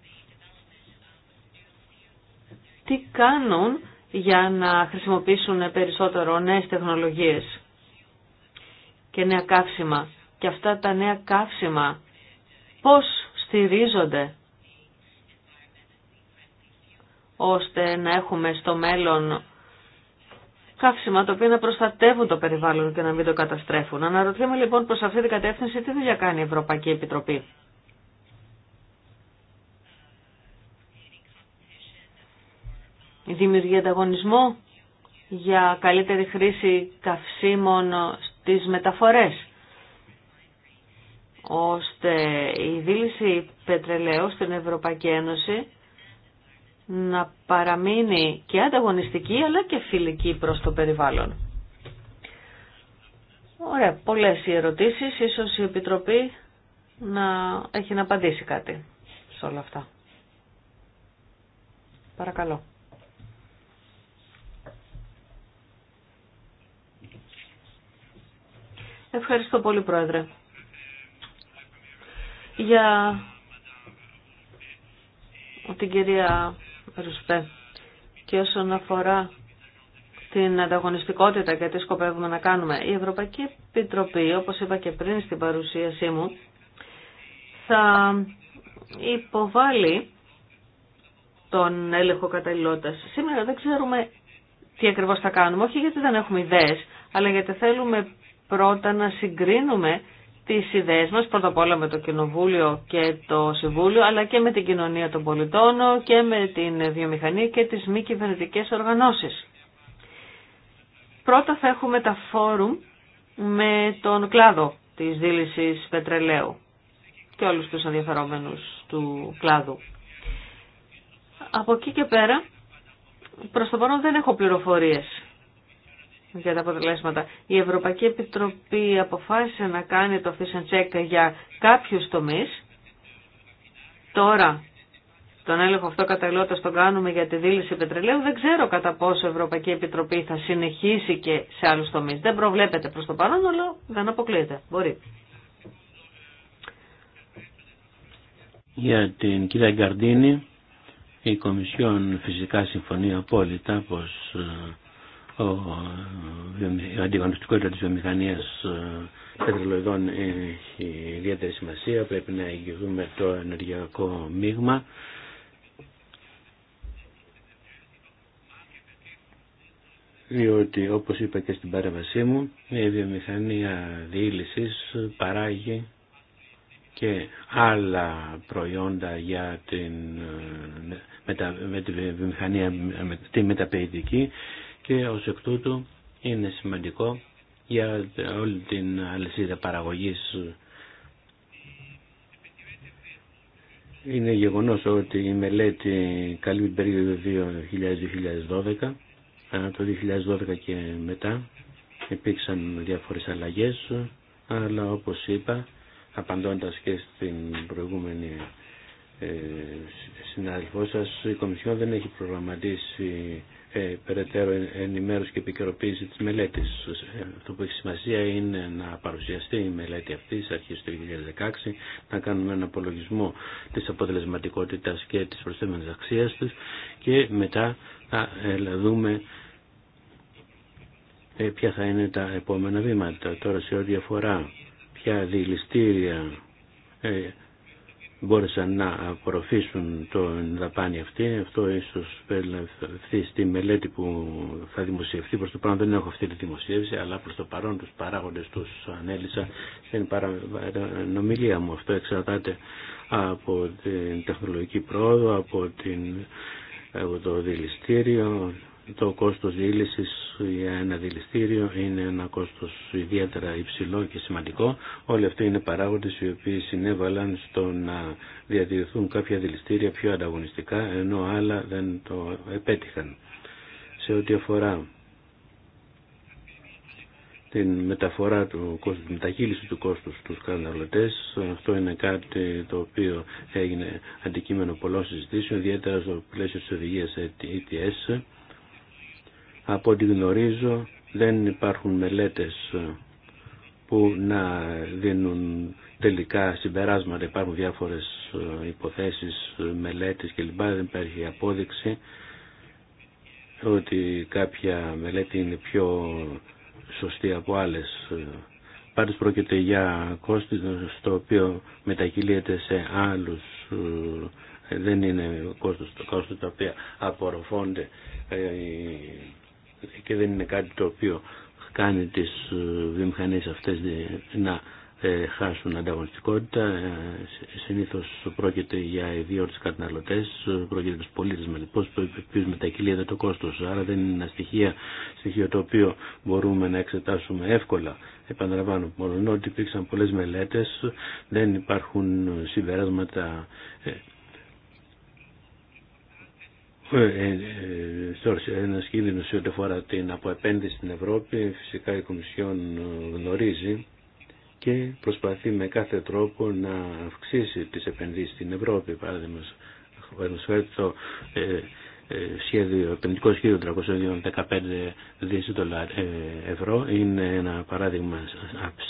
τι κάνουν για να χρησιμοποιήσουν περισσότερο νέες τεχνολογίες και νέα καύσιμα. Και αυτά τα νέα καύσιμα πώς στηρίζονται ώστε να έχουμε στο μέλλον καύσιμα τα οποία να προστατεύουν το περιβάλλον και να μην το καταστρέφουν. Αναρωτιέμαι λοιπόν προς αυτή την κατεύθυνση τι δουλειά κάνει η Ευρωπαϊκή Επιτροπή. δημιουργεί ανταγωνισμό για καλύτερη χρήση καυσίμων στις μεταφορές ώστε η δήληση πετρελαίου στην Ευρωπαϊκή Ένωση να παραμείνει και ανταγωνιστική αλλά και φιλική προς το περιβάλλον. Ωραία, πολλές οι ερωτήσεις, ίσως η Επιτροπή να έχει να απαντήσει κάτι σε όλα αυτά. Παρακαλώ. Ευχαριστώ πολύ, Πρόεδρε. Για την κυρία Ρουσπέ και όσον αφορά την ανταγωνιστικότητα και τι σκοπεύουμε να κάνουμε. Η Ευρωπαϊκή Επιτροπή, όπως είπα και πριν στην παρουσίασή μου, θα υποβάλει τον έλεγχο καταλληλότητας. Σήμερα δεν ξέρουμε τι ακριβώς θα κάνουμε, όχι γιατί δεν έχουμε ιδέες, αλλά γιατί θέλουμε πρώτα να συγκρίνουμε τις ιδέες μας πρώτα απ' όλα με το Κοινοβούλιο και το Συμβούλιο αλλά και με την κοινωνία των πολιτών και με την βιομηχανία και τις μη κυβερνητικέ οργανώσεις. Πρώτα θα έχουμε τα φόρουμ με τον κλάδο της δίλησης πετρελαίου και όλους τους ενδιαφερόμενους του κλάδου. Από εκεί και πέρα, προς το παρόν δεν έχω πληροφορίες για τα αποτελέσματα. Η Ευρωπαϊκή Επιτροπή αποφάσισε να κάνει το fish τσέκ check για κάποιους τομείς. Τώρα τον έλεγχο αυτό καταλληλότητας τον κάνουμε για τη δίληση πετρελαίου. Δεν ξέρω κατά πόσο η Ευρωπαϊκή Επιτροπή θα συνεχίσει και σε άλλους τομείς. Δεν προβλέπεται προς το παρόν, αλλά δεν αποκλείεται. Μπορεί. Για την κυρία Γκαρντίνη, η Κομισιόν φυσικά συμφωνεί απόλυτα πως ε, ο αντιγωνιστικό της τη βιομηχανία πετρελοειδών έχει ιδιαίτερη σημασία. Πρέπει να εγγυηθούμε το ενεργειακό μείγμα. διότι όπως είπα και στην παρέμβασή μου η βιομηχανία διήλυσης παράγει και άλλα προϊόντα για την, ε, με, τη βιομηχανία τη μεταπαιδική και ως εκ τούτου είναι σημαντικό για όλη την αλυσίδα παραγωγής. Είναι γεγονός ότι η μελέτη καλύπτει την περίοδο 2000-2012. Από το 2012 και μετά υπήρξαν διάφορες αλλαγές, αλλά όπως είπα, απαντώντας και στην προηγούμενη ε, συνάδελφό σας, η Κομισιόν δεν έχει προγραμματίσει ε, περαιτέρω ενημέρωση και επικαιροποίηση της μελέτης. Αυτό που έχει σημασία είναι να παρουσιαστεί η μελέτη αυτή στις αρχές του 2016, να κάνουμε ένα απολογισμό της αποτελεσματικότητας και της προσθέμενης αξίας της και μετά θα ε, δούμε ε, ποια θα είναι τα επόμενα βήματα. Τώρα σε ό,τι αφορά ποια δηληστήρια μπόρεσαν να απορροφήσουν τον δαπάνη αυτή. Αυτό ίσως περιλαμβανθεί στη μελέτη που θα δημοσιευθεί. Προς το παρόν δεν έχω αυτή τη δημοσίευση, αλλά προς το παρόν τους παράγοντες τους ανέλησα στην παρανομιλία μου. Αυτό εξαρτάται από την τεχνολογική πρόοδο, από την από το δηληστήριο, το κόστος διήλυσης για ένα δηληστήριο είναι ένα κόστος ιδιαίτερα υψηλό και σημαντικό. Όλοι αυτοί είναι παράγοντες οι οποίοι συνέβαλαν στο να διατηρηθούν κάποια δηληστήρια πιο ανταγωνιστικά ενώ άλλα δεν το επέτυχαν. Σε ό,τι αφορά την μεταφορά του κόστου, τη μεταχείριση του κόστου στους καταναλωτές. Αυτό είναι κάτι το οποίο έγινε αντικείμενο πολλών συζητήσεων, ιδιαίτερα στο πλαίσιο της οδηγίας ETS ε από ό,τι γνωρίζω δεν υπάρχουν μελέτες ε, που να δίνουν τελικά συμπεράσματα. Υπάρχουν διάφορες ε, υποθέσεις, ε, μελέτες κλπ. Δεν υπάρχει απόδειξη ότι κάποια μελέτη είναι πιο σωστή από άλλες. Πάντως πρόκειται για κόστη στο οποίο μετακυλείται σε άλλους δεν είναι κόστος, το κόστος τα οποία απορροφώνται και δεν είναι κάτι το οποίο κάνει τις ε, βιομηχανίες αυτές να ε, χάσουν ανταγωνιστικότητα. Ε, συνήθως πρόκειται για ιδιώτες καταναλωτές, πρόκειται τους πολίτες με λοιπόν, το κοιλία δεν το κόστος. Άρα δεν είναι ένα στοιχείο, το οποίο μπορούμε να εξετάσουμε εύκολα. Επαναλαμβάνω μόνο ότι υπήρξαν πολλές μελέτες, δεν υπάρχουν συμπεράσματα ε, ε, ε, ένα κίνδυνο σε ό,τι αφορά την αποεπένδυση στην Ευρώπη, φυσικά η Κομισιόν γνωρίζει και προσπαθεί με κάθε τρόπο να αυξήσει τι επενδύσεις στην Ευρώπη. Παράδειγμα, το σχέδιο, επενδυτικό σχέδιο 315 δις ευρώ είναι ένα παράδειγμα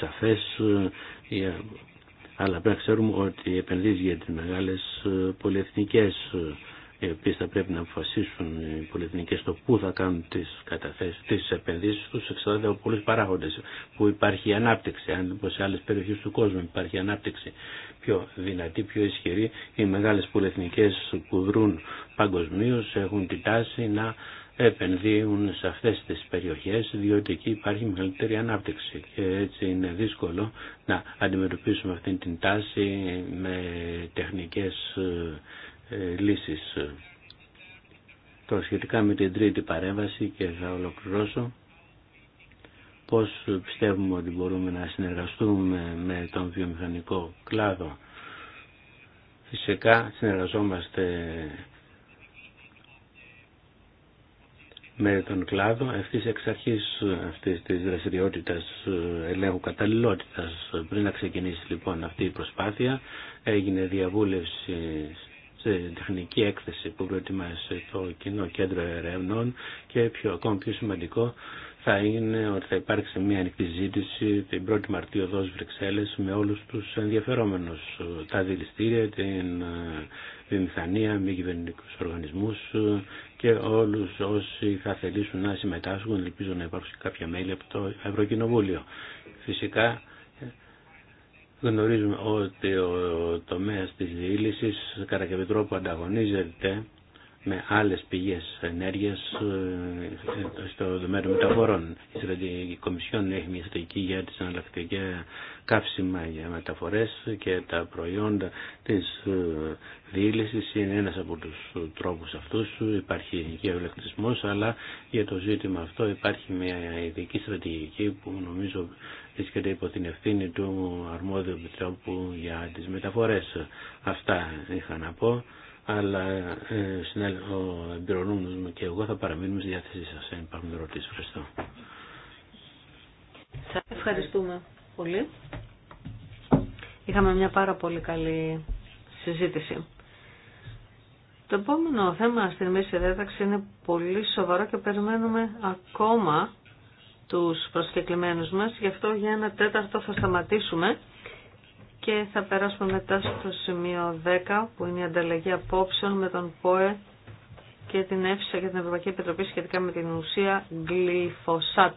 σαφές αλλά πρέπει να ξέρουμε ότι οι επενδύσεις για τις μεγάλες πολυεθνικές οι οποίε θα πρέπει να αποφασίσουν οι πολυεθνικέ το πού θα κάνουν τις καταθέσεις, τις επενδύσεις τους, εξαρτάται από πολλούς παράγοντες που υπάρχει ανάπτυξη, αν λοιπόν σε άλλες περιοχές του κόσμου υπάρχει ανάπτυξη πιο δυνατή, πιο ισχυρή, οι μεγάλες πολυεθνικές που δρούν παγκοσμίω έχουν την τάση να επενδύουν σε αυτές τι καταθεσεις του επενδυσεις διότι απο πολλου παραγοντε υπάρχει μεγαλύτερη ανάπτυξη και έτσι είναι δύσκολο οι μεγάλε είναι αντιμετωπίσουμε αυτή την τάση με τεχνικές ε, ε, λύσεις. Το σχετικά με την τρίτη παρέμβαση και θα ολοκληρώσω πώς πιστεύουμε ότι μπορούμε να συνεργαστούμε με τον βιομηχανικό κλάδο. Φυσικά συνεργαζόμαστε με τον κλάδο αυτής εξ αρχής αυτής της δραστηριότητας ε, ελέγχου καταλληλότητας. Πριν να ξεκινήσει λοιπόν αυτή η προσπάθεια έγινε διαβούλευση τεχνική έκθεση που προετοιμάζει το Κοινό Κέντρο Ερευνών και πιο, ακόμη πιο σημαντικό θα είναι ότι θα υπάρξει μια ανοιχτή ζήτηση την 1η Μαρτίου εδώ Βρυξέλλες με όλους τους ενδιαφερόμενους, τα δηληστήρια, την βιομηχανία, ε, μη κυβερνητικού οργανισμούς και όλους όσοι θα θελήσουν να συμμετάσχουν, ελπίζω να υπάρξουν κάποια μέλη από το Ευρωκοινοβούλιο. Φυσικά Γνωρίζουμε ότι ο τομέας της διήλυσης κατά κάποιο τρόπο ανταγωνίζεται με άλλες πηγές ενέργειας ε, στο των μεταφορών. Η Κομισιόν έχει μια στρατηγική για τις αναλλακτικές καύσιμα για μεταφορές και τα προϊόντα της ε, διήλυσης είναι ένας από τους τρόπους αυτούς. Υπάρχει και ο αλλά για το ζήτημα αυτό υπάρχει μια ειδική στρατηγική που νομίζω βρίσκεται υπό την ευθύνη του αρμόδιου επιτρόπου για τις μεταφορές. Αυτά είχα να πω, αλλά ε, ο εμπειρονούμενος μου και εγώ θα παραμείνουμε στη διάθεσή σας, αν υπάρχουν ερωτήσεις. Ευχαριστώ. Σας ευχαριστούμε πολύ. Είχαμε μια πάρα πολύ καλή συζήτηση. Το επόμενο θέμα στην μέση διάταξη είναι πολύ σοβαρό και περιμένουμε ακόμα τους προσκεκλημένους μας. Γι' αυτό για ένα τέταρτο θα σταματήσουμε και θα περάσουμε μετά στο σημείο 10 που είναι η ανταλλαγή απόψεων με τον ΠΟΕ και την ΕΦΣΑ για την Ευρωπαϊκή Επιτροπή σχετικά με την ουσία γλυφοσάτ.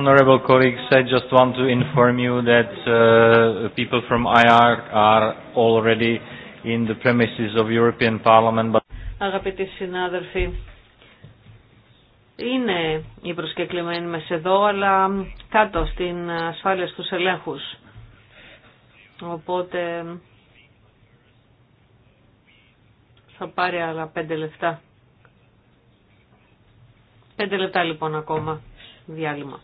Honorable colleagues, I just want to inform you that uh, people from IR are already in the premises of European Parliament. But... Αγαπητοί συνάδελφοι, είναι οι προσκεκλημένοι μας εδώ, αλλά κάτω στην ασφάλεια στους ελέγχους. Οπότε θα πάρει άλλα πέντε λεπτά. Πέντε λεπτά λοιπόν ακόμα διάλειμμα.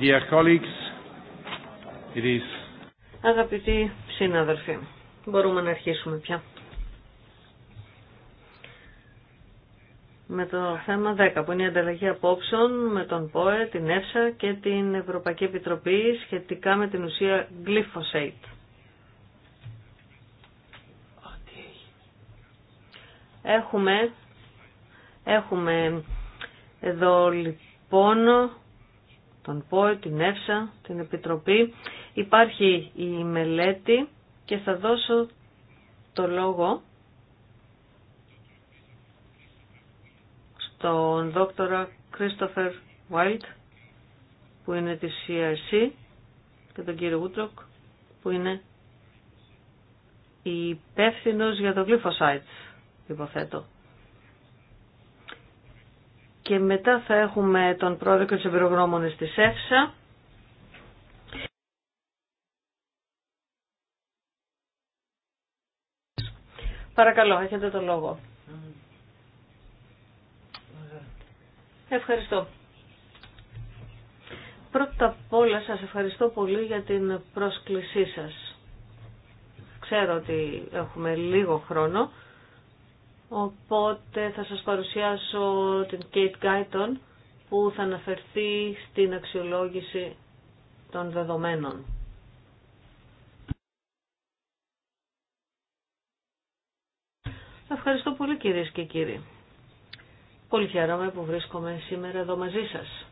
Dear colleagues, it is... Αγαπητοί συνάδελφοι, μπορούμε να αρχίσουμε πια. Με το θέμα 10 που είναι η ανταλλαγή απόψεων με τον ΠΟΕ, την ΕΦΣΑ και την Ευρωπαϊκή Επιτροπή σχετικά με την ουσία glyphosate. Έχουμε, έχουμε εδώ λοιπόν τον ΠΟΕ, την ΕΦΣΑ, την Επιτροπή. Υπάρχει η μελέτη και θα δώσω το λόγο στον δόκτορα Κρίστοφερ Βάιλτ που είναι της CRC και τον κύριο Ούτροκ που είναι υπεύθυνο για το γλυφοσάιτς υποθέτω και μετά θα έχουμε τον πρόεδρο και τους εμπειρογνώμονες της ΕΦΣΑ. Παρακαλώ, έχετε το λόγο. Ευχαριστώ. Πρώτα απ' όλα σας ευχαριστώ πολύ για την πρόσκλησή σας. Ξέρω ότι έχουμε λίγο χρόνο Οπότε θα σας παρουσιάσω την Kate Guyton που θα αναφερθεί στην αξιολόγηση των δεδομένων. Ευχαριστώ πολύ κυρίες και κύριοι. Πολύ χαίρομαι που βρίσκομαι σήμερα εδώ μαζί σας.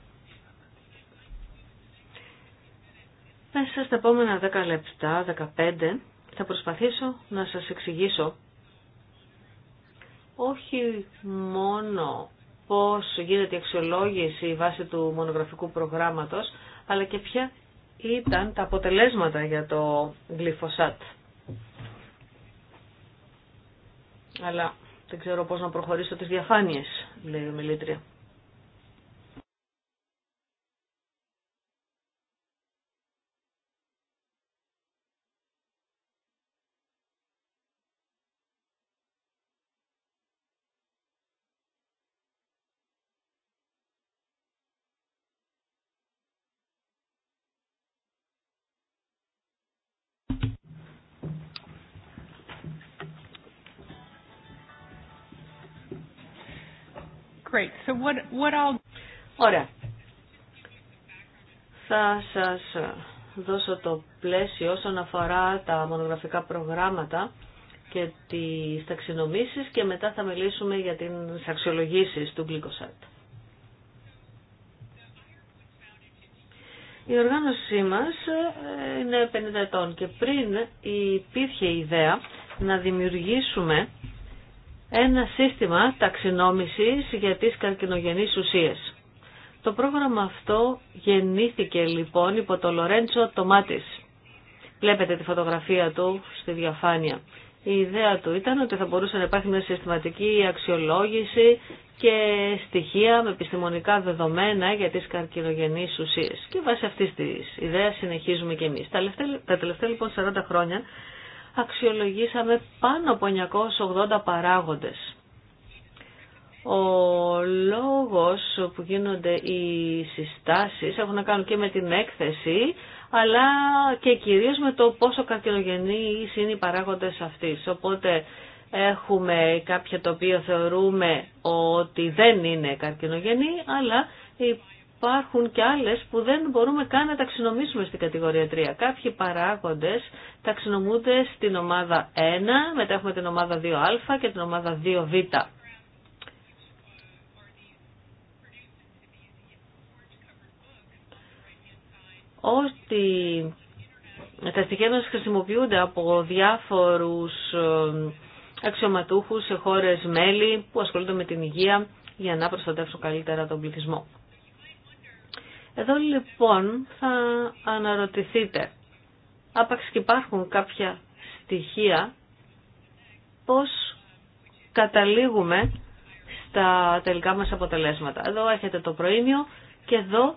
Μέσα στα επόμενα 10 λεπτά, 15, θα προσπαθήσω να σας εξηγήσω όχι μόνο πώς γίνεται η αξιολόγηση βάσει του μονογραφικού προγράμματος, αλλά και ποια ήταν τα αποτελέσματα για το γλυφοσάτ. Αλλά δεν ξέρω πώς να προχωρήσω τις διαφάνειες, λέει η Μιλήτρια. Great. So Ωραία. Θα σας δώσω το πλαίσιο όσον αφορά τα μονογραφικά προγράμματα και τις ταξινομήσεις και μετά θα μιλήσουμε για τις αξιολογήσεις του Glycosat. Η οργάνωσή μας ε, είναι 50 ετών και πριν υπήρχε η ιδέα να δημιουργήσουμε ένα σύστημα ταξινόμησης για τις καρκινογενείς ουσίες. Το πρόγραμμα αυτό γεννήθηκε λοιπόν υπό το Λορέντσο Τομάτης. Βλέπετε τη φωτογραφία του στη διαφάνεια. Η ιδέα του ήταν ότι θα μπορούσε να υπάρχει μια συστηματική αξιολόγηση και στοιχεία με επιστημονικά δεδομένα για τις καρκινογενείς ουσίες. Και βάσει αυτής της ιδέα συνεχίζουμε και εμείς. Τα τελευταία, τα τελευταία λοιπόν 40 χρόνια αξιολογήσαμε πάνω από 980 παράγοντες. Ο λόγος που γίνονται οι συστάσεις έχουν να κάνουν και με την έκθεση, αλλά και κυρίως με το πόσο καρκινογενείς είναι οι παράγοντες αυτής. Οπότε έχουμε κάποια το οποίο θεωρούμε ότι δεν είναι καρκινογενή, αλλά υπάρχουν και άλλες που δεν μπορούμε καν να ταξινομήσουμε στην κατηγορία 3. Κάποιοι παράγοντες ταξινομούνται στην ομάδα 1, μετά έχουμε την ομάδα 2α και την ομάδα 2β. Ότι τα στοιχεία μας χρησιμοποιούνται από διάφορους ε, αξιωματούχους σε χώρες μέλη που ασχολούνται με την υγεία για να προστατεύσουν καλύτερα τον πληθυσμό. Εδώ λοιπόν θα αναρωτηθείτε, άπαξ και υπάρχουν κάποια στοιχεία, πώς καταλήγουμε στα τελικά μας αποτελέσματα. Εδώ έχετε το προήμιο και εδώ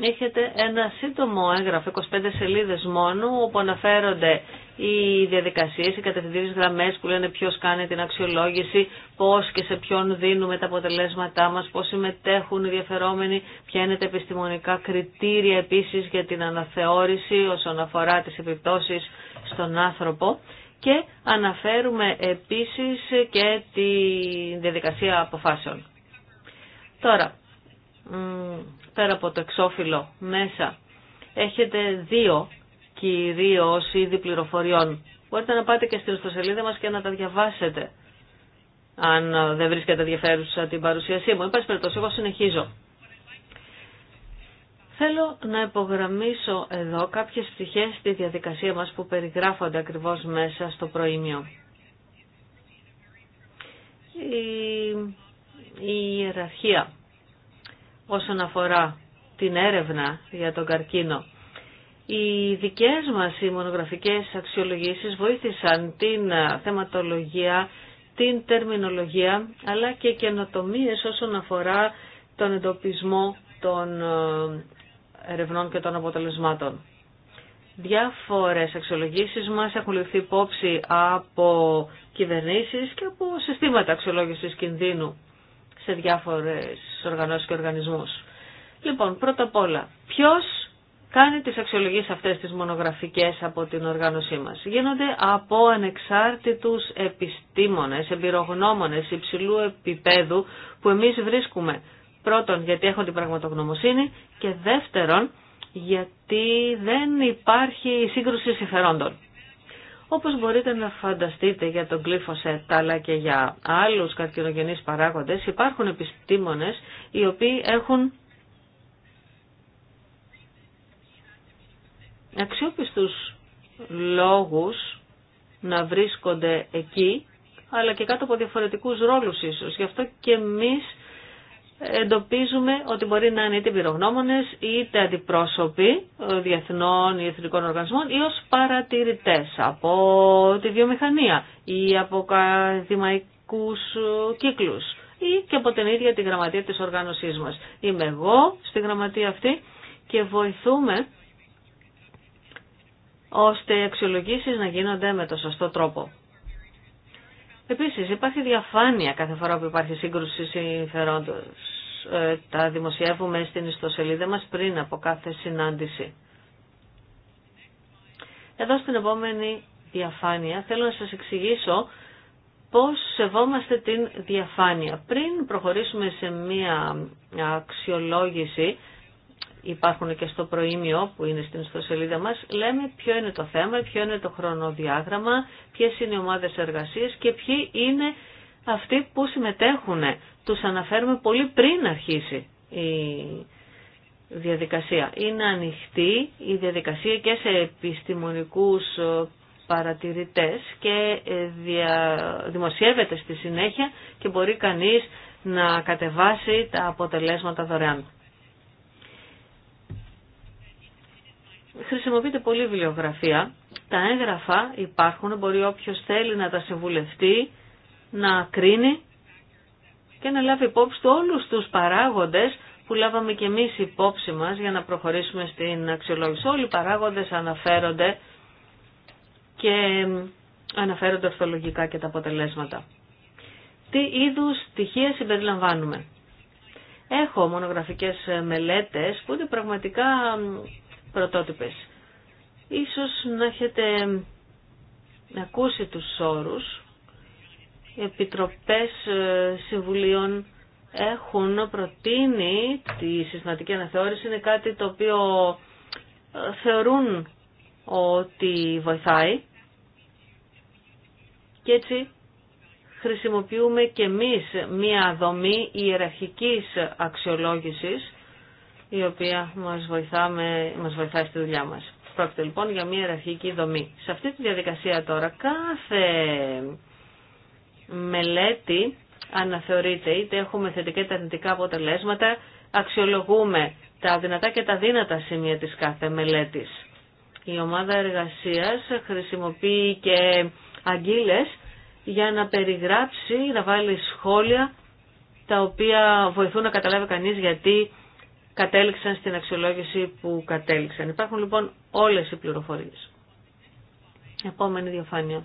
έχετε ένα σύντομο έγγραφο, 25 σελίδες μόνο, όπου αναφέρονται οι διαδικασίες, οι κατευθυντήριες γραμμές που λένε ποιος κάνει την αξιολόγηση, πώς και σε ποιον δίνουμε τα αποτελέσματά μας, πώς συμμετέχουν οι διαφερόμενοι, ποια είναι τα επιστημονικά κριτήρια επίσης για την αναθεώρηση όσον αφορά τις επιπτώσεις στον άνθρωπο. Και αναφέρουμε επίσης και τη διαδικασία αποφάσεων. Τώρα, πέρα από το εξώφυλλο μέσα έχετε δύο κυρίως είδη πληροφοριών. Μπορείτε να πάτε και στην ιστοσελίδα μας και να τα διαβάσετε αν δεν βρίσκεται ενδιαφέρουσα την παρουσίασή μου. Εν πάση περιπτώσει, εγώ συνεχίζω. Θέλω να υπογραμμίσω εδώ κάποιες πτυχές στη διαδικασία μας που περιγράφονται ακριβώς μέσα στο προήμιο. Η, η ιεραρχία όσον αφορά την έρευνα για τον καρκίνο. Οι δικές μας οι μονογραφικές αξιολογήσεις βοήθησαν την ε, θεματολογία, την τερμινολογία, αλλά και καινοτομίες όσον αφορά τον εντοπισμό των ε, ερευνών και των αποτελεσμάτων. Διάφορες αξιολογήσεις μας έχουν ληφθεί υπόψη από κυβερνήσεις και από συστήματα αξιολόγησης κινδύνου σε διάφορες οργανώσεις και οργανισμούς. Λοιπόν, πρώτα απ' όλα, ποιος κάνει τις αξιολογίες αυτές τις μονογραφικές από την οργάνωσή μας. Γίνονται από ανεξάρτητους επιστήμονες, εμπειρογνώμονες υψηλού επίπεδου που εμείς βρίσκουμε. Πρώτον, γιατί έχουν την πραγματογνωμοσύνη και δεύτερον, γιατί δεν υπάρχει σύγκρουση συμφερόντων. Όπως μπορείτε να φανταστείτε για τον κλήφοσετ αλλά και για άλλους καρκινογενείς παράγοντες υπάρχουν επιστήμονες οι οποίοι έχουν αξιόπιστους λόγους να βρίσκονται εκεί αλλά και κάτω από διαφορετικούς ρόλους ίσως. Γι' αυτό και εμείς εντοπίζουμε ότι μπορεί να είναι είτε πυρογνώμονες είτε αντιπρόσωποι ε, διεθνών ή εθνικών οργανισμών ή ως παρατηρητές από τη βιομηχανία ή από καθημαϊκούς ε, κύκλους ή και από την ίδια τη γραμματεία της οργάνωσής μας. Είμαι εγώ στη γραμματεία αυτή και βοηθούμε ώστε οι αξιολογήσεις να γίνονται με το σωστό τρόπο. Επίσης υπάρχει διαφάνεια κάθε φορά που υπάρχει σύγκρουση Ε, τα δημοσιεύουμε στην ιστοσελίδα μας πριν από κάθε συνάντηση. Εδώ στην επόμενη διαφάνεια θέλω να σας εξηγήσω πώς σεβόμαστε την διαφάνεια. Πριν προχωρήσουμε σε μία αξιολόγηση υπάρχουν και στο προήμιο που είναι στην ιστοσελίδα μας, λέμε ποιο είναι το θέμα, ποιο είναι το χρονοδιάγραμμα, ποιες είναι οι ομάδες εργασίας και ποιοι είναι αυτοί που συμμετέχουν. Τους αναφέρουμε πολύ πριν αρχίσει η διαδικασία. Είναι ανοιχτή η διαδικασία και σε επιστημονικούς παρατηρητές και ε, δημοσιεύεται στη συνέχεια και μπορεί κανείς να κατεβάσει τα αποτελέσματα δωρεάν. χρησιμοποιείται πολύ βιβλιογραφία. Τα έγγραφα υπάρχουν, μπορεί όποιος θέλει να τα συμβουλευτεί, να κρίνει και να λάβει υπόψη του όλους τους παράγοντες που λάβαμε και εμείς υπόψη μας για να προχωρήσουμε στην αξιολόγηση. Όλοι οι παράγοντες αναφέρονται και αναφέρονται ορθολογικά και τα αποτελέσματα. Τι είδους στοιχεία συμπεριλαμβάνουμε. Έχω μονογραφικές μελέτες που είναι πραγματικά πρωτότυπες. Ίσως να έχετε ακούσει τους όρους. Οι επιτροπές ε, συμβουλίων έχουν προτείνει τη συστηματική αναθεώρηση. Είναι κάτι το οποίο ε, θεωρούν ότι βοηθάει. Και έτσι χρησιμοποιούμε και εμείς μία δομή ιεραρχικής αξιολόγησης η οποία μας, μας βοηθάει στη δουλειά μας. Πρόκειται λοιπόν για μια ιεραρχική δομή. Σε αυτή τη διαδικασία τώρα κάθε μελέτη αναθεωρείται, είτε έχουμε θετικά είτε αρνητικά αποτελέσματα, αξιολογούμε τα δυνατά και τα δύνατα σημεία της κάθε μελέτης. Η ομάδα εργασίας χρησιμοποιεί και αγγίλες για να περιγράψει, να βάλει σχόλια τα οποία βοηθούν να καταλάβει κανείς γιατί κατέληξαν στην αξιολόγηση που κατέληξαν. Υπάρχουν λοιπόν όλες οι πληροφορίες. Επόμενη διαφάνεια.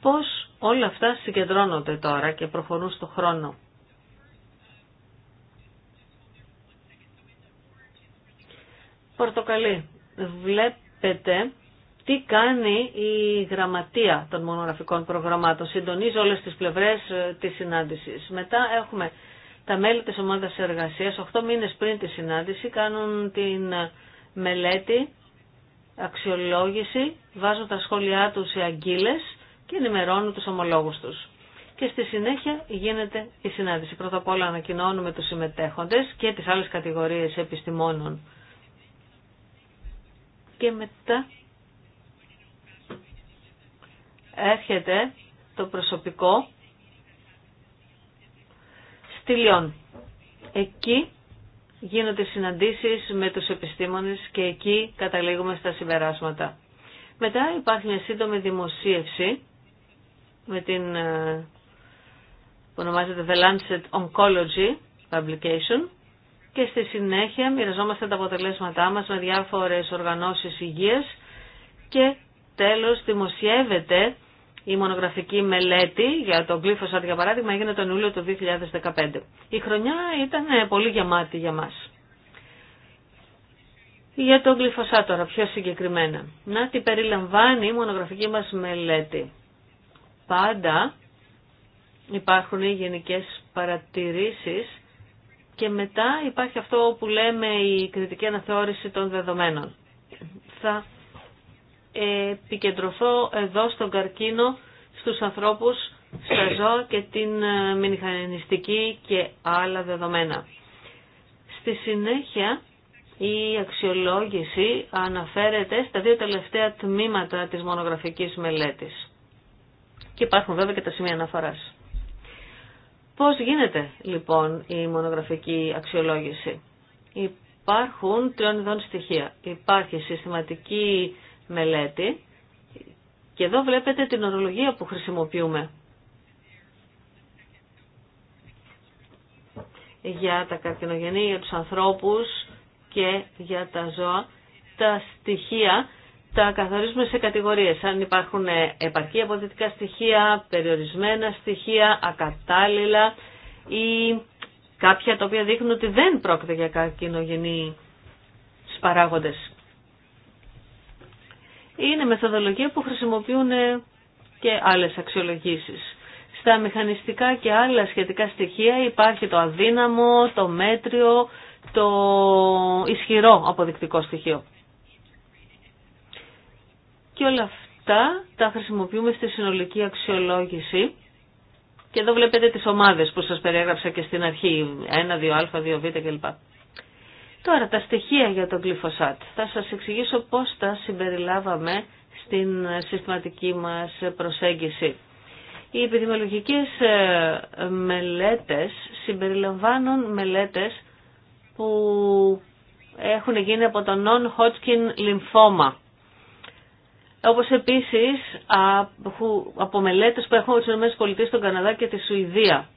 Πώς όλα αυτά συγκεντρώνονται τώρα και προχωρούν στο χρόνο. Πορτοκαλί. Βλέπετε τι κάνει η γραμματεία των μονογραφικών προγραμμάτων. Συντονίζει όλες τις πλευρές ε, της συνάντησης. Μετά έχουμε τα μέλη της ομάδας εργασίας 8 μήνες πριν τη συνάντηση κάνουν την μελέτη, αξιολόγηση, βάζουν τα σχόλιά τους σε αγγείλες και ενημερώνουν τους ομολόγους τους. Και στη συνέχεια γίνεται η συνάντηση. Πρώτα απ' όλα ανακοινώνουμε τους συμμετέχοντες και τις άλλες κατηγορίες επιστημόνων. Και μετά έρχεται το προσωπικό στη Εκεί γίνονται συναντήσεις με τους επιστήμονες και εκεί καταλήγουμε στα συμπεράσματα. Μετά υπάρχει μια σύντομη δημοσίευση με την, ε, που ονομάζεται The Lancet Oncology Publication και στη συνέχεια μοιραζόμαστε τα αποτελέσματά μας με διάφορες οργανώσεις υγείας και τέλος δημοσιεύεται η μονογραφική μελέτη για τον Glyphosat, για παράδειγμα, έγινε τον Ιούλιο του 2015. Η χρονιά ήταν ε, πολύ γεμάτη για μας. Για τον Glyphosat τώρα, πιο συγκεκριμένα. Να τι περιλαμβάνει η μονογραφική μας μελέτη. Πάντα υπάρχουν οι γενικές παρατηρήσεις και μετά υπάρχει αυτό που λέμε η κριτική αναθεώρηση των δεδομένων. Θα επικεντρωθώ εδώ στον καρκίνο, στους ανθρώπους, στα ζώα και την ε, μηχανιστική και άλλα δεδομένα. Στη συνέχεια η αξιολόγηση αναφέρεται στα δύο τελευταία τμήματα της μονογραφικής μελέτης. Και υπάρχουν βέβαια και τα σημεία αναφοράς. Πώς γίνεται λοιπόν η μονογραφική αξιολόγηση. Υπάρχουν τριών ειδών στοιχεία. Υπάρχει συστηματική μελέτη και εδώ βλέπετε την ορολογία που χρησιμοποιούμε. για τα καρκινογενή, για τους ανθρώπους και για τα ζώα. Τα στοιχεία τα καθορίζουμε σε κατηγορίες. Αν υπάρχουν επαρκή αποδυτικά στοιχεία, περιορισμένα στοιχεία, ακατάλληλα ή κάποια τα οποία δείχνουν ότι δεν πρόκειται για καρκινογενή παράγοντες είναι μεθοδολογία που χρησιμοποιούν και άλλες αξιολογήσεις. Στα μηχανιστικά και άλλα σχετικά στοιχεία υπάρχει το αδύναμο, το μέτριο, το ισχυρό αποδεικτικό στοιχείο. Και όλα αυτά τα χρησιμοποιούμε στη συνολική αξιολόγηση. Και εδώ βλέπετε τις ομάδες που σας περιέγραψα και στην αρχή, 1, 2α, 2β κλπ. Τώρα τα στοιχεία για τον γλυφοσάτ. Θα σας εξηγήσω πώς τα συμπεριλάβαμε στην συστηματική μας προσέγγιση. Οι επιδημιολογικές ε, μελέτες συμπεριλαμβάνουν μελέτες που έχουν γίνει από τον non-Hodgkin λιμφώμα. Όπως επίσης από μελέτες που έχουν από τις ΗΠΑ, τον Καναδά και τη Σουηδία.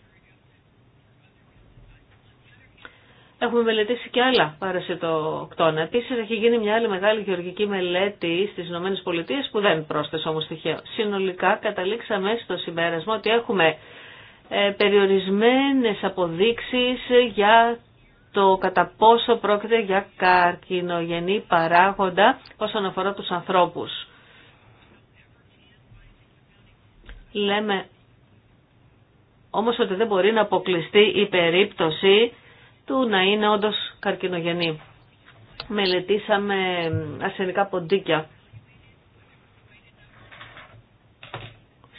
Έχουμε μελετήσει και άλλα παρασιτοκτόνα. Επίση, έχει γίνει μια άλλη μεγάλη γεωργική μελέτη στι ΗΠΑ που δεν πρόσθεσε όμω στοιχείο. Συνολικά, καταλήξαμε στο συμπέρασμα ότι έχουμε ε, περιορισμένες αποδείξει για το κατά πόσο πρόκειται για καρκινογενή παράγοντα όσον αφορά τους ανθρώπους. Λέμε όμως ότι δεν μπορεί να αποκλειστεί η περίπτωση του να είναι όντω καρκινογενή. Μελετήσαμε ασενικά ποντίκια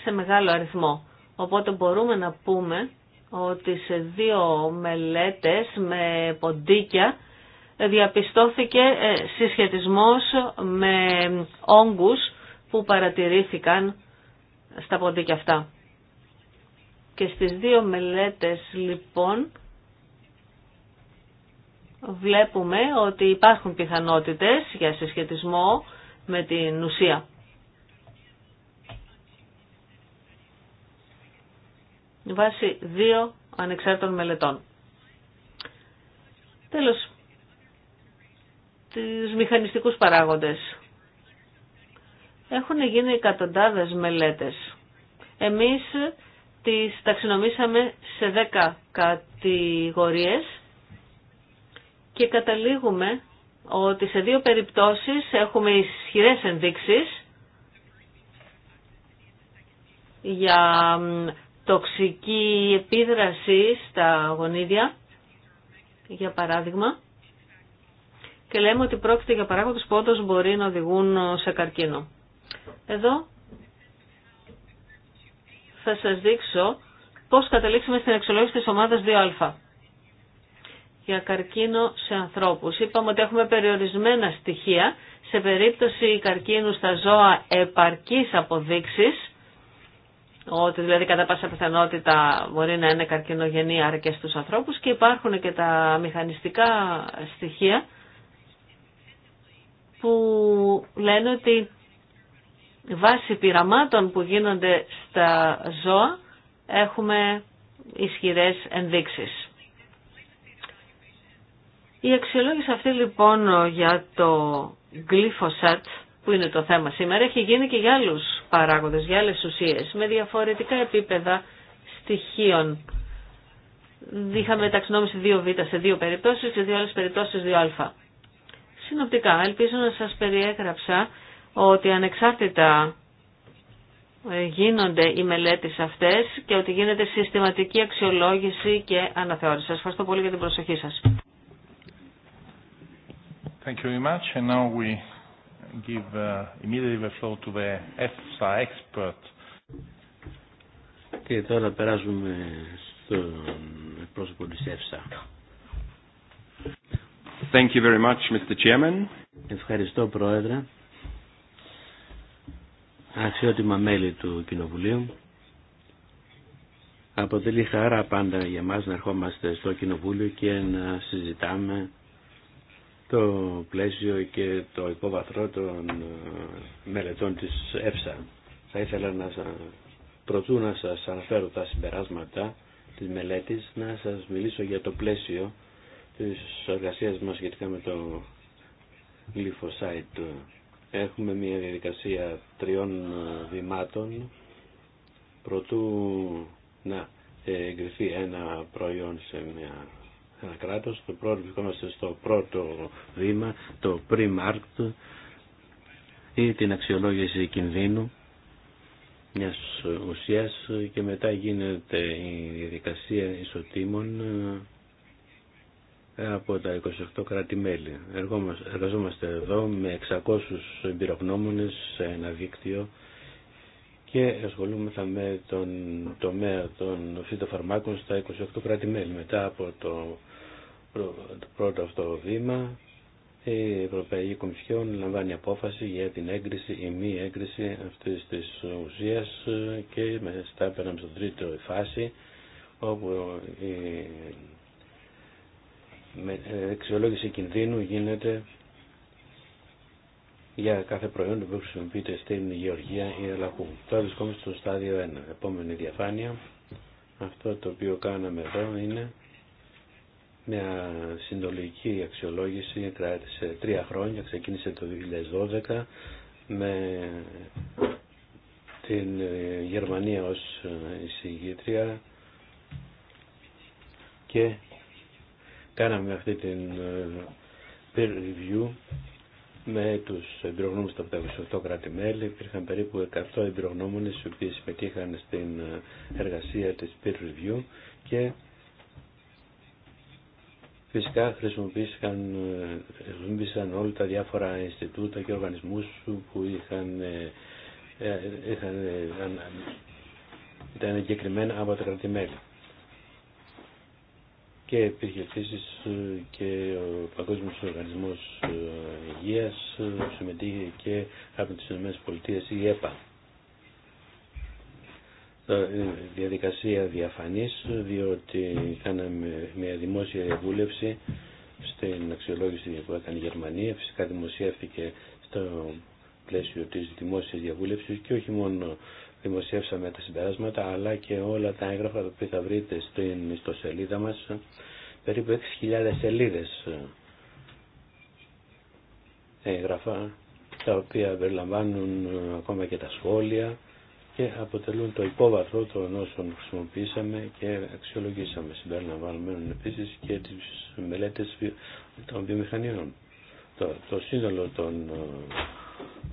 σε μεγάλο αριθμό. Οπότε μπορούμε να πούμε ότι σε δύο μελέτες με ποντίκια διαπιστώθηκε ε, συσχετισμός με όγκους που παρατηρήθηκαν στα ποντίκια αυτά. Και στις δύο μελέτες λοιπόν βλέπουμε ότι υπάρχουν πιθανότητες για συσχετισμό με την ουσία. Βάση δύο ανεξάρτητων μελετών. Τέλος, τις μηχανιστικούς παράγοντες. Έχουν γίνει εκατοντάδες μελέτες. Εμείς τις ταξινομήσαμε σε δέκα κατηγορίες και καταλήγουμε ότι σε δύο περιπτώσεις έχουμε ισχυρές ενδείξεις για τοξική επίδραση στα γονίδια, για παράδειγμα, και λέμε ότι πρόκειται για παράγοντες που όντως μπορεί να οδηγούν σε καρκίνο. Εδώ θα σας δείξω πώς καταλήξαμε στην αξιολόγηση της ομάδας 2α για καρκίνο σε ανθρώπους. Είπαμε ότι έχουμε περιορισμένα στοιχεία. Σε περίπτωση καρκίνου στα ζώα επαρκής αποδείξεις, ότι δηλαδή κατά πάσα πιθανότητα μπορεί να είναι καρκινογενή αρκές στους ανθρώπους και υπάρχουν και τα μηχανιστικά στοιχεία που λένε ότι βάσει πειραμάτων που γίνονται στα ζώα έχουμε ισχυρές ενδείξεις. Η αξιολόγηση αυτή λοιπόν για το γλυφοσάτ που είναι το θέμα σήμερα έχει γίνει και για άλλους παράγοντες, για άλλες ουσίες με διαφορετικά επίπεδα στοιχείων. Είχαμε ταξινόμηση 2β σε δύο περιπτώσεις και δύο άλλες περιπτώσεις 2α. Συνοπτικά, ελπίζω να σας περιέγραψα ότι ανεξάρτητα ε, γίνονται οι μελέτες αυτές και ότι γίνεται συστηματική αξιολόγηση και αναθεώρηση. Σας ευχαριστώ πολύ για την προσοχή σας. Thank you very much. And now we give uh, immediately the floor to the EFSA expert. Και τώρα περάσουμε στον πρόσωπο της EFSA. Thank you very much, Mr. Chairman. Ευχαριστώ, Πρόεδρε. Αξιότιμα μέλη του Κοινοβουλίου. Αποτελεί χαρά πάντα για μας να ερχόμαστε στο Κοινοβούλιο και να συζητάμε το πλαίσιο και το υπόβαθρο των ε, μελετών της ΕΦΣΑ. Θα ήθελα να προτού να σας αναφέρω τα συμπεράσματα της μελέτης, να σας μιλήσω για το πλαίσιο της εργασίας μας σχετικά με το glyphosate. Έχουμε μια διαδικασία τριών ε, βημάτων προτού να εγκριθεί ένα προϊόν σε μια ένα Το πρώτο βρισκόμαστε στο πρώτο βήμα, το pre-market ή την αξιολόγηση κινδύνου η την αξιολογηση κινδυνου μια ουσια και μετα γινεται από τα 28 κράτη-μέλη. Εργαζόμαστε εδώ με 600 εμπειρογνώμονες σε ένα δίκτυο και ασχολούμεθα με τον τομέα των φυτοφαρμάκων στα 28 κράτη-μέλη. Μετά από το το πρώτο αυτό βήμα η Ευρωπαϊκή Κομισιόν λαμβάνει απόφαση για την έγκριση ή μη έγκριση αυτής της ουσίας και μετά πέραμε στο τρίτο φάση όπου η αξιολόγηση κινδύνου γίνεται αυτή τη ουσία στην γεωργία ή αλλαχού. Τώρα βρισκόμαστε στο τριτο φαση οπου η εξολογηση κινδυνου γινεται για καθε προιον που χρησιμοποιειται στην γεωργια η Ελλακού. τωρα βρισκομαστε στο σταδιο 1. Επόμενη διαφάνεια. Αυτό το οποίο κάναμε εδώ είναι μια συντολική αξιολόγηση κράτησε τρία χρόνια, ξεκίνησε το 2012 με την ε, Γερμανία ως ε, εισηγήτρια και κάναμε αυτή την ε, peer review με τους εμπειρογνώμους από τα 28 κράτη-μέλη. Υπήρχαν περίπου 100 εμπειρογνώμονες οι οποίοι συμμετείχαν στην εργασία της peer review και Φυσικά χρησιμοποίησαν, ε, χρησιμοποίησαν όλα τα διάφορα Ινστιτούτα και οργανισμούς που είχαν, ε, ε, είχαν ήταν εγκεκριμένα από τα κρατημέλη. Και υπήρχε επίση και ο Παγκόσμιο Οργανισμό Υγεία, συμμετείχε και από τι ΗΠΑ η ΕΠΑ. Ε, ε, διαδικασία διαφανής διότι κάναμε μια δημόσια διαβούλευση στην αξιολόγηση που έκανε η Γερμανία. Φυσικά δημοσιεύτηκε στο πλαίσιο της δημόσιας διαβούλευσης και όχι μόνο δημοσιεύσαμε τα συμπεράσματα αλλά και όλα τα έγγραφα που θα βρείτε στην ιστοσελίδα μας περίπου 6.000 σελίδες έγγραφα τα οποία περιλαμβάνουν ακόμα και τα σχόλια και αποτελούν το υπόβαθρο των όσων χρησιμοποιήσαμε και αξιολογήσαμε. Συμπεριλαμβανομένων επίση και τι μελέτε των βιομηχανιών. Το, το σύνολο των ε,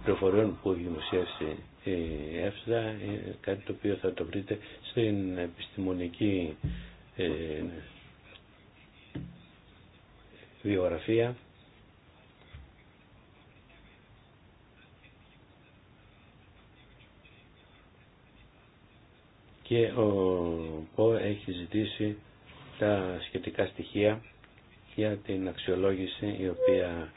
πληροφοριών που έχει δημοσιεύσει η ΕΦΣΔΑ είναι κάτι το οποίο θα το βρείτε στην επιστημονική ε, βιογραφία και ο ΠΟ έχει ζητήσει τα σχετικά στοιχεία για την αξιολόγηση η οποία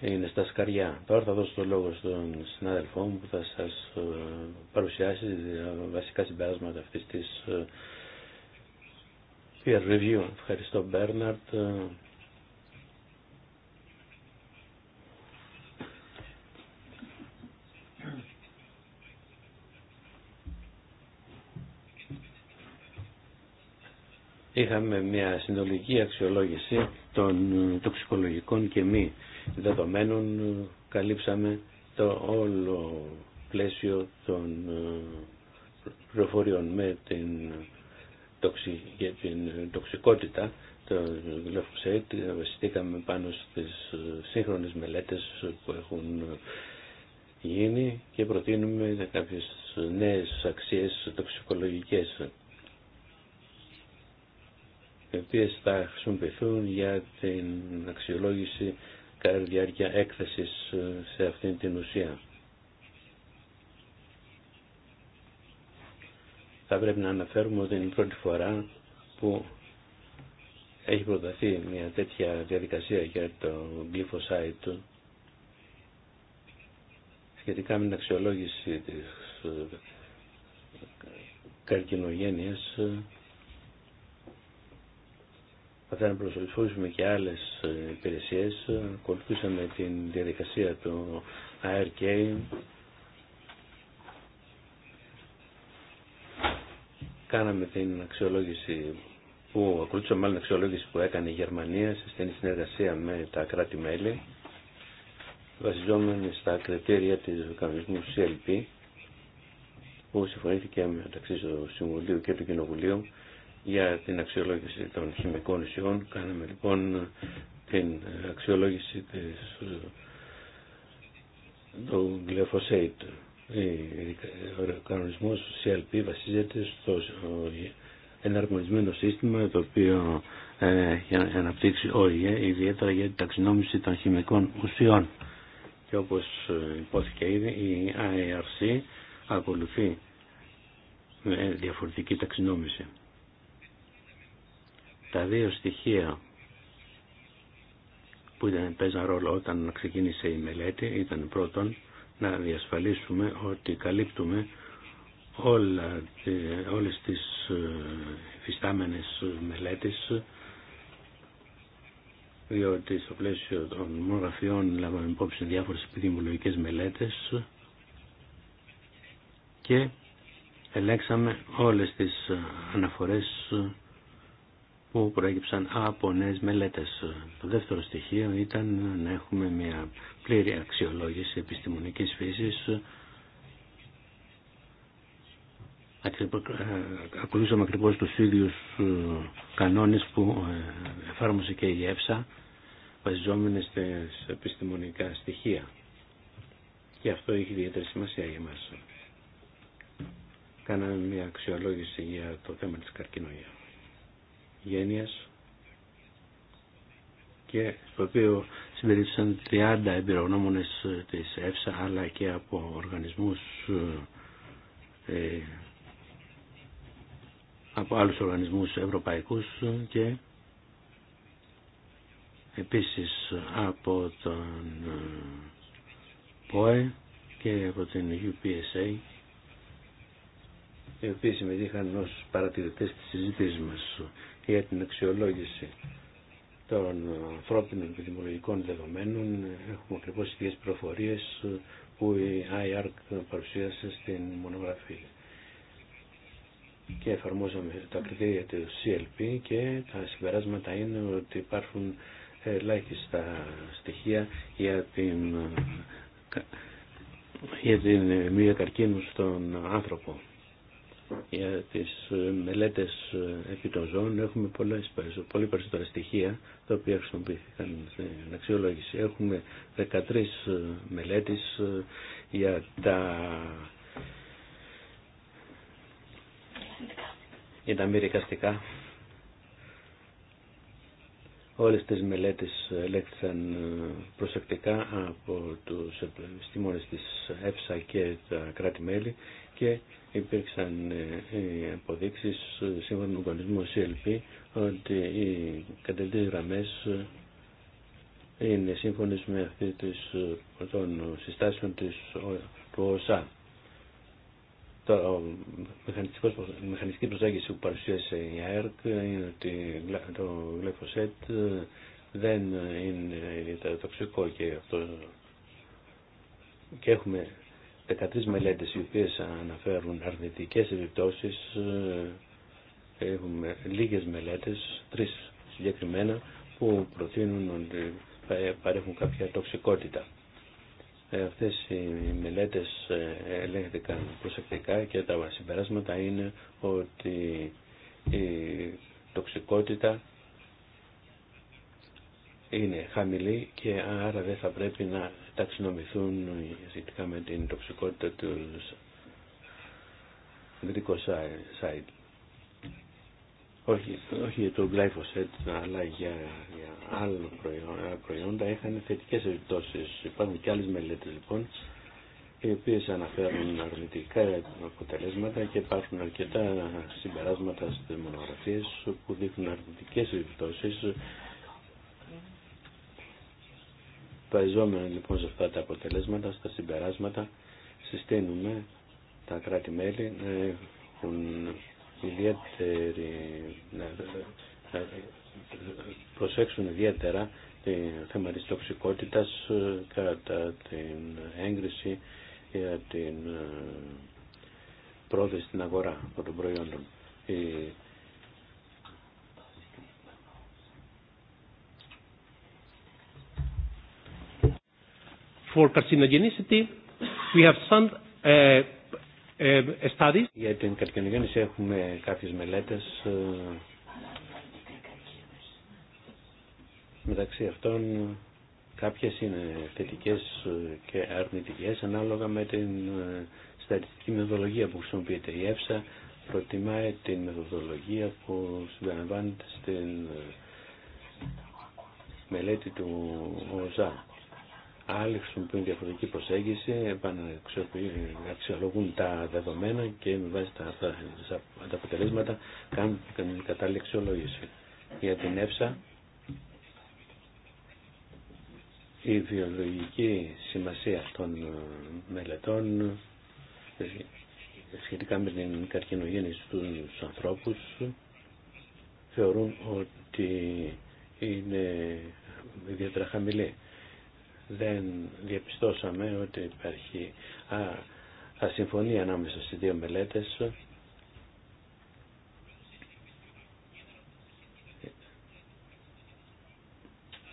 είναι στα σκαριά. Τώρα θα δώσω το λόγο στον συνάδελφό μου που θα σας ε, παρουσιάσει τα βασικά συμπεράσματα αυτής της ε, peer review. Ευχαριστώ Μπέρναρτ. είχαμε μια συνολική αξιολόγηση των ε, τοξικολογικών και μη δεδομένων. Καλύψαμε το όλο πλαίσιο των ε, πληροφοριών με την, για την τοξικότητα το ε, βασιστήκαμε πάνω στις σύγχρονες μελέτες που έχουν γίνει και προτείνουμε κάποιες νέες αξίες τοξικολογικές οι οποίε θα χρησιμοποιηθούν για την αξιολόγηση κατά τη διάρκεια έκθεσης ε, σε αυτήν την ουσία. Θα πρέπει να αναφέρουμε ότι είναι η πρώτη φορά που έχει προταθεί μια τέτοια διαδικασία για το γλυφοσάιτ σχετικά με την αξιολόγηση της ε, καρκινογένειας ε, όταν με και άλλες ε, υπηρεσίες, ε, ακολουθούσαμε την διαδικασία του ARK. Κάναμε την αξιολόγηση που ακολουθούσαμε μάλλον αξιολόγηση που έκανε η Γερμανία σε στενή συνεργασία με τα κράτη-μέλη βασιζόμενοι στα κριτήρια της κανονισμού CLP που συμφωνήθηκε μεταξύ του Συμβουλίου και του Κοινοβουλίου για την αξιολόγηση των χημικών ουσιών. Κάναμε λοιπόν την αξιολόγηση της, του γλυφοσέιτ. Ο κανονισμός CLP βασίζεται στο εναρμονισμένο σύστημα το οποίο ε, έχει αναπτύξει ΙΕ, ιδιαίτερα για την ταξινόμηση των χημικών ουσιών. Και όπως ε, υπόθηκε ήδη η IRC ακολουθεί με διαφορετική ταξινόμηση τα δύο στοιχεία που ήταν, παίζαν ρόλο όταν ξεκίνησε η μελέτη ήταν πρώτον να διασφαλίσουμε ότι καλύπτουμε όλα, όλες τις ε, φυστάμενες μελέτες διότι στο πλαίσιο των μονογραφιών λάβαμε υπόψη διάφορες επιδημιολογικές μελέτες και ελέξαμε όλες τις αναφορές που προέκυψαν από νέε μελέτες. Το δεύτερο στοιχείο ήταν να έχουμε μια πλήρη αξιολόγηση επιστημονικής φύσης ε, ακολούσαμε ακριβώς τους ίδιους ε, κανόνες που ε, εφάρμοσε και η ΕΦΣΑ βασιζόμενες σε επιστημονικά στοιχεία και αυτό έχει ιδιαίτερη σημασία για μας. Κάναμε μια αξιολόγηση για το θέμα της καρκινογίας. Γένειας και στο οποίο συμπερίληψαν 30 εμπειρογνώμονες της ΕΦΣΑ αλλά και από οργανισμούς ε, από άλλους οργανισμούς ευρωπαϊκούς και επίσης από τον ε, ΠΟΕ και από την UPSA οι οποίοι συμμετείχαν ως παρατηρητές της συζήτησης μας για την αξιολόγηση των ανθρώπινων επιδημιολογικών δεδομένων έχουμε ακριβώ τι ίδιε πληροφορίε που η IARC παρουσίασε στην μονογραφή. Και εφαρμόζαμε τα κριτήρια του CLP και τα συμπεράσματα είναι ότι υπάρχουν ελάχιστα στοιχεία για την, για την καρκίνου στον άνθρωπο για τις ε, μελέτες ε, επί των ζώων έχουμε πολλές, πολύ περισσότερα στοιχεία τα οποία χρησιμοποιήθηκαν στην αξιολόγηση. Έχουμε 13 ε, μελέτες για τα για τα μυρικαστικά. Όλες τις μελέτες ελέγχθησαν προσεκτικά από τους επιστήμονες της ΕΦΣΑ και τα κράτη-μέλη και υπήρξαν ε, ε, αποδείξεις σύμφωνα με τον κονισμό CLP ότι οι κατελτές γραμμές ε, είναι σύμφωνες με αυτή της, των συστάσεων της, του ΟΣΑ. Το μηχανιστικός, μηχανιστική προσέγγιση που παρουσίασε η ΑΕΡΚ είναι ότι το γλυφοσέτ δεν είναι ιδιαίτερα τοξικό και αυτό και έχουμε 13 μελέτες οι οποίες αναφέρουν αρνητικές επιπτώσεις ε, έχουμε λίγες μελέτες, τρεις συγκεκριμένα που προτείνουν ότι παρέχουν κάποια τοξικότητα. Ε, αυτές οι μελέτες ε, ελέγχθηκαν προσεκτικά και τα συμπεράσματα είναι ότι η τοξικότητα είναι χαμηλή και άρα δεν θα πρέπει να ταξινομηθούν σχετικά με την τοξικότητα του glycoside. Όχι, όχι για το γλυφοσέτ, αλλά για, για άλλα προϊόντα είχαν θετικές επιπτώσει. Υπάρχουν και άλλες μελέτες λοιπόν, οι οποίες αναφέρουν αρνητικά αποτελέσματα και υπάρχουν αρκετά συμπεράσματα στι μονογραφίε, που δείχνουν αρνητικές επιπτώσει. Παζόμενα λοιπόν σε αυτά τα αποτελέσματα, στα συμπεράσματα, συστήνουμε τα κράτη-μέλη να έχουν ιδιαίτερη, να προσέξουν ιδιαίτερα το θέμα της τοξικότητας ε, κατά την έγκριση για την ε, πρόθεση στην αγορά των προϊόντων. Uh, uh, Για την καρκινογέννηση έχουμε κάποιες μελέτες ε, μεταξύ αυτών κάποιες είναι θετικές ε, και αρνητικές ανάλογα με την ε, στατιστική μεθοδολογία που χρησιμοποιείται. Η ΕΦΣΑ προτιμάει την μεθοδολογία που συμπεριλαμβάνεται στην μελέτη του ΟΖΑ. Άλλοι χρησιμοποιούν διαφορετική προσέγγιση, αξιολογούν τα δεδομένα και με βάση τα, τα, τα αποτελέσματα κάνουν την κατάλληλη αξιολόγηση. Για την ΕΦΣΑ, η βιολογική σημασία των ε, μελετών ε, σχετικά με την καρκινογέννηση στους ανθρώπους θεωρούν ότι είναι ιδιαίτερα χαμηλή δεν διαπιστώσαμε ότι υπάρχει α, ασυμφωνία ανάμεσα στις δύο μελέτες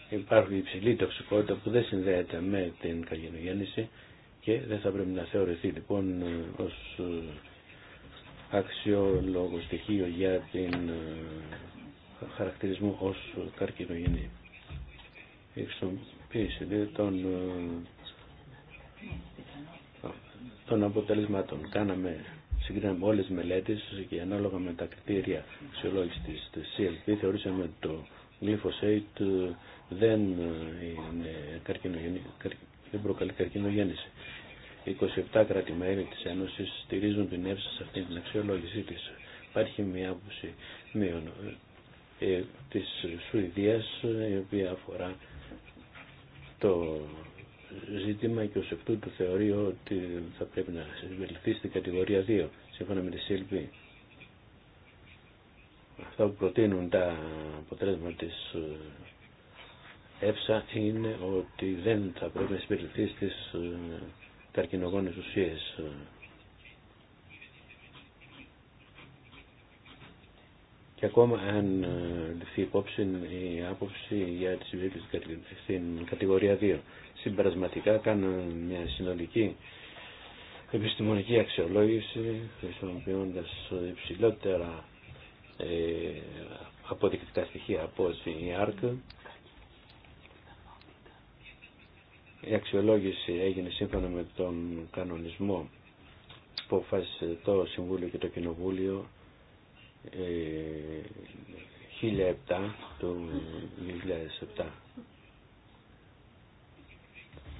Υπάρχει υψηλή τοξικότητα που δεν συνδέεται με την καρκινογέννηση και δεν θα πρέπει να θεωρηθεί λοιπόν ως ε, αξιόλογο στοιχείο για την ε, χαρακτηρισμό ως καρκινογενή. ECD των, ε, των αποτελεσμάτων. Κάναμε, συγκρίναμε όλες τις μελέτες και ανάλογα με τα κριτήρια αξιολόγηση της, CLP θεωρήσαμε ότι το glyphosate ε, δεν, ε, είναι δεν προκαλεί καρκινογέννηση. 27 κράτη-μέλη της Ένωσης στηρίζουν την έψη σε αυτή την αξιολόγησή της. Υπάρχει μια άποψη τη ε, της Σουηδίας η οποία αφορά το ζήτημα και ως αυτού του θεωρεί ότι θα πρέπει να συμπεριληφθεί στην κατηγορία 2 σύμφωνα με τη CLP. Αυτά που προτείνουν τα αποτέλεσματα της ε, ΕΦΣΑ είναι ότι δεν θα πρέπει να συμπεριληφθεί στις ε, καρκινογόνες ουσίες ε, και ακόμα αν ε, ληφθεί υπόψη η άποψη για τη συμβίωση στην κατηγορία 2. Συμπερασματικά κάνω μια συνολική επιστημονική αξιολόγηση χρησιμοποιώντα υψηλότερα ε, αποδεικτικά στοιχεία από την ΙΑΡΚ. Η αξιολόγηση έγινε σύμφωνα με τον κανονισμό που αποφάσισε το Συμβούλιο και το Κοινοβούλιο 1007 του 2007.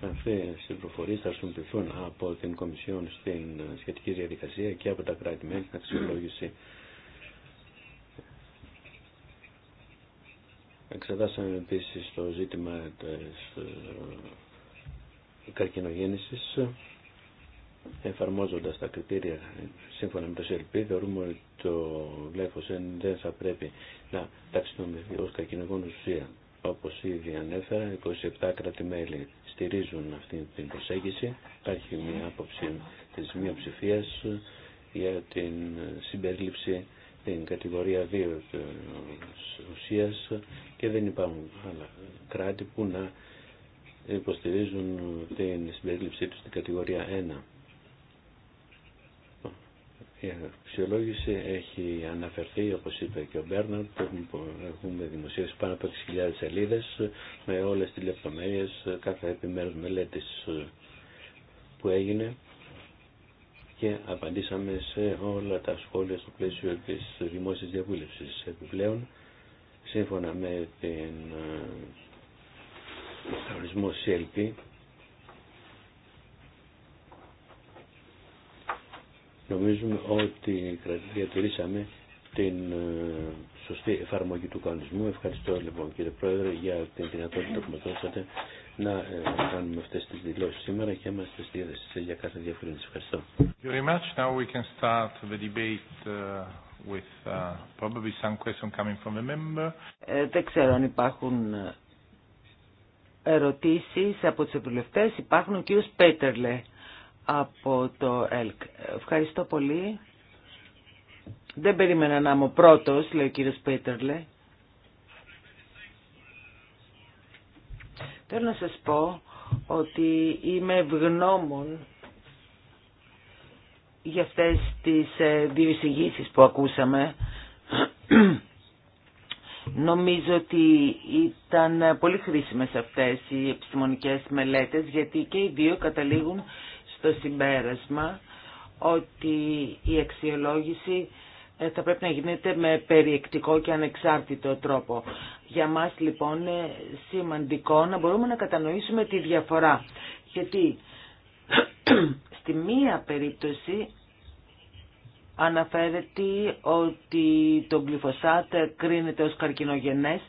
Αυτέ οι προφορίε θα συμπληθούν από την Κομισιόν στην σχετική διαδικασία και από τα κράτη-μέλη στην αξιολόγηση. Εξετάσαμε επίση το ζήτημα τη ε, καρκινογέννηση εφαρμόζοντα τα κριτήρια σύμφωνα με το ΣΕΛΠ, θεωρούμε ότι το βλέφο δεν θα πρέπει να ταξινομηθεί ως κακινογόν ουσία. Όπως ήδη ανέφερα, 27 κράτη-μέλη στηρίζουν αυτή την προσέγγιση. Υπάρχει μια άποψη της μειοψηφία για την συμπερίληψη την κατηγορία 2 της ουσίας και δεν υπάρχουν άλλα κράτη που να υποστηρίζουν την συμπερίληψή τους στην κατηγορία 1. Η αξιολόγηση έχει αναφερθεί, όπως είπε και ο Μπέρναρτ, έχουμε δημοσίευσει πάνω από 6.000 σελίδες με όλες τις λεπτομέρειες κάθε επιμέρους μελέτης που έγινε και απαντήσαμε σε όλα τα σχόλια στο πλαίσιο της δημόσιας διαβούλευσης. Επιπλέον, σύμφωνα με την ε, ορισμό CLP, Νομίζουμε ότι διατηρήσαμε την ε, σωστή εφαρμογή του κανονισμού. Ευχαριστώ λοιπόν κύριε Πρόεδρε για την δυνατότητα που μας δώσατε να ε, κάνουμε αυτές τις δηλώσεις σήμερα και είμαστε στη διάθεση για κάθε διαφορετική. Ευχαριστώ. δεν ξέρω αν υπάρχουν ε, ερωτήσεις από τους ευρωβουλευτές. Υπάρχουν ο κύριος Πέτερλε από το ΕΛΚ. Ευχαριστώ πολύ. Δεν περίμενα να είμαι ο πρώτος, λέει ο κύριος Πέτερλε. Θέλω να σας πω ότι είμαι ευγνώμων για αυτές τις ε, δύο που ακούσαμε. Νομίζω ότι ήταν πολύ χρήσιμες αυτές οι επιστημονικές μελέτες γιατί και οι δύο καταλήγουν το συμπέρασμα ότι η αξιολόγηση ε, θα πρέπει να γίνεται με περιεκτικό και ανεξάρτητο τρόπο. Για μας λοιπόν είναι σημαντικό να μπορούμε να κατανοήσουμε τη διαφορά. Γιατί [clears throat] στη μία περίπτωση αναφέρεται ότι το γλυφοσάτ κρίνεται ως καρκινογενές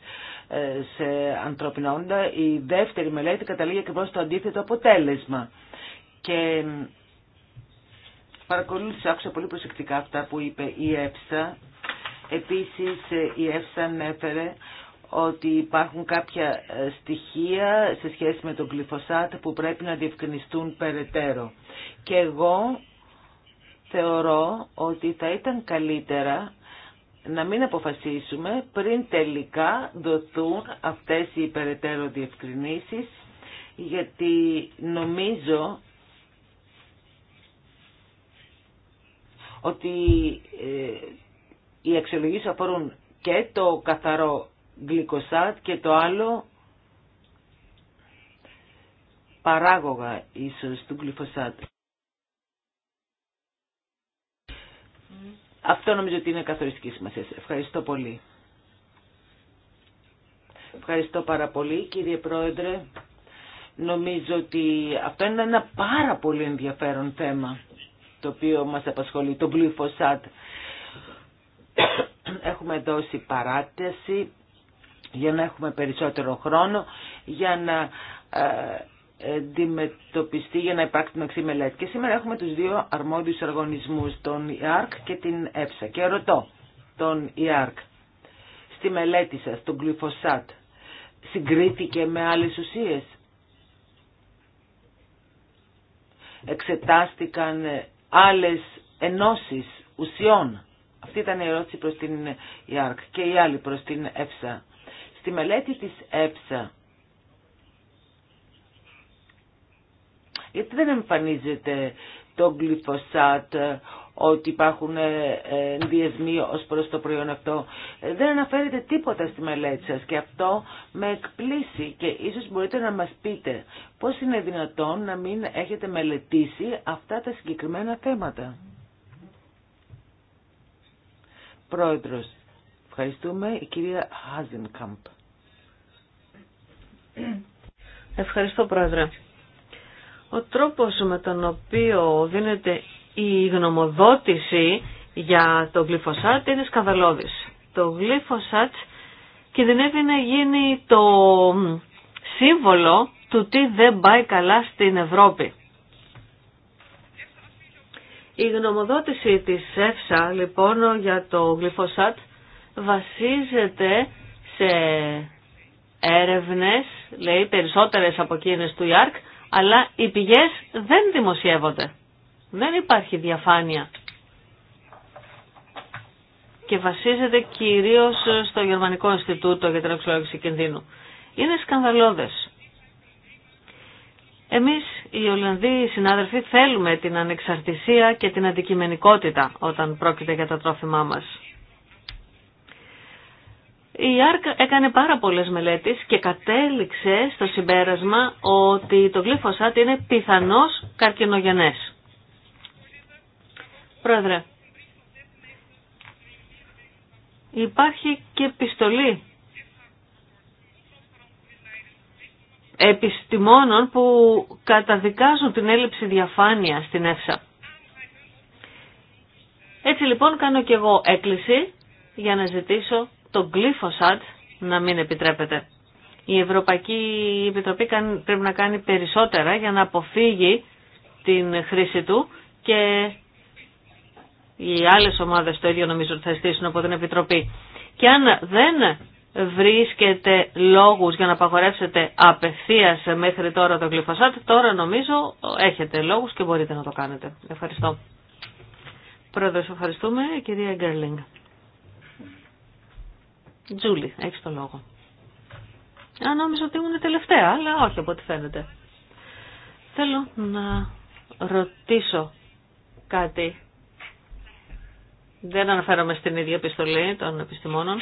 ε, σε ανθρώπινα όντα. Η δεύτερη μελέτη καταλήγει ακριβώς το αντίθετο αποτέλεσμα. Και παρακολούθησα, άκουσα πολύ προσεκτικά αυτά που είπε η ΕΦΣΑ. Επίσης ε, η ΕΦΣΑ ανέφερε ότι υπάρχουν κάποια ε, στοιχεία σε σχέση με τον κλειφωσάτ που πρέπει να διευκρινιστούν περαιτέρω. Και εγώ θεωρώ ότι θα ήταν καλύτερα να μην αποφασίσουμε πριν τελικά δοθούν αυτές οι περαιτέρω διευκρινήσεις γιατί νομίζω ότι ε, οι αξιολογήσεις αφορούν και το καθαρό γλυκοσάτ και το άλλο παράγωγα ίσως του γλυφοσάτ. Αυτό νομίζω ότι είναι καθοριστική σημασία. Ευχαριστώ πολύ. Ευχαριστώ πάρα πολύ κύριε Πρόεδρε. Νομίζω ότι αυτό είναι ένα πάρα πολύ ενδιαφέρον θέμα το οποίο μας απασχολεί, το γλυφοσάτ. [coughs] Έχουμε δώσει παράταση για να έχουμε περισσότερο χρόνο, για να ε, αντιμετωπιστεί για να υπάρξει την μελέτη. Και σήμερα έχουμε τους δύο αρμόδιους οργανισμούς, τον ΙΑΡΚ και την ΕΦΣΑ. Και ρωτώ τον ΙΑΡΚ, στη μελέτη σας, τον γλυφοσάτ, συγκρίθηκε με άλλες ουσίες. Εξετάστηκαν άλλες ενώσεις ουσιών. Αυτή ήταν η ερώτηση προς την ΙΑΡΚ και η άλλη προς την ΕΨΑ. Στη μελέτη της ΕΨΑ, γιατί δεν εμφανίζεται το γλυφοσάτ ότι υπάρχουν ε, ε, διευμοί ως προς το προϊόν αυτό. Ε, δεν αναφέρεται τίποτα στη μελέτη σας και αυτό με εκπλήσει και ίσως μπορείτε να μας πείτε πώς είναι δυνατόν να μην έχετε μελετήσει αυτά τα συγκεκριμένα θέματα. Πρόεδρος, ευχαριστούμε η κυρία Χάζενκαμπ. Ευχαριστώ Πρόεδρε. Ο τρόπος με τον οποίο δίνεται η γνωμοδότηση για το γλυφοσάτ είναι σκανδαλώδης. Το γλυφοσάτ κινδυνεύει να γίνει το σύμβολο του τι δεν πάει καλά στην Ευρώπη. Η γνωμοδότηση της ΕΦΣΑ λοιπόν για το γλυφοσάτ βασίζεται σε έρευνες, λέει περισσότερες από εκείνες του ΙΑΡΚ, αλλά οι πηγές δεν δημοσιεύονται. Δεν υπάρχει διαφάνεια. Και βασίζεται κυρίως στο Γερμανικό Ινστιτούτο για την Αξιολόγηση Κινδύνου. Είναι σκανδαλώδες. Εμείς οι Ολλανδοί συνάδελφοι θέλουμε την ανεξαρτησία και την αντικειμενικότητα όταν πρόκειται για τα τρόφιμά μας. Η ΆΡΚ έκανε πάρα πολλές μελέτες και κατέληξε στο συμπέρασμα ότι το γλυφοσάτ είναι πιθανώς καρκινογενές. Πρόεδρε, υπάρχει και επιστολή επιστημόνων που καταδικάζουν την έλλειψη διαφάνεια στην ΕΦΣΑ. Έτσι λοιπόν κάνω και εγώ έκκληση για να ζητήσω το γλυφοσάτ να μην επιτρέπεται. Η Ευρωπαϊκή Επιτροπή πρέπει να κάνει περισσότερα για να αποφύγει την χρήση του και οι άλλες ομάδες το ίδιο νομίζω ότι θα στήσουν από την Επιτροπή. Και αν δεν βρίσκετε λόγους για να απαγορεύσετε απευθείας μέχρι τώρα το γλυφασάτ, τώρα νομίζω έχετε λόγους και μπορείτε να το κάνετε. Ευχαριστώ. Πρόεδρος, ευχαριστούμε. Κυρία Γκέρλινγκ. Τζούλη, έχεις το λόγο. αν νόμιζα ότι ήμουν τελευταία, αλλά όχι από ό,τι φαίνεται. Θέλω να ρωτήσω κάτι δεν αναφέρομαι στην ίδια επιστολή των επιστημόνων,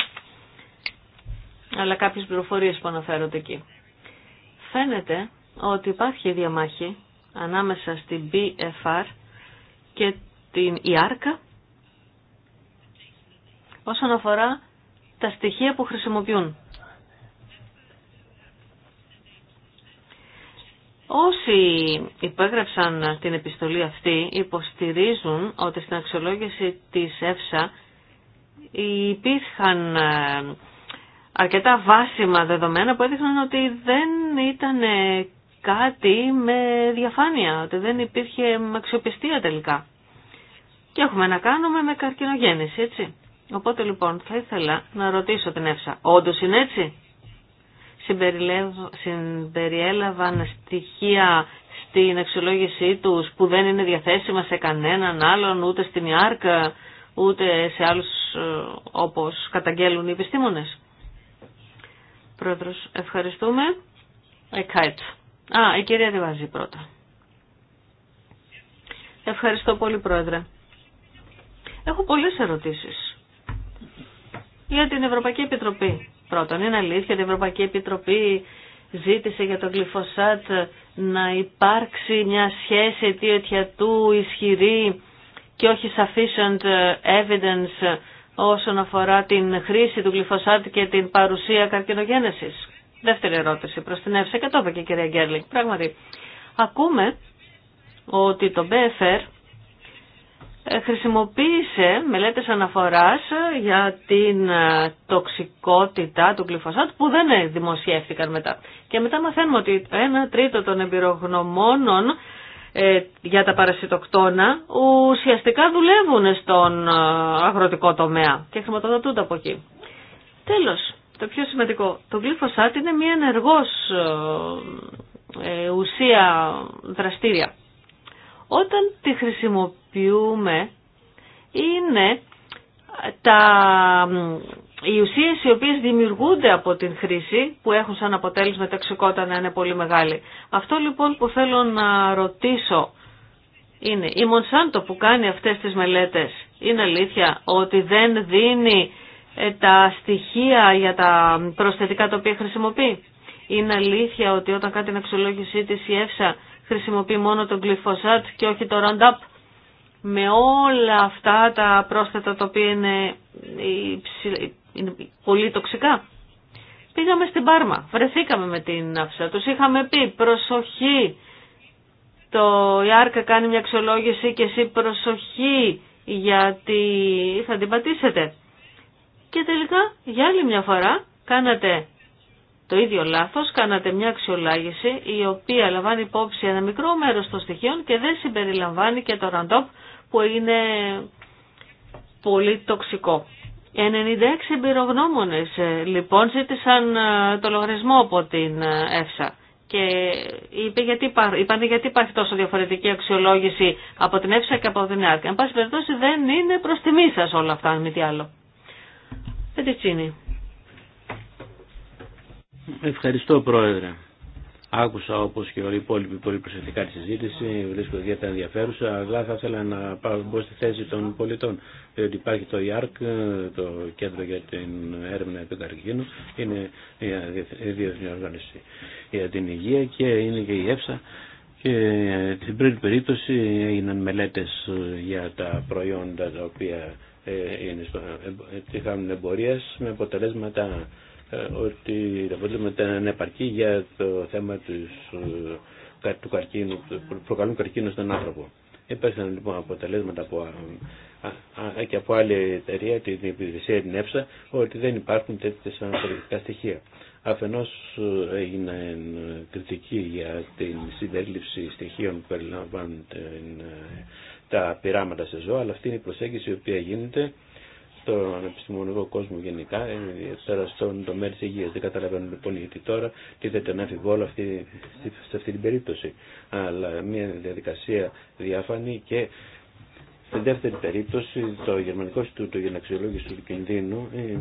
αλλά κάποιες πληροφορίες που αναφέρονται εκεί. Φαίνεται ότι υπάρχει διαμάχη ανάμεσα στην BFR και την ΙΑΡΚΑ e όσον αφορά τα στοιχεία που χρησιμοποιούν Όσοι υπέγραψαν την επιστολή αυτή υποστηρίζουν ότι στην αξιολόγηση της ΕΦΣΑ υπήρχαν ε, αρκετά βάσιμα δεδομένα που έδειχναν ότι δεν ήταν ε, κάτι με διαφάνεια, ότι δεν υπήρχε αξιοπιστία τελικά. Και έχουμε να κάνουμε με καρκινογέννηση, έτσι. Οπότε λοιπόν θα ήθελα να ρωτήσω την ΕΦΣΑ, όντως είναι έτσι συμπεριέλαβαν στοιχεία στην αξιολόγησή τους που δεν είναι διαθέσιμα σε κανέναν άλλον, ούτε στην ΙΑΡΚΑ, ούτε σε άλλους ε, όπως καταγγέλουν οι επιστήμονες. Πρόεδρος, ευχαριστούμε. Εκάιτ. Α, η κυρία Διβάζη πρώτα. Ευχαριστώ πολύ, Πρόεδρε. Έχω πολλές ερωτήσεις για την Ευρωπαϊκή Επιτροπή. Πρώτον, είναι αλήθεια ότι η Ευρωπαϊκή Επιτροπή ζήτησε για το γλυφοσάτ να υπάρξει μια σχέση αιτία του ισχυρή και όχι sufficient evidence όσον αφορά την χρήση του γλυφοσάτ και την παρουσία καρκινογένεσης. Δεύτερη ερώτηση προς την ΕΦΣΑ και το και η κυρία Γκέρλινγκ. Πράγματι, ακούμε ότι το BFR ε, χρησιμοποίησε μελέτες αναφοράς ε, για την ε, τοξικότητα του γλυφοσάτ που δεν δημοσιεύτηκαν μετά. Και μετά μαθαίνουμε ότι ένα τρίτο των εμπειρογνωμόνων για τα παρασιτοκτόνα ουσιαστικά δουλεύουν στον αγροτικό τομέα και χρηματοδοτούνται από εκεί. Τέλος, το πιο σημαντικό, το γλυφοσάτ είναι μια ενεργός ουσία δραστήρια. Όταν τη χρησιμοποιούμε χρησιμοποιούμε είναι τα, οι ουσίες οι οποίες δημιουργούνται από την χρήση που έχουν σαν αποτέλεσμα ταξικότητα να είναι πολύ μεγάλη. Αυτό λοιπόν που θέλω να ρωτήσω είναι η Μονσάντο που κάνει αυτές τις μελέτες είναι αλήθεια ότι δεν δίνει ε, τα στοιχεία για τα προσθετικά τα οποία χρησιμοποιεί. Είναι αλήθεια ότι όταν κάνει την αξιολόγησή της η ΕΦΣΑ χρησιμοποιεί μόνο τον γλυφοσάτ και όχι το Roundup με όλα αυτά τα πρόσθετα τα οποία είναι, πολύ τοξικά. Πήγαμε στην Πάρμα, βρεθήκαμε με την άφησα, τους είχαμε πει προσοχή, το Ιάρκα κάνει μια αξιολόγηση και εσύ προσοχή γιατί θα την πατήσετε. Και τελικά για άλλη μια φορά κάνατε το ίδιο λάθος, κάνατε μια αξιολόγηση η οποία λαμβάνει υπόψη ένα μικρό μέρος των στοιχείων και δεν συμπεριλαμβάνει και το ραντόπ που είναι πολύ τοξικό. 96 εμπειρογνώμονες ε, λοιπόν ζήτησαν ε, το λογαριασμό από την ΕΦΣΑ και είπε γιατί είπαν γιατί υπάρχει τόσο διαφορετική αξιολόγηση από την ΕΦΣΑ και από την ΕΑΤΚΑ. Εν πάση περιπτώσει δεν είναι προς τιμή σας όλα αυτά, αν μη τι άλλο. Ευχαριστώ Πρόεδρε. Άκουσα όπω και όλοι οι υπόλοιποι πολύ προσεκτικά τη συζήτηση, βρίσκω ιδιαίτερα ενδιαφέρουσα, αλλά θα ήθελα να πάω στη θέση των πολιτών. Διότι υπάρχει το ΙΑΡΚ, το Κέντρο για την Έρευνα του είναι η Διεθνή Οργάνωση για την Υγεία και είναι και η ΕΦΣΑ. Και στην πρώτη περίπτωση έγιναν μελέτε για τα προϊόντα τα οποία είναι στο, τυχάνουν εμπορίας με αποτελέσματα ε, ότι τα αποτελέσματα ήταν ανεπαρκή για το θέμα της, ε, του καρκίνου, που προκαλούν καρκίνο στον άνθρωπο. Υπήρξαν λοιπόν αποτελέσματα από, και από άλλη εταιρεία, την υπηρεσία την ΕΨΑ, ότι δεν υπάρχουν τέτοιες ανθρωπιστικά στοιχεία. Αφενός ε, έγινε κριτική για την συμπερίληψη στοιχείων που περιλαμβάνουν τα πειράματα σε ζώα, αλλά αυτή είναι η προσέγγιση η οποία γίνεται στον επιστημονικό κόσμο γενικά, τώρα στον τομέα τη υγείας. Δεν καταλαβαίνουν λοιπόν γιατί τώρα τίθεται να αμφιβόλο αυτή, σε αυτή την περίπτωση. Αλλά μια διαδικασία διάφανη και στην δεύτερη περίπτωση, το Γερμανικό Ινστιτούτο για να Αξιολόγηση του Κινδύνου ε,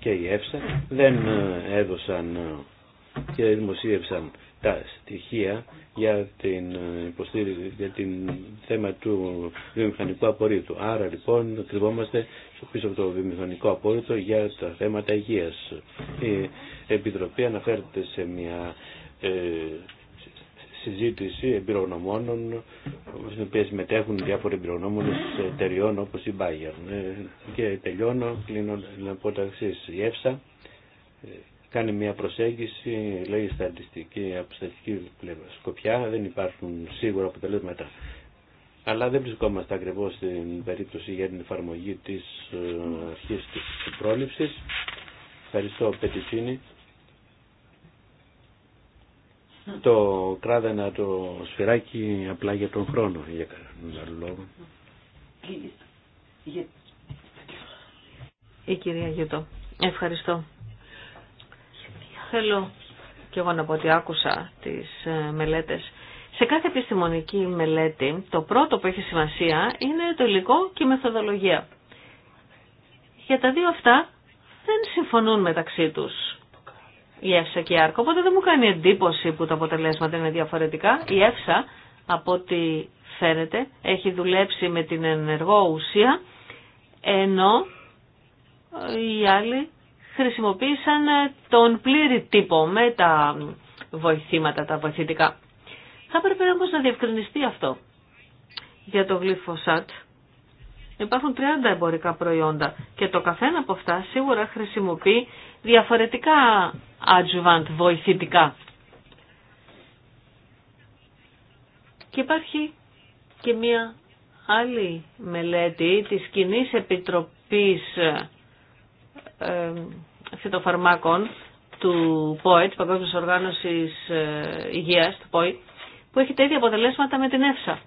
και η ΕΦΣΑ δεν ε, έδωσαν ε, και δημοσίευσαν τα στοιχεία για την, υποστήριξη, για την θέμα του βιομηχανικού απορρίτου. Άρα λοιπόν κρυβόμαστε πίσω από το βιομηχανικό απόρριτο για τα θέματα υγείας. Η Επιτροπή αναφέρεται σε μια ε, συζήτηση εμπειρογνωμόνων στην οποία συμμετέχουν διάφοροι εμπειρογνώμονες εταιριών όπως η Bayer. Ε, και τελειώνω, κλείνω να πω τα Η ΕΦΣΑ ε, κάνει μια προσέγγιση, λέει στατιστική, από στατιστική σκοπιά, δεν υπάρχουν σίγουρα αποτελέσματα αλλά δεν βρισκόμαστε ακριβώς στην περίπτωση για την εφαρμογή της ε, αρχής της πρόληψης. Ευχαριστώ Πετιτσίνη. Το κράδενα το σφυράκι απλά για τον χρόνο, για κανένα λόγο. Η κυρία Γιωτό. Ευχαριστώ. Θέλω και εγώ να πω ότι άκουσα τις ε, μελέτες σε κάθε επιστημονική μελέτη το πρώτο που έχει σημασία είναι το υλικό και η μεθοδολογία. Για τα δύο αυτά δεν συμφωνούν μεταξύ τους η ΕΦΣΑ και η ΑΡΚΟ, οπότε δεν μου κάνει εντύπωση που τα αποτελέσματα είναι διαφορετικά. Η ΕΦΣΑ, από ό,τι φαίνεται, έχει δουλέψει με την ενεργό ουσία, ενώ οι άλλοι χρησιμοποίησαν τον πλήρη τύπο με τα βοηθήματα, τα βοηθητικά. Θα πρέπει όμω να διευκρινιστεί αυτό. Για το γλυφοσάτ υπάρχουν 30 εμπορικά προϊόντα και το καθένα από αυτά σίγουρα χρησιμοποιεί διαφορετικά adjuvant βοηθητικά. Και υπάρχει και μία άλλη μελέτη της κοινή Επιτροπής ε, Φυτοφαρμάκων του ΠΟΕΤ, Παγκόσμιας Οργάνωσης ε, Υγείας, του ΠΟΕΤ, που έχει τα ίδια αποτελέσματα με την ΕΦΣΑ.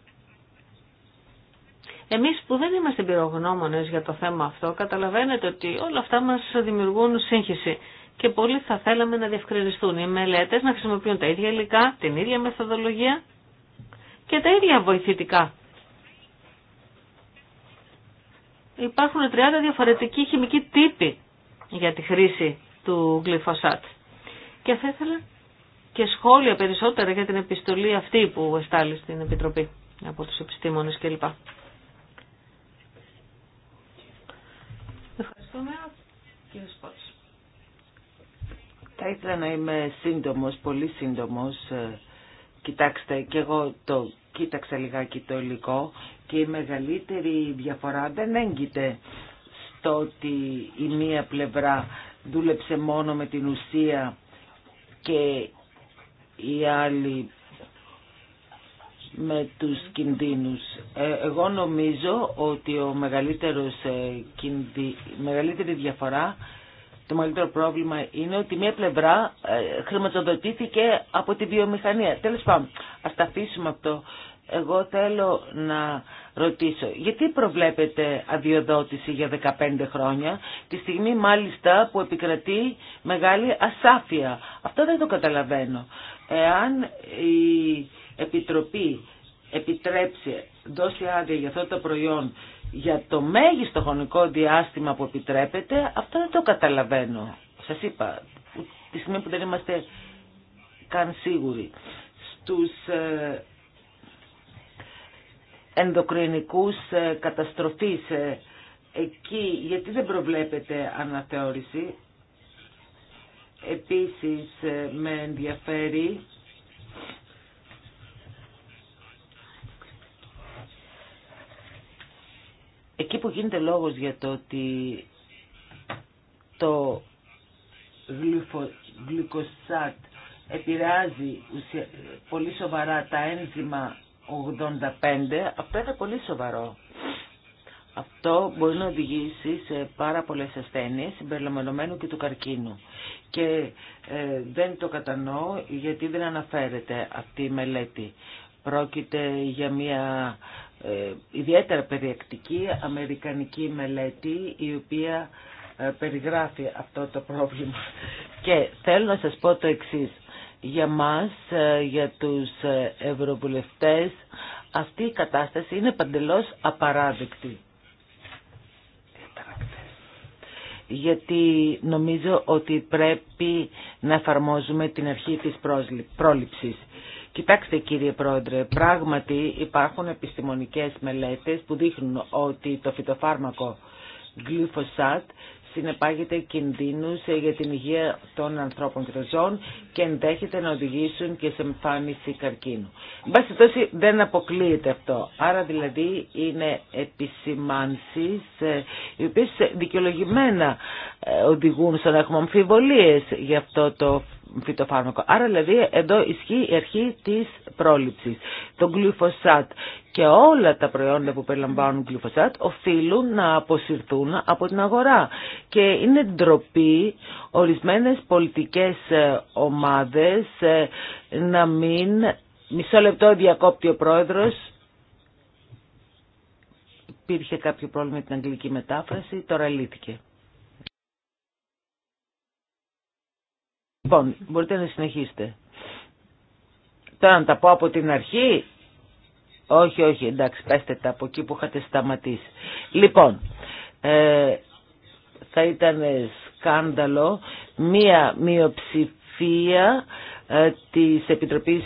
Εμείς που δεν είμαστε πυρογνώμονες για το θέμα αυτό, καταλαβαίνετε ότι όλα αυτά μας δημιουργούν σύγχυση και πολλοί θα θέλαμε να διευκρινιστούν οι μελέτες, να χρησιμοποιούν τα ίδια υλικά, την ίδια μεθοδολογία και τα ίδια βοηθητικά. Υπάρχουν 30 διαφορετικοί χημικοί τύποι για τη χρήση του γλυφοσάτ. Και θα ήθελα και σχόλια περισσότερα για την επιστολή αυτή που εστάλει στην Επιτροπή από τους επιστήμονες κλπ. Ευχαριστούμε. Κύριε Σπότς. Θα ήθελα να είμαι σύντομος, πολύ σύντομος. Ε, κοιτάξτε, και εγώ το κοίταξα λιγάκι το υλικό και η μεγαλύτερη διαφορά δεν έγκυται στο ότι η μία πλευρά δούλεψε μόνο με την ουσία και οι άλλοι με τους κινδύνους. Ε, εγώ νομίζω ότι ο μεγαλύτερος, ε, κινδυ... μεγαλύτερη διαφορά, το μεγαλύτερο πρόβλημα είναι ότι μία πλευρά ε, χρηματοδοτήθηκε από τη βιομηχανία. Τέλος πάντων, ας τα αφήσουμε αυτό. Εγώ θέλω να ρωτήσω, γιατί προβλέπετε αδειοδότηση για 15 χρόνια, τη στιγμή μάλιστα που επικρατεί μεγάλη ασάφεια. Αυτό δεν το καταλαβαίνω. Εάν η Επιτροπή επιτρέψει, δώσει άδεια για αυτό το προϊόν για το μέγιστο χρονικό διάστημα που επιτρέπεται, αυτό δεν το καταλαβαίνω. Σας είπα, τη στιγμή που δεν είμαστε καν σίγουροι. Στους ε, ενδοκρινικούς ε, καταστροφείς ε, εκεί, γιατί δεν προβλέπεται αναθεώρηση, Επίσης ε, με ενδιαφέρει εκεί που γίνεται λόγος για το ότι το γλυφο, γλυκοσάτ επηρεάζει πολύ σοβαρά τα ένζημα 85, αυτό είναι πολύ σοβαρό. Αυτό μπορεί να οδηγήσει σε πάρα πολλές ασθένειες, συμπεριλαμβανομένου και του καρκίνου και ε, δεν το κατανοώ γιατί δεν αναφέρεται αυτή η μελέτη. Πρόκειται για μια ε, ιδιαίτερα περιεκτική αμερικανική μελέτη η οποία ε, περιγράφει αυτό το πρόβλημα. Και θέλω να σας πω το εξής. Για μας, για τους ευρωβουλευτές, αυτή η κατάσταση είναι παντελώς απαράδεκτη. γιατί νομίζω ότι πρέπει να εφαρμόζουμε την αρχή της πρόληψης. Κοιτάξτε κύριε Πρόεδρε, πράγματι υπάρχουν επιστημονικές μελέτες που δείχνουν ότι το φυτοφάρμακο γλυφοσάτ συνεπάγεται κινδύνους ε, για την υγεία των ανθρώπων και των ζώων και ενδέχεται να οδηγήσουν και σε εμφάνιση καρκίνου. Μπάση τόση δεν αποκλείεται αυτό. Άρα δηλαδή είναι επισημάνσεις ε, οι οποίες δικαιολογημένα ε, οδηγούν στο να έχουμε αμφιβολίες για αυτό το φυτοφάρμακο. Άρα δηλαδή εδώ ισχύει η αρχή της πρόληψης. Το γλυφοσάτ και όλα τα προϊόντα που περιλαμβάνουν γλυφοσάτ οφείλουν να αποσυρθούν από την αγορά. Και είναι ντροπή ορισμένες πολιτικές ε, ομάδες ε, να μην... Μισό λεπτό διακόπτει ο πρόεδρος. Υπήρχε κάποιο πρόβλημα με την αγγλική μετάφραση, τώρα λύθηκε. Λοιπόν, μπορείτε να συνεχίσετε. Τώρα να τα πω από την αρχή. Όχι, όχι, εντάξει, πέστε τα από εκεί που είχατε σταματήσει. Λοιπόν, ε, θα ήταν σκάνδαλο μία μειοψηφία ε, της Επιτροπής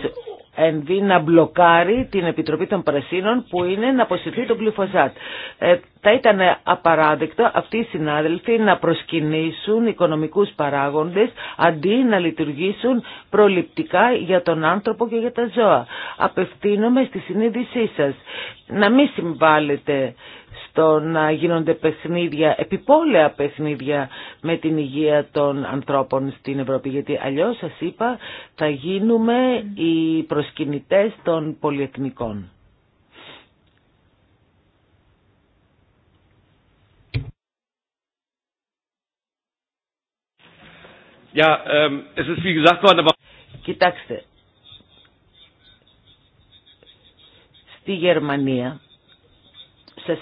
Ενδύει να μπλοκάρει την Επιτροπή των Πρασίνων που είναι να αποσυρθεί τον Γλυφοζάτ. Ε, θα ήταν απαράδεκτο αυτοί οι συνάδελφοι να προσκυνήσουν οικονομικούς παράγοντες αντί να λειτουργήσουν προληπτικά για τον άνθρωπο και για τα ζώα. Απευθύνομαι στη συνείδησή σας να μην συμβάλλετε το να γίνονται παιχνίδια, επιπόλαια παιχνίδια με την υγεία των ανθρώπων στην Ευρώπη. Γιατί αλλιώς σας είπα θα γίνουμε οι προσκυνητές των πολυεθνικών. Ähm, es ist wie gesagt worden, Κοιτάξτε, στη Γερμανία σε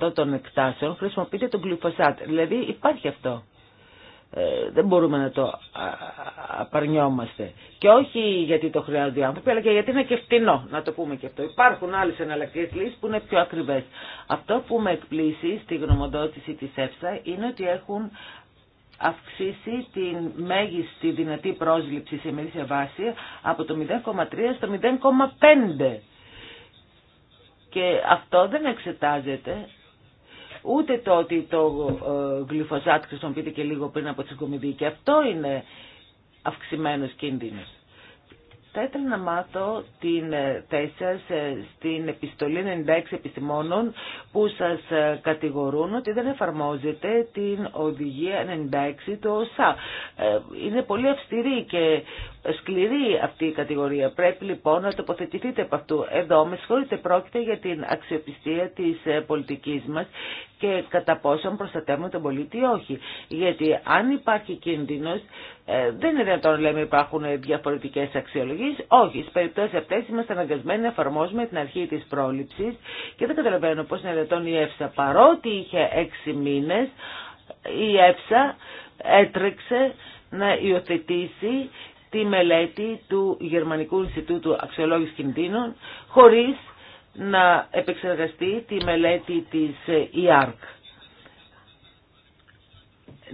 40% των εκτάσεων χρησιμοποιείται το γλυφοσάτ. Δηλαδή υπάρχει αυτό. Ε, δεν μπορούμε να το απαρνιόμαστε. Και όχι γιατί το χρειάζονται οι άνθρωποι, αλλά και γιατί είναι και φτηνό, να το πούμε και αυτό. Υπάρχουν άλλες εναλλακτικές λύσεις που είναι πιο ακριβές. Αυτό που με εκπλήσει στη γνωμοδότηση της ΕΦΣΑ είναι ότι έχουν αυξήσει τη μέγιστη δυνατή πρόσληψη σε μερίσια βάση από το 0,3 στο 0,5. Και αυτό δεν εξετάζεται ούτε το ότι το ε, γλυφοζάτ χρησιμοποιείται και λίγο πριν από τη συγκομιδή. Και αυτό είναι αυξημένος κίνδυνος. Θα ήθελα να μάθω την ε, θέση ε, στην επιστολή 96 επιστημόνων που σας ε, κατηγορούν ότι δεν εφαρμόζετε την οδηγία 96 του ΩΣΑ. Είναι πολύ αυστηρή και σκληρή αυτή η κατηγορία. Πρέπει λοιπόν να τοποθετηθείτε από αυτού. Εδώ με συγχωρείτε πρόκειται για την αξιοπιστία της πολιτικής μας και κατά πόσον προστατεύουμε τον πολίτη όχι. Γιατί αν υπάρχει κίνδυνος ε, δεν είναι δυνατόν λέμε υπάρχουν διαφορετικέ αξιολογίε. Όχι, στι περιπτώσει αυτέ είμαστε αναγκασμένοι να εφαρμόζουμε την αρχή τη πρόληψη και δεν καταλαβαίνω πώ είναι δυνατόν η ΕΦΣΑ. Παρότι είχε έξι μήνε, η ΕΦΣΑ έτρεξε να υιοθετήσει τη μελέτη του Γερμανικού Ινστιτούτου Αξιολόγηση Κινδύνων χωρί να επεξεργαστεί τη μελέτη της ΙΑΡΚ. Ε,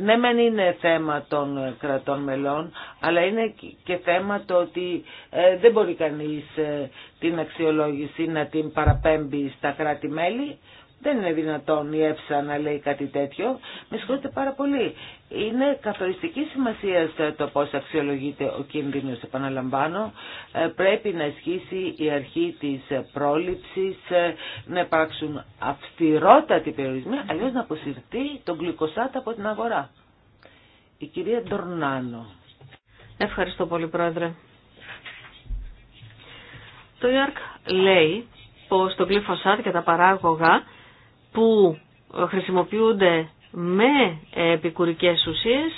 ναι μεν είναι θέμα των ε, κρατών μελών, αλλά είναι και θέμα το ότι ε, δεν μπορεί κανείς ε, την αξιολόγηση να την παραπέμπει στα κράτη-μέλη. Δεν είναι δυνατόν η ΕΦΣΑ να λέει κάτι τέτοιο. Με πάρα πολύ. Είναι καθοριστική σημασία το πώς αξιολογείται ο κίνδυνος. Επαναλαμβάνω, ε, πρέπει να ισχύσει η αρχή της πρόληψης, ε, να υπάρξουν αυστηρότατοι περιορισμοί, αλλιώς να αποσυρθεί τον γλυκοσάτα από την αγορά. Η κυρία Ντορνάνο. Ευχαριστώ πολύ, Πρόεδρε. Το ΙΑΡΚ λέει πως το γλυφοσάτ και τα παράγωγα που χρησιμοποιούνται με επικουρικές ουσίες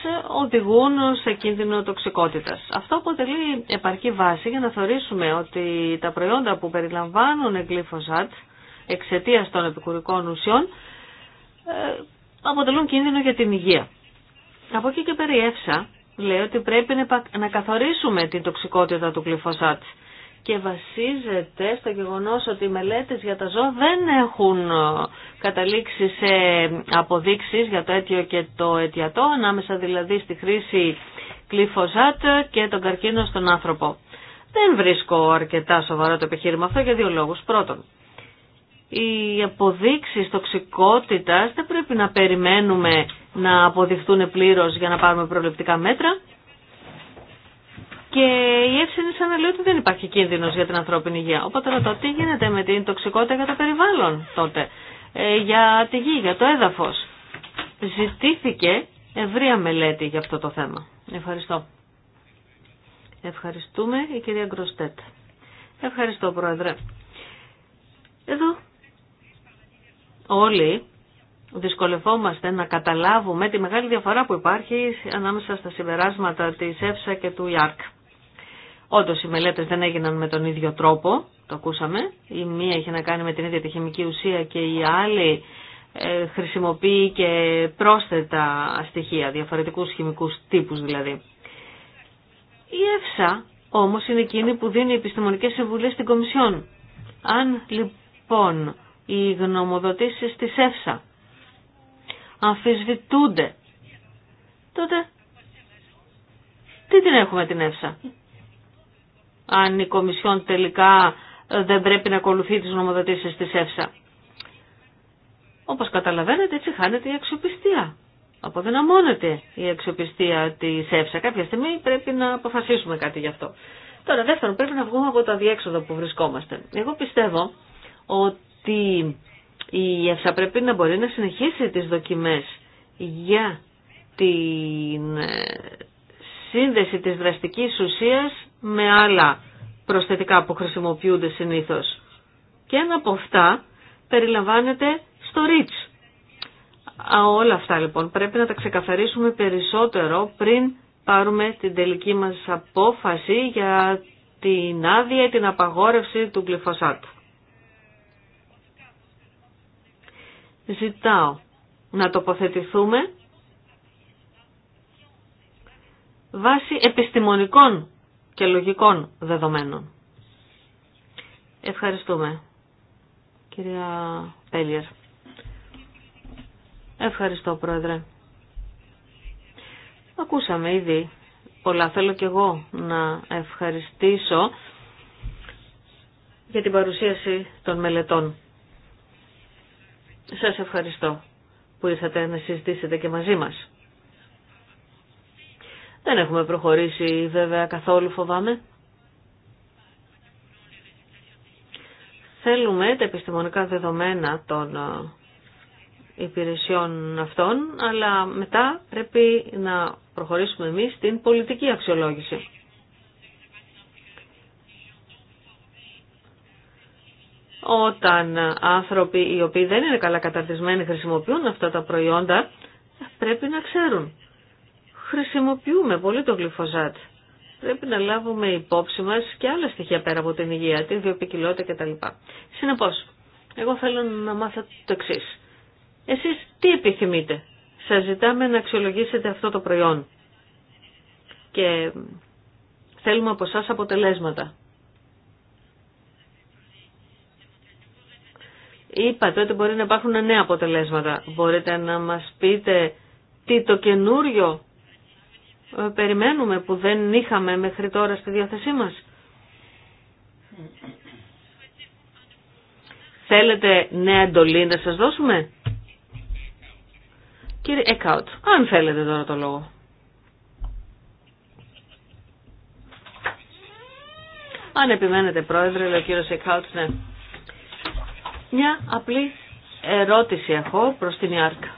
οδηγούν σε κίνδυνο τοξικότητας. Αυτό αποτελεί επαρκή βάση για να θεωρήσουμε ότι τα προϊόντα που περιλαμβάνουν εγκλήφοζατ εξαιτίας των επικουρικών ουσιών ε, αποτελούν κίνδυνο για την υγεία. Από εκεί και περι λέει ότι πρέπει να καθορίσουμε την τοξικότητα του γλυφοζάτ και βασίζεται στο γεγονός ότι οι μελέτες για τα ζώα δεν έχουν ε, καταλήξει σε αποδείξεις για το αίτιο και το αιτιατό, ανάμεσα δηλαδή στη χρήση κλειφοζάτ και τον καρκίνο στον άνθρωπο. Δεν βρίσκω αρκετά σοβαρό το επιχείρημα αυτό για δύο λόγους. Πρώτον, οι αποδείξεις τοξικότητας δεν πρέπει να περιμένουμε να αποδειχθούν πλήρως για να πάρουμε προληπτικά μέτρα. Και η Εύσυνη σαν να λέει ότι δεν υπάρχει κίνδυνο για την ανθρώπινη υγεία. Οπότε ρωτώ, τι γίνεται με την τοξικότητα για το περιβάλλον τότε, ε, για τη γη, για το έδαφο. Ζητήθηκε ευρία μελέτη για αυτό το θέμα. Ευχαριστώ. Ευχαριστούμε η κυρία Γκροστέτ. Ευχαριστώ πρόεδρε. Εδώ όλοι δυσκολευόμαστε να καταλάβουμε τη μεγάλη διαφορά που υπάρχει ανάμεσα στα συμπεράσματα της ΕΦΣΑ και του ΙΑΡΚ. Όντω οι μελέτε δεν έγιναν με τον ίδιο τρόπο, το ακούσαμε. Η μία είχε να κάνει με την ίδια τη χημική ουσία και η άλλη ε, χρησιμοποιεί και πρόσθετα στοιχεία, διαφορετικούς χημικούς τύπους δηλαδή. Η ΕΦΣΑ όμως είναι εκείνη που δίνει επιστημονικές συμβουλές στην Κομισιόν. Αν λοιπόν οι γνωμοδοτήσεις τη ΕΦΣΑ αμφισβητούνται, τότε τι την έχουμε την ΕΦΣΑ αν η Κομισιόν τελικά ε, δεν πρέπει να ακολουθεί τις νομοδοτήσεις της ΕΦΣΑ. Όπως καταλαβαίνετε έτσι χάνεται η αξιοπιστία. Αποδυναμώνεται η αξιοπιστία της ΕΦΣΑ. Κάποια στιγμή πρέπει να αποφασίσουμε κάτι γι' αυτό. Τώρα δεύτερον πρέπει να βγούμε από το αδιέξοδο που βρισκόμαστε. Εγώ πιστεύω ότι η ΕΦΣΑ πρέπει να μπορεί να συνεχίσει τις δοκιμές για την ε, σύνδεση της δραστικής ουσίας με άλλα προσθετικά που χρησιμοποιούνται συνήθως. Και ένα από αυτά περιλαμβάνεται στο ριτς. Α, όλα αυτά λοιπόν πρέπει να τα ξεκαθαρίσουμε περισσότερο πριν πάρουμε την τελική μας απόφαση για την άδεια ή την απαγόρευση του γλυφωσάτου. Ζητάω να τοποθετηθούμε βάσει επιστημονικών και λογικών δεδομένων. Ευχαριστούμε. Κυρία Πέλιερ. Ευχαριστώ, Πρόεδρε. Ακούσαμε ήδη πολλά. Θέλω και εγώ να ευχαριστήσω για την παρουσίαση των μελετών. Σας ευχαριστώ που ήρθατε να συζητήσετε και μαζί μας. Δεν έχουμε προχωρήσει βέβαια καθόλου φοβάμαι. Θέλουμε τα επιστημονικά δεδομένα των ε, υπηρεσιών αυτών, αλλά μετά πρέπει να προχωρήσουμε εμείς στην πολιτική αξιολόγηση. Όταν άνθρωποι οι οποίοι δεν είναι καλά καταρτισμένοι χρησιμοποιούν αυτά τα προϊόντα, πρέπει να ξέρουν χρησιμοποιούμε πολύ το γλυφοζάτ. Πρέπει να λάβουμε υπόψη μας και άλλα στοιχεία πέρα από την υγεία, την βιοπικιλότητα κτλ. Συνεπώς, εγώ θέλω να μάθω το εξή. Εσείς τι επιθυμείτε. Σας ζητάμε να αξιολογήσετε αυτό το προϊόν. Και θέλουμε από εσά αποτελέσματα. Είπατε ότι μπορεί να υπάρχουν νέα αποτελέσματα. Μπορείτε να μας πείτε τι το καινούριο ε, περιμένουμε που δεν είχαμε μέχρι τώρα στη διάθεσή μας. Θέλετε νέα εντολή να σας δώσουμε. Κύριε Εκάουτ, αν θέλετε τώρα το λόγο. Αν επιμένετε πρόεδρε, λέει ο κύριος Εκάουτ, ναι. Μια απλή ερώτηση έχω προς την Ιάρκα.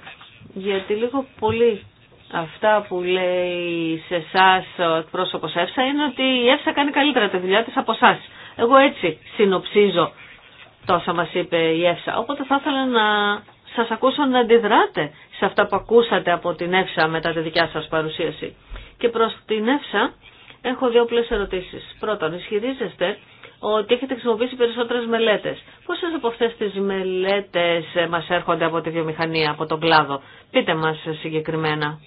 Γιατί λίγο πολύ Αυτά που λέει σε εσά ο εκπρόσωπο ΕΦΣΑ είναι ότι η ΕΦΣΑ κάνει καλύτερα τη δουλειά τη από εσά. Εγώ έτσι συνοψίζω τόσα μα είπε η ΕΦΣΑ. Οπότε θα ήθελα να σα ακούσω να αντιδράτε σε αυτά που ακούσατε από την ΕΦΣΑ μετά τη δικιά σα παρουσίαση. Και προ την ΕΦΣΑ έχω δύο πλές ερωτήσει. Πρώτον, ισχυρίζεστε ότι έχετε χρησιμοποιήσει περισσότερε μελέτε. Πόσε από αυτέ τι μελέτε ε, μα έρχονται από τη βιομηχανία, από τον κλάδο. Πείτε μα ε, συγκεκριμένα.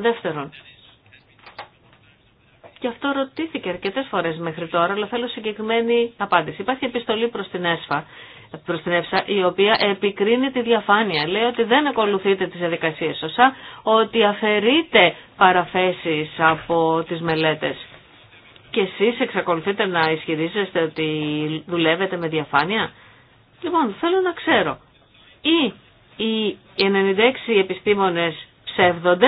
Δεύτερον, και αυτό ρωτήθηκε αρκετέ φορέ μέχρι τώρα, αλλά θέλω συγκεκριμένη απάντηση. Υπάρχει επιστολή προ την ΕΣΦΑ, προς την ΕΦΣΑ, η οποία επικρίνει τη διαφάνεια. Λέει ότι δεν ακολουθείτε τι διαδικασίε σωστά, ότι αφαιρείτε παραθέσει από τι μελέτε. Και εσεί εξακολουθείτε να ισχυρίζεστε ότι δουλεύετε με διαφάνεια. Λοιπόν, θέλω να ξέρω, ή οι 96 επιστήμονες ψεύδονται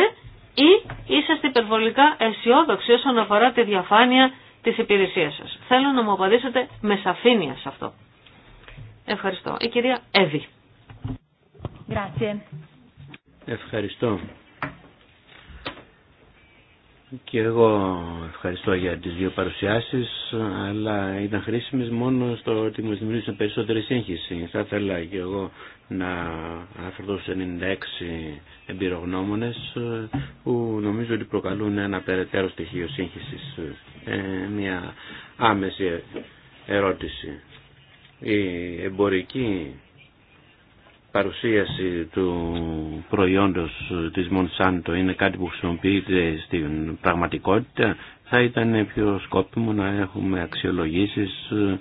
ή είσαστε υπερβολικά αισιόδοξοι όσον αφορά τη διαφάνεια της υπηρεσίας σας. Θέλω να μου απαντήσετε με σαφήνεια σε αυτό. Ευχαριστώ. Η κυρία Εύη. Ευχαριστώ. Και εγώ ευχαριστώ για τις δύο παρουσιάσεις, αλλά ήταν χρήσιμες μόνο στο ότι μου δημιουργήσαν περισσότερη σύγχυση. Θα ήθελα και εγώ να αναφερθώ στους 96 εμπειρογνώμονες που νομίζω ότι προκαλούν ένα περαιτέρω στοιχείο σύγχυσης. Ε, μια άμεση ερώτηση. Η εμπορική παρουσίαση του προϊόντος της Μονσάντο είναι κάτι που χρησιμοποιείται στην πραγματικότητα, θα ήταν πιο σκόπιμο να έχουμε αξιολογήσεις ε,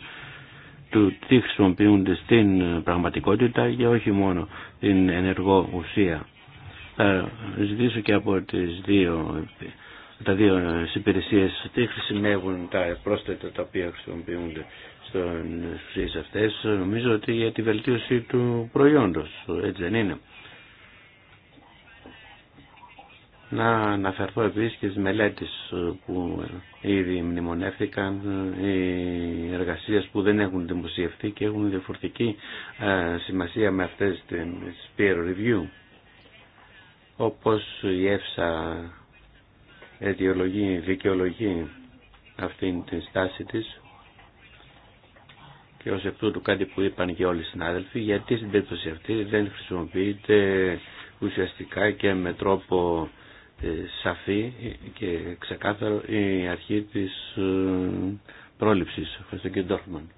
του τι χρησιμοποιούνται στην πραγματικότητα και όχι μόνο την ενεργό ουσία. Θα ζητήσω και από τις δύο, τα δύο υπηρεσίε τι χρησιμεύουν τα πρόσθετα τα οποία χρησιμοποιούνται στον αυτές νομίζω ότι για τη βελτίωση του προϊόντος, έτσι δεν είναι. Να αναφερθώ επίσης και στις μελέτες που ήδη μνημονεύτηκαν, οι εργασίες που δεν έχουν δημοσιευτεί και έχουν διαφορετική ε, σημασία με αυτές τις peer review. Όπως η ΕΦΣΑ αιτιολογεί, δικαιολογεί αυτήν την στάση της, και ως εκ του κάτι που είπαν και όλοι οι συνάδελφοι γιατί στην περίπτωση αυτή δεν χρησιμοποιείται ουσιαστικά και με τρόπο ε, σαφή και ξεκάθαρο η αρχή της ε, πρόληψης. Ευχαριστώ κύριε Ντόρφμαν.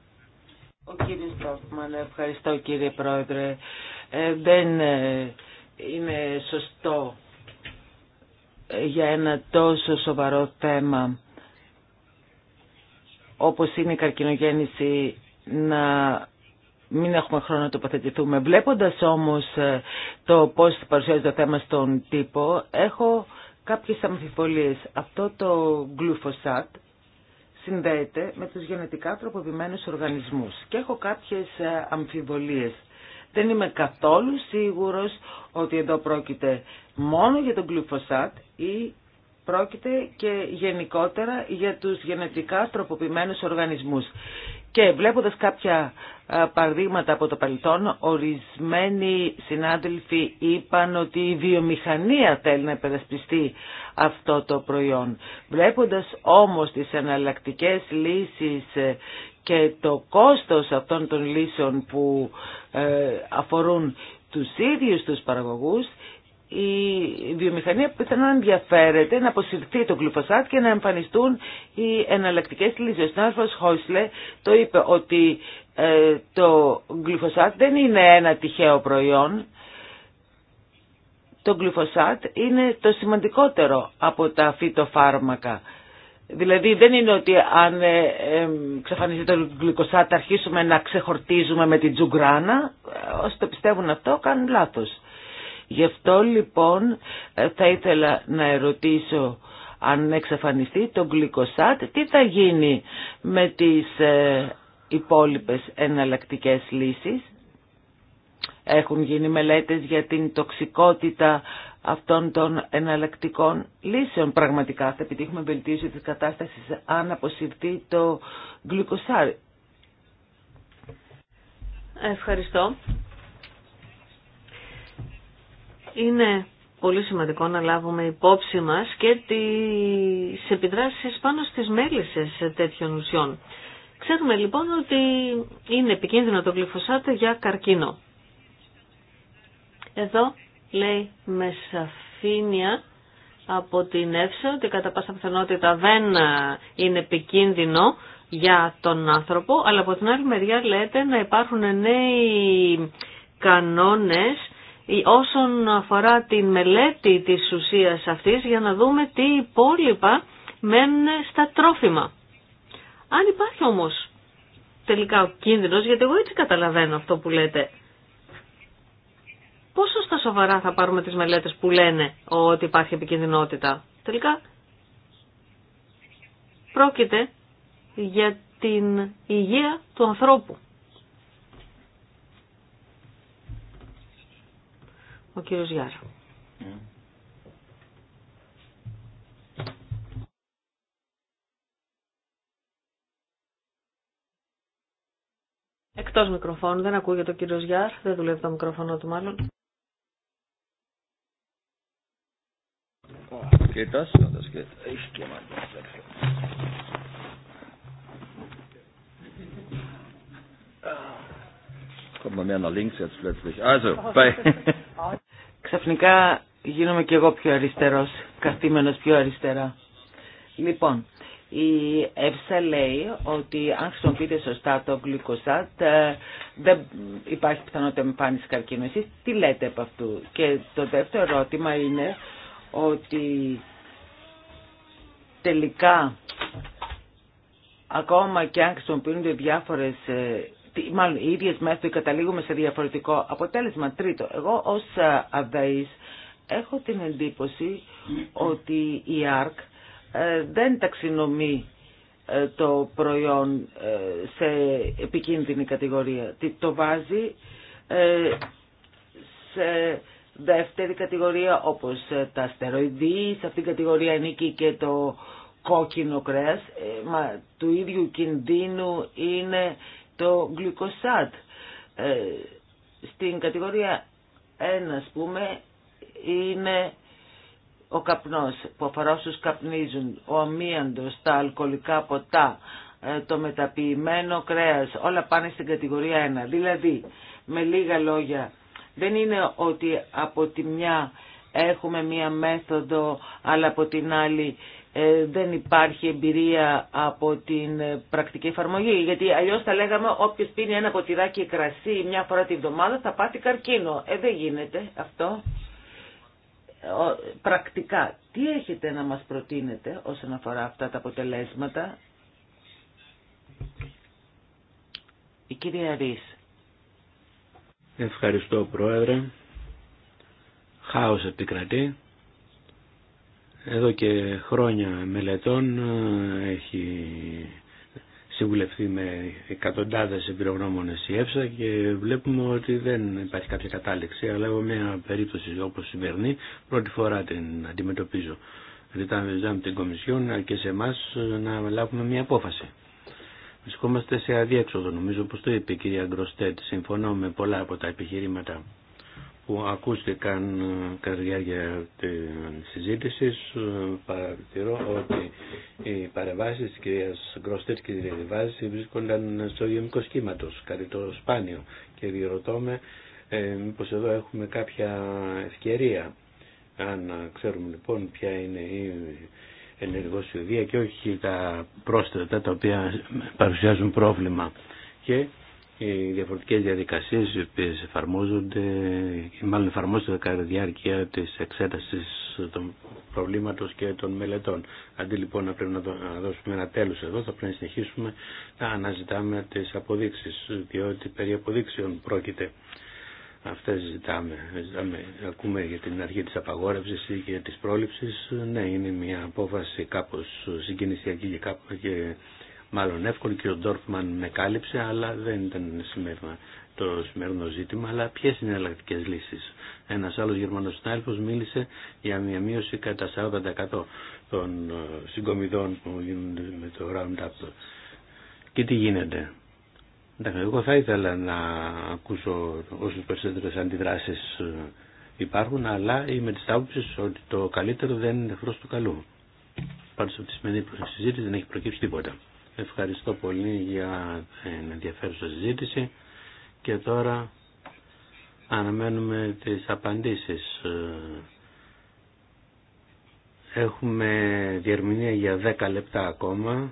Ο κύριος Ντόρφμαν, ευχαριστώ κύριε Πρόεδρε. Ε, δεν είναι σωστό για ένα τόσο σοβαρό θέμα όπως είναι η καρκινογέννηση να μην έχουμε χρόνο να τοποθετηθούμε. Βλέποντας όμως ε, το πώς παρουσιάζει το θέμα στον τύπο, έχω κάποιες αμφιβολίες. Αυτό το γλουφοσάτ συνδέεται με τους γενετικά τροποποιημένους οργανισμούς και έχω κάποιες ε, αμφιβολίες. Δεν είμαι καθόλου σίγουρος ότι εδώ πρόκειται μόνο για τον γλουφοσάτ ή πρόκειται και γενικότερα για τους γενετικά τροποποιημένους οργανισμούς. Και βλέποντας κάποια παραδείγματα από το παρελθόν, ορισμένοι συνάδελφοι είπαν ότι η βιομηχανία θέλει να υπερασπιστεί αυτό το προϊόν. Βλέποντας όμως τις εναλλακτικέ λύσεις ε, και το κόστος αυτών των λύσεων που ε, αφορούν τους ίδιους τους παραγωγούς, η βιομηχανία πιθανόν ενδιαφέρεται να αποσυρθεί το γλυφοσάτ και να εμφανιστούν οι εναλλακτικέ λύσει. Ο συνάδελφο Χόισλε το είπε ότι ε, το γλυφοσάτ δεν είναι ένα τυχαίο προϊόν. Το γλυφοσάτ είναι το σημαντικότερο από τα φυτοφάρμακα. Δηλαδή δεν είναι ότι αν ε, το γλυκοσάτ αρχίσουμε να ξεχορτίζουμε με την τζουγκράνα. Ε, όσοι το πιστεύουν αυτό κάνουν λάθος. Γι' αυτό λοιπόν ε, θα ήθελα να ερωτήσω αν εξαφανιστεί το γλυκοσάτ, τι θα γίνει με τις ε, υπόλοιπες εναλλακτικές λύσεις. Έχουν γίνει μελέτες για την τοξικότητα αυτών των εναλλακτικών λύσεων. Πραγματικά θα επιτύχουμε βελτίωση της κατάστασης αν αποσυρθεί το γλυκοσάρι. Ευχαριστώ. Είναι πολύ σημαντικό να λάβουμε υπόψη μας και τις επιδράσεις πάνω στις μέλισσες τέτοιων ουσιών. Ξέρουμε λοιπόν ότι είναι επικίνδυνο το γλυφοσάτο για καρκίνο. Εδώ λέει με σαφήνεια από την ΕΦΣΑ ότι κατά πάσα πιθανότητα δεν είναι επικίνδυνο για τον άνθρωπο, αλλά από την άλλη μεριά λέτε να υπάρχουν νέοι κανόνες όσον αφορά τη μελέτη της ουσίας αυτής για να δούμε τι υπόλοιπα μένουν στα τρόφιμα. Αν υπάρχει όμως τελικά ο κίνδυνος, γιατί εγώ έτσι καταλαβαίνω αυτό που λέτε, πόσο στα σοβαρά θα πάρουμε τις μελέτες που λένε ότι υπάρχει επικίνδυνοτητα. Τελικά πρόκειται για την υγεία του ανθρώπου. Ο κύριος Γιάρα. Εκτός μικροφώνου, δεν ακούγεται ο κύριος Γιάρ, δεν δουλεύει το μικρόφωνο του μάλλον. Kommt man links jetzt plötzlich. Also, oh, bei... [laughs] Ξαφνικά γίνομαι και εγώ πιο αριστερός, καθήμενος πιο αριστερά. Λοιπόν, η ΕΦΣΑ λέει ότι αν χρησιμοποιείτε σωστά το γλυκοσάτ ε, δεν υπάρχει πιθανότητα εμφάνιση καρκίνου. τι λέτε από αυτού. Και το δεύτερο ερώτημα είναι ότι τελικά ακόμα και αν χρησιμοποιούνται διάφορες ε, μάλλον οι ίδιες μέθοδοι καταλήγουμε σε διαφορετικό αποτέλεσμα. Τρίτο, εγώ ως ε, αδαής έχω την εντύπωση ότι η ΑΡΚ ε, δεν ταξινομεί ε, το προϊόν σε επικίνδυνη κατηγορία. Το βάζει σε δεύτερη κατηγορία όπως τα αστεροειδή. σε αυτήν την κατηγορία ανήκει και το κόκκινο κρέας, μα του ίδιου κινδύνου είναι το γλυκοσάτ. Ε, στην κατηγορία 1, ας πούμε, είναι ο καπνός που αφορά όσους καπνίζουν, ο αμύαντος, τα αλκοολικά ποτά, ε, το μεταποιημένο κρέας, όλα πάνε στην κατηγορία 1. Δηλαδή, με λίγα λόγια, δεν είναι ότι από τη μια έχουμε μία μέθοδο, αλλά από την άλλη ε, δεν υπάρχει εμπειρία από την πρακτική εφαρμογή. Γιατί αλλιώς θα λέγαμε όποιος πίνει ένα ποτηράκι κρασί μια φορά τη βδομάδα θα πάθει καρκίνο. Ε, δεν γίνεται αυτό. Πρακτικά, τι έχετε να μας προτείνετε όσον αφορά αυτά τα αποτελέσματα. Η κυρία Ρής. Ευχαριστώ Πρόεδρε. Χάος επικρατεί εδώ και χρόνια μελετών ε, έχει συμβουλευτεί με εκατοντάδες εμπειρογνώμονες η ΕΦΣΑ και βλέπουμε ότι δεν υπάρχει κάποια κατάληξη αλλά εγώ μια περίπτωση όπως σημερινή πρώτη φορά την αντιμετωπίζω ζητάμε δηλαδή, την Κομισιόν και σε εμά να λάβουμε μια απόφαση. Βρισκόμαστε σε αδίέξοδο νομίζω όπως το είπε η κυρία Γκροστέτ συμφωνώ με πολλά από τα επιχειρήματα που ακούστηκαν ε, κατά τη διάρκεια τη συζήτηση ε, παρατηρώ ότι οι παρεμβάσει τη κυρία Γκροστέτ και τη Διαβάση βρίσκονταν στο γενικό σχήματο, κάτι το σπάνιο και διερωτώ με ε, εδώ έχουμε κάποια ευκαιρία αν ξέρουμε λοιπόν ποια είναι η ενεργοσυδία και όχι τα πρόσθετα τα οποία παρουσιάζουν πρόβλημα οι διαφορετικές διαδικασίες οι οποίες εφαρμόζονται και μάλλον εφαρμόζονται κατά τη διάρκεια της εξέτασης των προβλήματος και των μελετών. Αντί λοιπόν να πρέπει να δώσουμε ένα τέλος εδώ θα πρέπει να συνεχίσουμε να αναζητάμε τις αποδείξεις διότι περί αποδείξεων πρόκειται. Αυτές ζητάμε, ζητάμε, ακούμε για την αρχή της απαγόρευσης ή για της πρόληψης. Ναι, είναι μια απόφαση κάπως συγκινησιακή και, κάπως και μάλλον εύκολη και ο Ντόρφμαν με κάλυψε, αλλά δεν ήταν σημερινά το σημερινό ζήτημα, αλλά ποιες είναι οι εναλλακτικέ λύσεις. Ένας άλλος Γερμανός συνάδελφος μίλησε για μια μείωση κατά 40% των ε, συγκομιδών που γίνονται με το Roundup. Και τι γίνεται. Εγώ θα ήθελα να ακούσω όσες περισσότερες αντιδράσεις ε, υπάρχουν, αλλά είμαι της άποψης ότι το καλύτερο δεν είναι εχθρός του καλού. Πάντως από τη σημερινή συζήτηση δεν έχει προκύψει τίποτα. Ευχαριστώ πολύ για την ενδιαφέρουσα συζήτηση και τώρα αναμένουμε τις απαντήσεις. Έχουμε διερμηνία για 10 λεπτά ακόμα,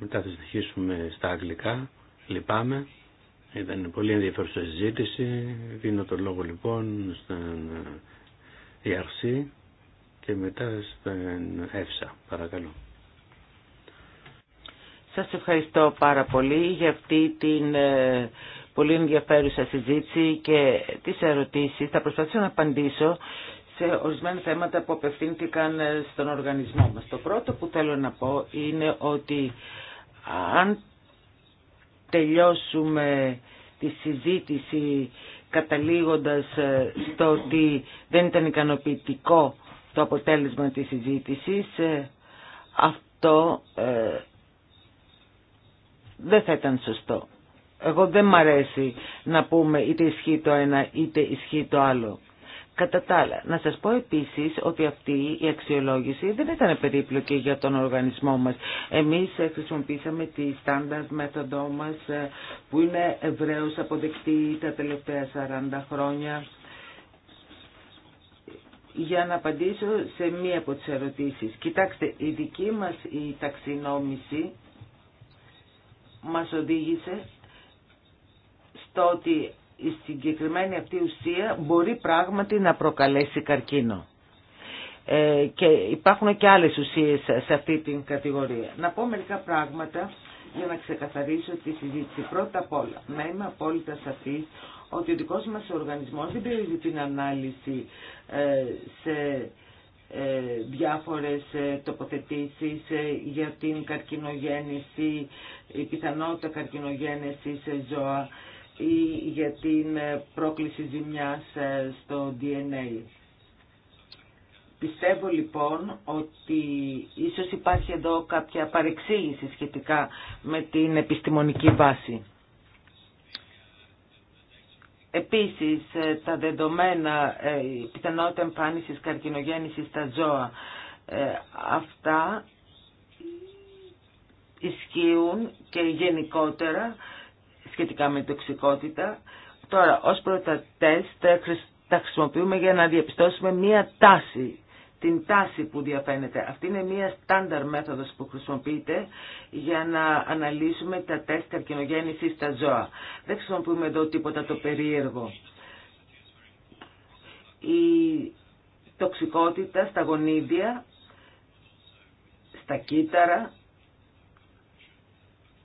μετά θα συνεχίσουμε στα αγγλικά, λυπάμαι. Ήταν ε, πολύ ενδιαφέρουσα συζήτηση, δίνω το λόγο λοιπόν στην ERC και μετά στην ΕΦΣΑ, παρακαλώ. Σας ευχαριστώ πάρα πολύ για αυτή την ε, πολύ ενδιαφέρουσα συζήτηση και τις ερωτήσεις. Θα προσπαθήσω να απαντήσω σε ορισμένα θέματα που απευθύνθηκαν ε, στον οργανισμό μας. Το πρώτο που θέλω να πω είναι ότι αν τελειώσουμε τη συζήτηση καταλήγοντας ε, στο ότι δεν ήταν ικανοποιητικό το αποτέλεσμα της συζήτησης, αυτό δεν θα ήταν σωστό. Εγώ δεν μ' αρέσει να πούμε είτε ισχύει το ένα είτε ισχύει το άλλο. Κατά τα άλλα, να σας πω επίσης ότι αυτή η αξιολόγηση δεν ήταν περίπλοκη για τον οργανισμό μας. Εμείς ε, χρησιμοποίησαμε τη στάνταρτ μέθοδό μας ε, που είναι ευρέως αποδεκτή τα τελευταία 40 χρόνια. Για να απαντήσω σε μία από τις ερωτήσεις. Κοιτάξτε, η δική μας η ταξινόμηση μας οδήγησε στο ότι η συγκεκριμένη αυτή ουσία μπορεί πράγματι να προκαλέσει καρκίνο. Ε, και υπάρχουν και άλλες ουσίες σε αυτή την κατηγορία. Να πω μερικά πράγματα για να ξεκαθαρίσω τη συζήτηση. Πρώτα απ' όλα, να είμαι απόλυτα σαφή ότι ο δικός μας οργανισμός δεν περιορίζει την ανάλυση ε, σε ε, διάφορες ε, τοποθετήσεις ε, για την καρκινογέννηση, η πιθανότητα καρκινογέννησης σε ζώα ή για την πρόκληση ζημιάς στο DNA. Πιστεύω λοιπόν ότι ίσως υπάρχει εδώ κάποια παρεξήγηση σχετικά με την επιστημονική βάση. Επίσης, ε, τα δεδομένα, ε, πιθανότητα εμφάνισης καρκινογέννησης στα ζώα, ε, αυτά ισχύουν και γενικότερα σχετικά με τοξικότητα. Τώρα, ως πρώτα τεστ, τα χρησιμοποιούμε για να διαπιστώσουμε μία τάση την τάση που διαφαίνεται. Αυτή είναι μία στάνταρ μέθοδος που χρησιμοποιείται για να αναλύσουμε τα τεστ καρκινογέννησης στα ζώα. Δεν χρησιμοποιούμε εδώ τίποτα το περίεργο. Η τοξικότητα στα γονίδια, στα κύτταρα,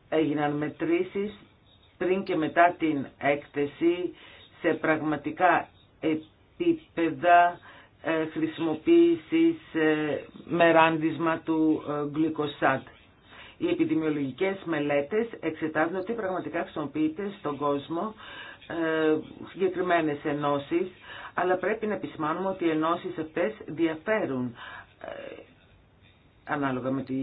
έγιναν μετρήσεις πριν και μετά την έκθεση σε πραγματικά επίπεδα ε, χρησιμοποίησης ε, με ράντισμα του ε, γλυκοσάτ. Οι επιδημιολογικές μελέτες εξετάζουν ότι πραγματικά χρησιμοποιείται στον κόσμο συγκεκριμένες ενώσεις, αλλά πρέπει να επισημάνουμε ότι οι ενώσεις αυτές διαφέρουν ανάλογα με τη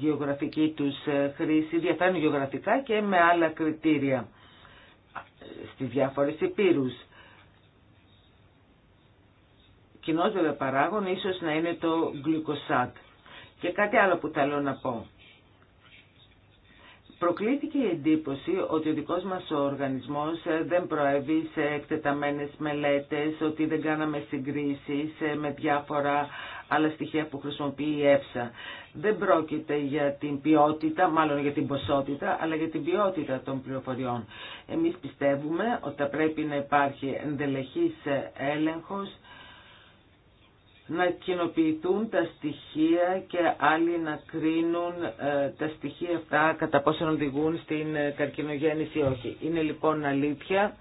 γεωγραφική τους χρήση, διαφέρουν γεωγραφικά και με άλλα κριτήρια στις διάφορες υπήρους κοινό βέβαια παράγων ίσως να είναι το γλυκοσάτ. Και κάτι άλλο που θέλω να πω. Προκλήθηκε η εντύπωση ότι ο δικός μας οργανισμός ε, δεν προέβη σε εκτεταμένες μελέτες, ότι δεν κάναμε συγκρίσεις ε, με διάφορα άλλα στοιχεία που χρησιμοποιεί η ΕΦΣΑ. Δεν πρόκειται για την ποιότητα, μάλλον για την ποσότητα, αλλά για την ποιότητα των πληροφοριών. Εμείς πιστεύουμε ότι θα πρέπει να υπάρχει ενδελεχής ε, έλεγχος να κοινοποιηθούν τα στοιχεία και άλλοι να κρίνουν ε, τα στοιχεία αυτά κατά πόσο οδηγούν στην ε, καρκινογέννηση ή όχι. Είναι λοιπόν αλήθεια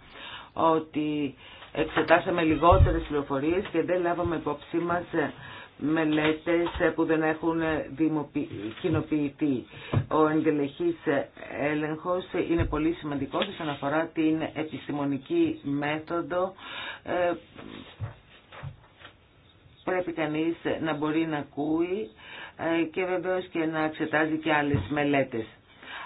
ότι εξετάσαμε λιγότερες πληροφορίες και δεν λάβαμε υπόψη μας ε, μελέτες που δεν έχουν κοινοποιηθεί. Ο εντελεχής έλεγχος είναι πολύ σημαντικός όσον αφορά την επιστημονική μέθοδο πρέπει κανείς να μπορεί να ακούει ε, και βεβαίως και να εξετάζει και άλλες μελέτες.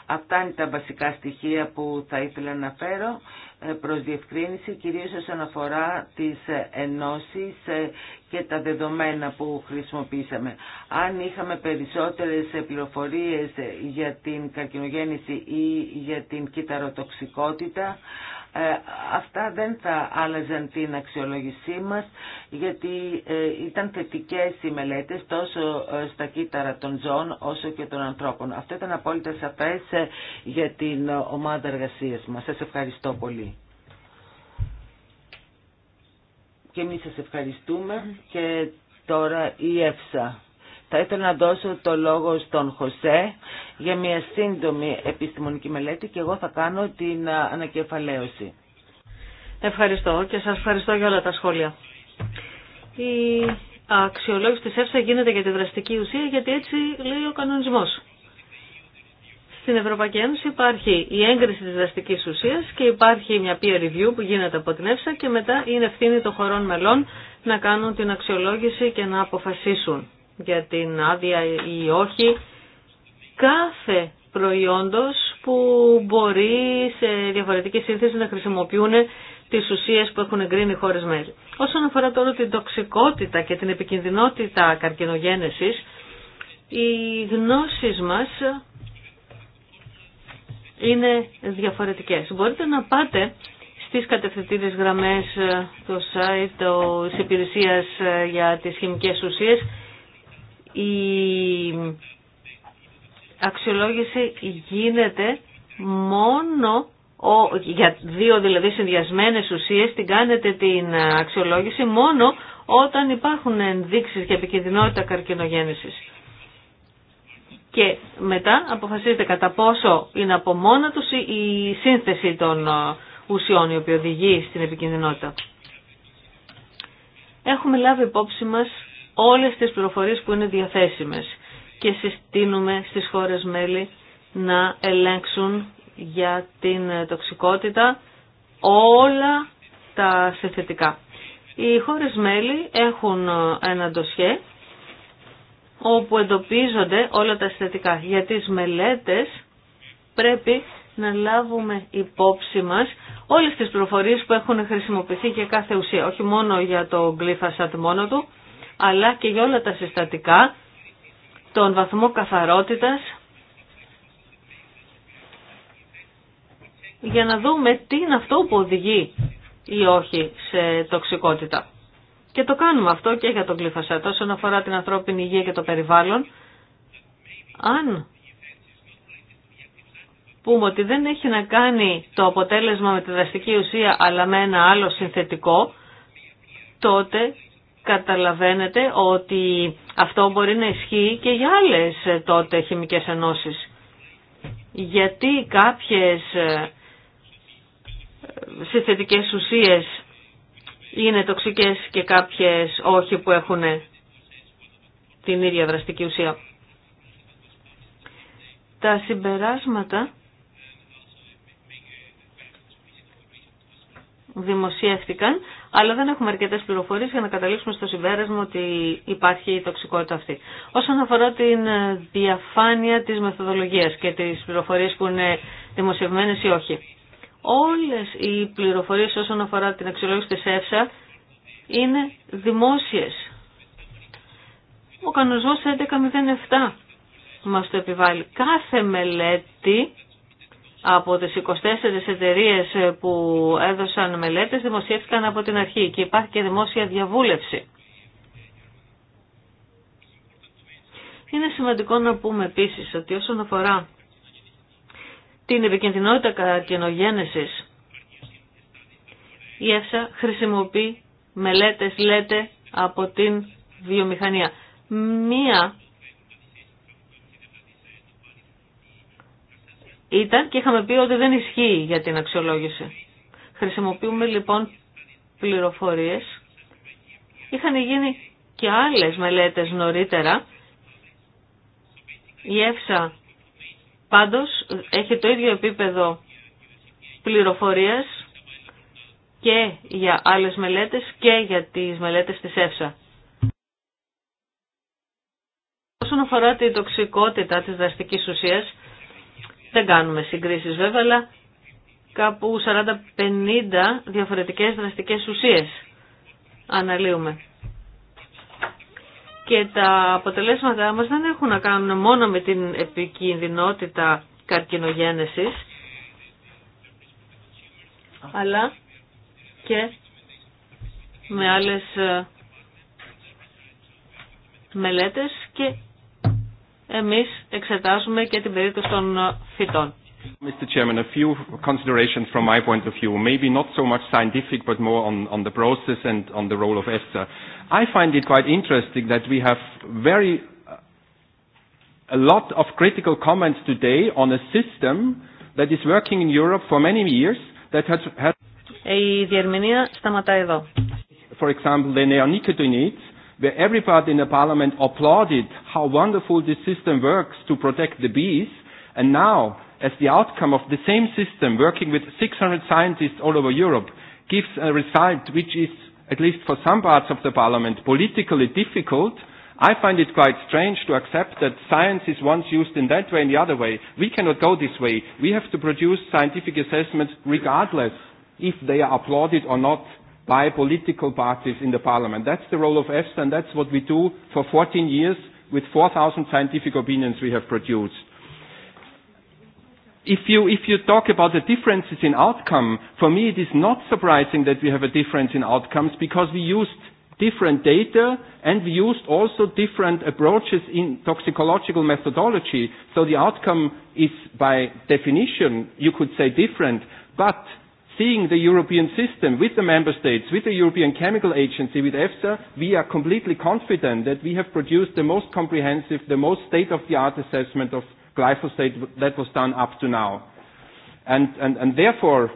Αυτά είναι τα βασικά στοιχεία που θα ήθελα να φέρω ε, προς διευκρίνηση, κυρίως όσον αφορά τις ε, ενώσεις και τα δεδομένα που χρησιμοποίησαμε. Αν είχαμε περισσότερες πληροφορίες για την καρκινογέννηση ή για την κυταροτοξικότητα, ε, αυτά δεν θα άλλαζαν την αξιολόγησή μας γιατί ε, ήταν θετικέ οι μελέτες τόσο ε, στα κύτταρα των ζώων όσο και των ανθρώπων. Αυτό ήταν απόλυτα σαφές για την ομάδα εργασίας μας. Σας ευχαριστώ πολύ. Και εμείς σας ευχαριστούμε και τώρα η ΕΦΣΑ. Θα ήθελα να δώσω το λόγο στον Χωσέ για μια σύντομη επιστημονική μελέτη και εγώ θα κάνω την ανακεφαλαίωση. Ευχαριστώ και σας ευχαριστώ για όλα τα σχόλια. Η αξιολόγηση της ΕΦΣΑ γίνεται για τη δραστική ουσία γιατί έτσι λέει ο κανονισμός. Στην Ευρωπαϊκή Ένωση υπάρχει η έγκριση της δραστικής ουσίας και υπάρχει μια peer review που γίνεται από την ΕΦΣΑ και μετά είναι ευθύνη των χωρών μελών να κάνουν την αξιολόγηση και να αποφασίσουν για την άδεια ή όχι κάθε προϊόντος που μπορεί σε διαφορετική σύνθεση να χρησιμοποιούν τις ουσίες που έχουν εγκρίνει οι χώρες μέλη. Όσον αφορά τώρα την τοξικότητα και την επικινδυνότητα καρκινογένεσης, οι γνώσεις μας είναι διαφορετικές. Μπορείτε να πάτε στις κατευθυντήριες γραμμές ε, του site της υπηρεσίας ε, για τις χημικές ουσίες η αξιολόγηση γίνεται μόνο ο, για δύο δηλαδή συνδυασμένες ουσίες την κάνετε την αξιολόγηση μόνο όταν υπάρχουν ενδείξεις για επικινδυνότητα καρκινογέννησης. Και μετά κατά πόσο κατά πόσο είναι από μόνα τους η σύνθεση των ουσιών η οποία οδηγεί στην επικινδυνότητα. Έχουμε λάβει υπόψη μας όλες τις πληροφορίες που είναι διαθέσιμες και συστήνουμε στις χώρες μέλη να ελέγξουν για την ε, τοξικότητα όλα τα συθετικά. Οι χώρες μέλη έχουν ε, ένα ντοσιέ όπου εντοπίζονται όλα τα συνθετικά. Για τις μελέτες πρέπει να λάβουμε υπόψη μας όλες τις πληροφορίες που έχουν χρησιμοποιηθεί για κάθε ουσία, όχι μόνο για το γλύφασατ μόνο του, αλλά και για όλα τα συστατικά, τον βαθμό καθαρότητας, για να δούμε τι είναι αυτό που οδηγεί ή όχι σε τοξικότητα. Και το κάνουμε αυτό και για τον κλειφασέτο όσον αφορά την ανθρώπινη υγεία και το περιβάλλον. Αν πούμε ότι δεν έχει να κάνει το αποτέλεσμα με τη δραστική ουσία αλλά με ένα άλλο συνθετικό, τότε καταλαβαίνετε ότι αυτό μπορεί να ισχύει και για άλλες ε, τότε χημικές ενώσεις. Γιατί κάποιες ε, συνθετικές ουσίες είναι τοξικές και κάποιες όχι που έχουν την ίδια δραστική ουσία. Τα συμπεράσματα δημοσιεύτηκαν αλλά δεν έχουμε αρκετέ πληροφορίε για να καταλήξουμε στο συμπέρασμα ότι υπάρχει η τοξικότητα αυτή. Όσον αφορά την ε, διαφάνεια της μεθοδολογίας και τι πληροφορίε που είναι δημοσιευμένες ή όχι. Όλες οι πληροφορίες όσον αφορά την αξιολόγηση τη ΕΦΣΑ είναι δημόσιες. Ο κανονισμός 1107 μας το επιβάλλει. Κάθε μελέτη από τις 24 εταιρείε που έδωσαν μελέτες δημοσιεύτηκαν από την αρχή και υπάρχει και δημόσια διαβούλευση. Είναι σημαντικό να πούμε επίσης ότι όσον αφορά την επικεντρινότητα καρκινογένεσης, η ΕΦΣΑ χρησιμοποιεί μελέτες, λέτε, από την βιομηχανία. Μία ήταν και είχαμε πει ότι δεν ισχύει για την αξιολόγηση. Χρησιμοποιούμε λοιπόν πληροφορίες. Είχαν γίνει και άλλες μελέτες νωρίτερα. Η ΕΦΣΑ πάντως έχει το ίδιο επίπεδο πληροφορίας και για άλλες μελέτες και για τις μελέτες της ΕΦΣΑ. Όσον αφορά τη τοξικότητα της δραστικής ουσίας, δεν κάνουμε συγκρίσεις βέβαια, αλλά κάπου 40-50 διαφορετικές δραστικές ουσίες αναλύουμε. Και τα αποτελέσματα μας δεν έχουν να κάνουν μόνο με την επικίνδυνοτητα καρκινογένεσης, αλλά και με άλλες ε, μελέτες και εμείς εξετάζουμε και την περίπτωση των φυτών. Mr. Chairman, a few considerations from my point of view, maybe not so much scientific, but more on, on the process and on the role of EFSA. I find it quite interesting that we have very a lot of critical comments today on a system that is working in Europe for many years that has, has Η διερμηνία σταματά εδώ. For example, the neonicotinoids where everybody in the parliament applauded how wonderful this system works to protect the bees. And now, as the outcome of the same system, working with 600 scientists all over Europe, gives a result which is, at least for some parts of the parliament, politically difficult, I find it quite strange to accept that science is once used in that way and the other way. We cannot go this way. We have to produce scientific assessments regardless if they are applauded or not by political parties in the parliament. That's the role of EFSA, and that's what we do for 14 years with 4,000 scientific opinions we have produced. If you, if you talk about the differences in outcome, for me it is not surprising that we have a difference in outcomes because we used different data and we used also different approaches in toxicological methodology. So the outcome is by definition, you could say different, but seeing the European system with the member states, with the European Chemical Agency, with EFSA, we are completely confident that we have produced the most comprehensive, the most state-of-the-art assessment of glyphosate that was done up to now. And, and, therefore,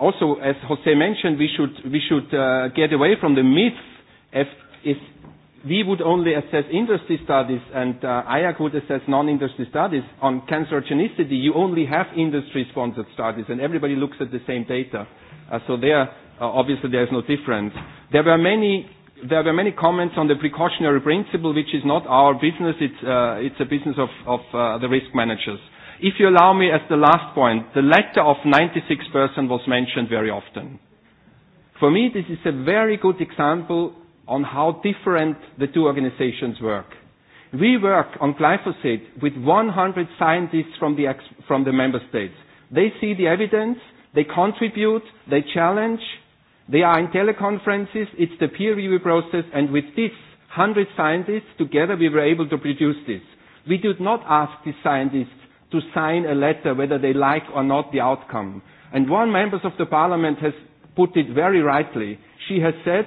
also, as Jose mentioned, we should, we should get away from the myth if, we would only assess industry studies and uh, IAC would assess non-industry studies on cancerogenicity. You only have industry-sponsored studies and everybody looks at the same data. Uh, so there, uh, obviously, there is no difference. There were many there were many comments on the precautionary principle, which is not our business. It's, uh, it's a business of, of uh, the risk managers. If you allow me, as the last point, the letter of 96% was mentioned very often. For me, this is a very good example on how different the two organizations work. We work on glyphosate with 100 scientists from the, from the member states. They see the evidence, they contribute, they challenge, they are in teleconferences, it's the peer review process, and with these 100 scientists together we were able to produce this. We did not ask these scientists to sign a letter whether they like or not the outcome. And one member of the parliament has put it very rightly. She has said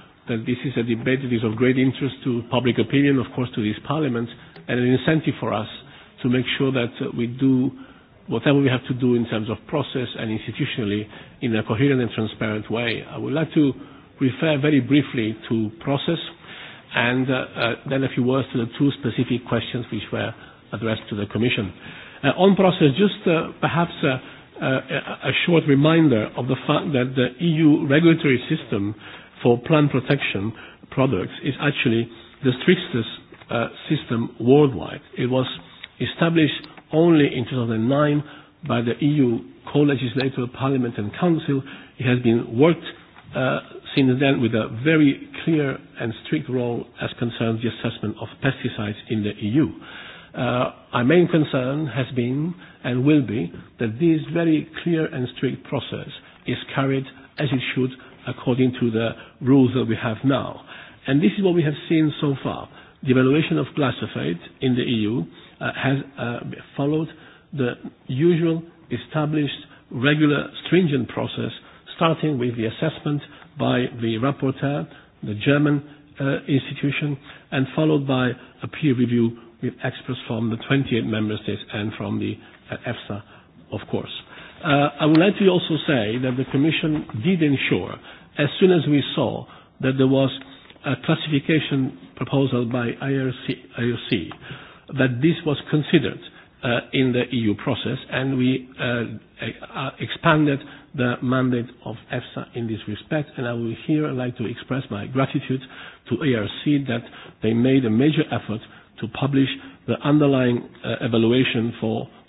that this is a debate that is of great interest to public opinion, of course, to this Parliament, and an incentive for us to make sure that we do whatever we have to do in terms of process and institutionally in a coherent and transparent way. I would like to refer very briefly to process and then a few words to the two specific questions which were addressed to the Commission. On process, just perhaps a short reminder of the fact that the EU regulatory system for plant protection products is actually the strictest system worldwide. It was established only in 2009 by the EU co-legislator, Parliament and Council. It has been worked since then with a very clear and strict role as concerns the assessment of pesticides in the EU. Our main concern has been and will be that this very clear and strict process is carried as it should according to the rules that we have now. And this is what we have seen so far. The evaluation of glyphosate in the EU has followed the usual established regular stringent process starting with the assessment by the rapporteur, the German institution, and followed by a peer review with experts from the 28 member states and from the EFSA, of course. I would like to also say that the Commission did ensure, as soon as we saw that there was a classification proposal by IRC, that this was considered in the EU process, and we expanded the mandate of EFSA in this respect. And I will here like to express my gratitude to ARC that they made a major effort to publish the underlying evaluation for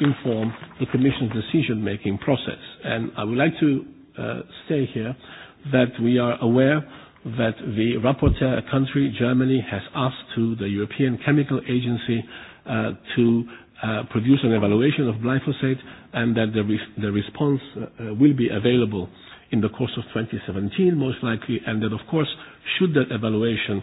inform the Commission's decision-making process. And I would like to say here that we are aware that the rapporteur country, Germany, has asked to the European Chemical Agency to produce an evaluation of glyphosate and that the response will be available in the course of 2017, most likely, and that, of course, should that evaluation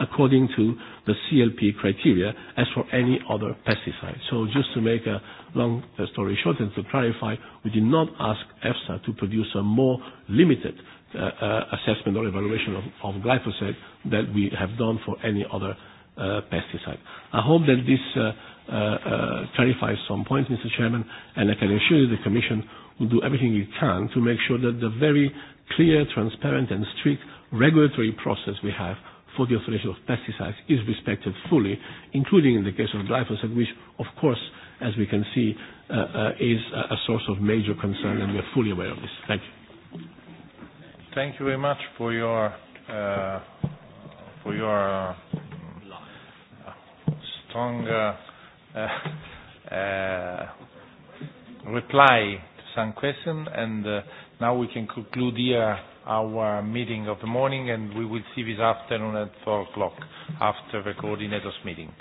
according to the CLP criteria as for any other pesticide. So just to make a long story short and to clarify, we did not ask EFSA to produce a more limited assessment or evaluation of glyphosate that we have done for any other pesticide. I hope that this clarifies some points, Mr. Chairman, and I can assure you the Commission will do everything it can to make sure that the very clear, transparent and strict regulatory process we have for the authorization of pesticides is respected fully, including in the case of glyphosate, which, of course, as we can see, is a source of major concern, and we are fully aware of this. Thank you. Thank you very much for your for your strong reply to some question, and now we can conclude here our meeting of the morning, and we will see this afternoon at 4 o'clock after the coordinators' meeting.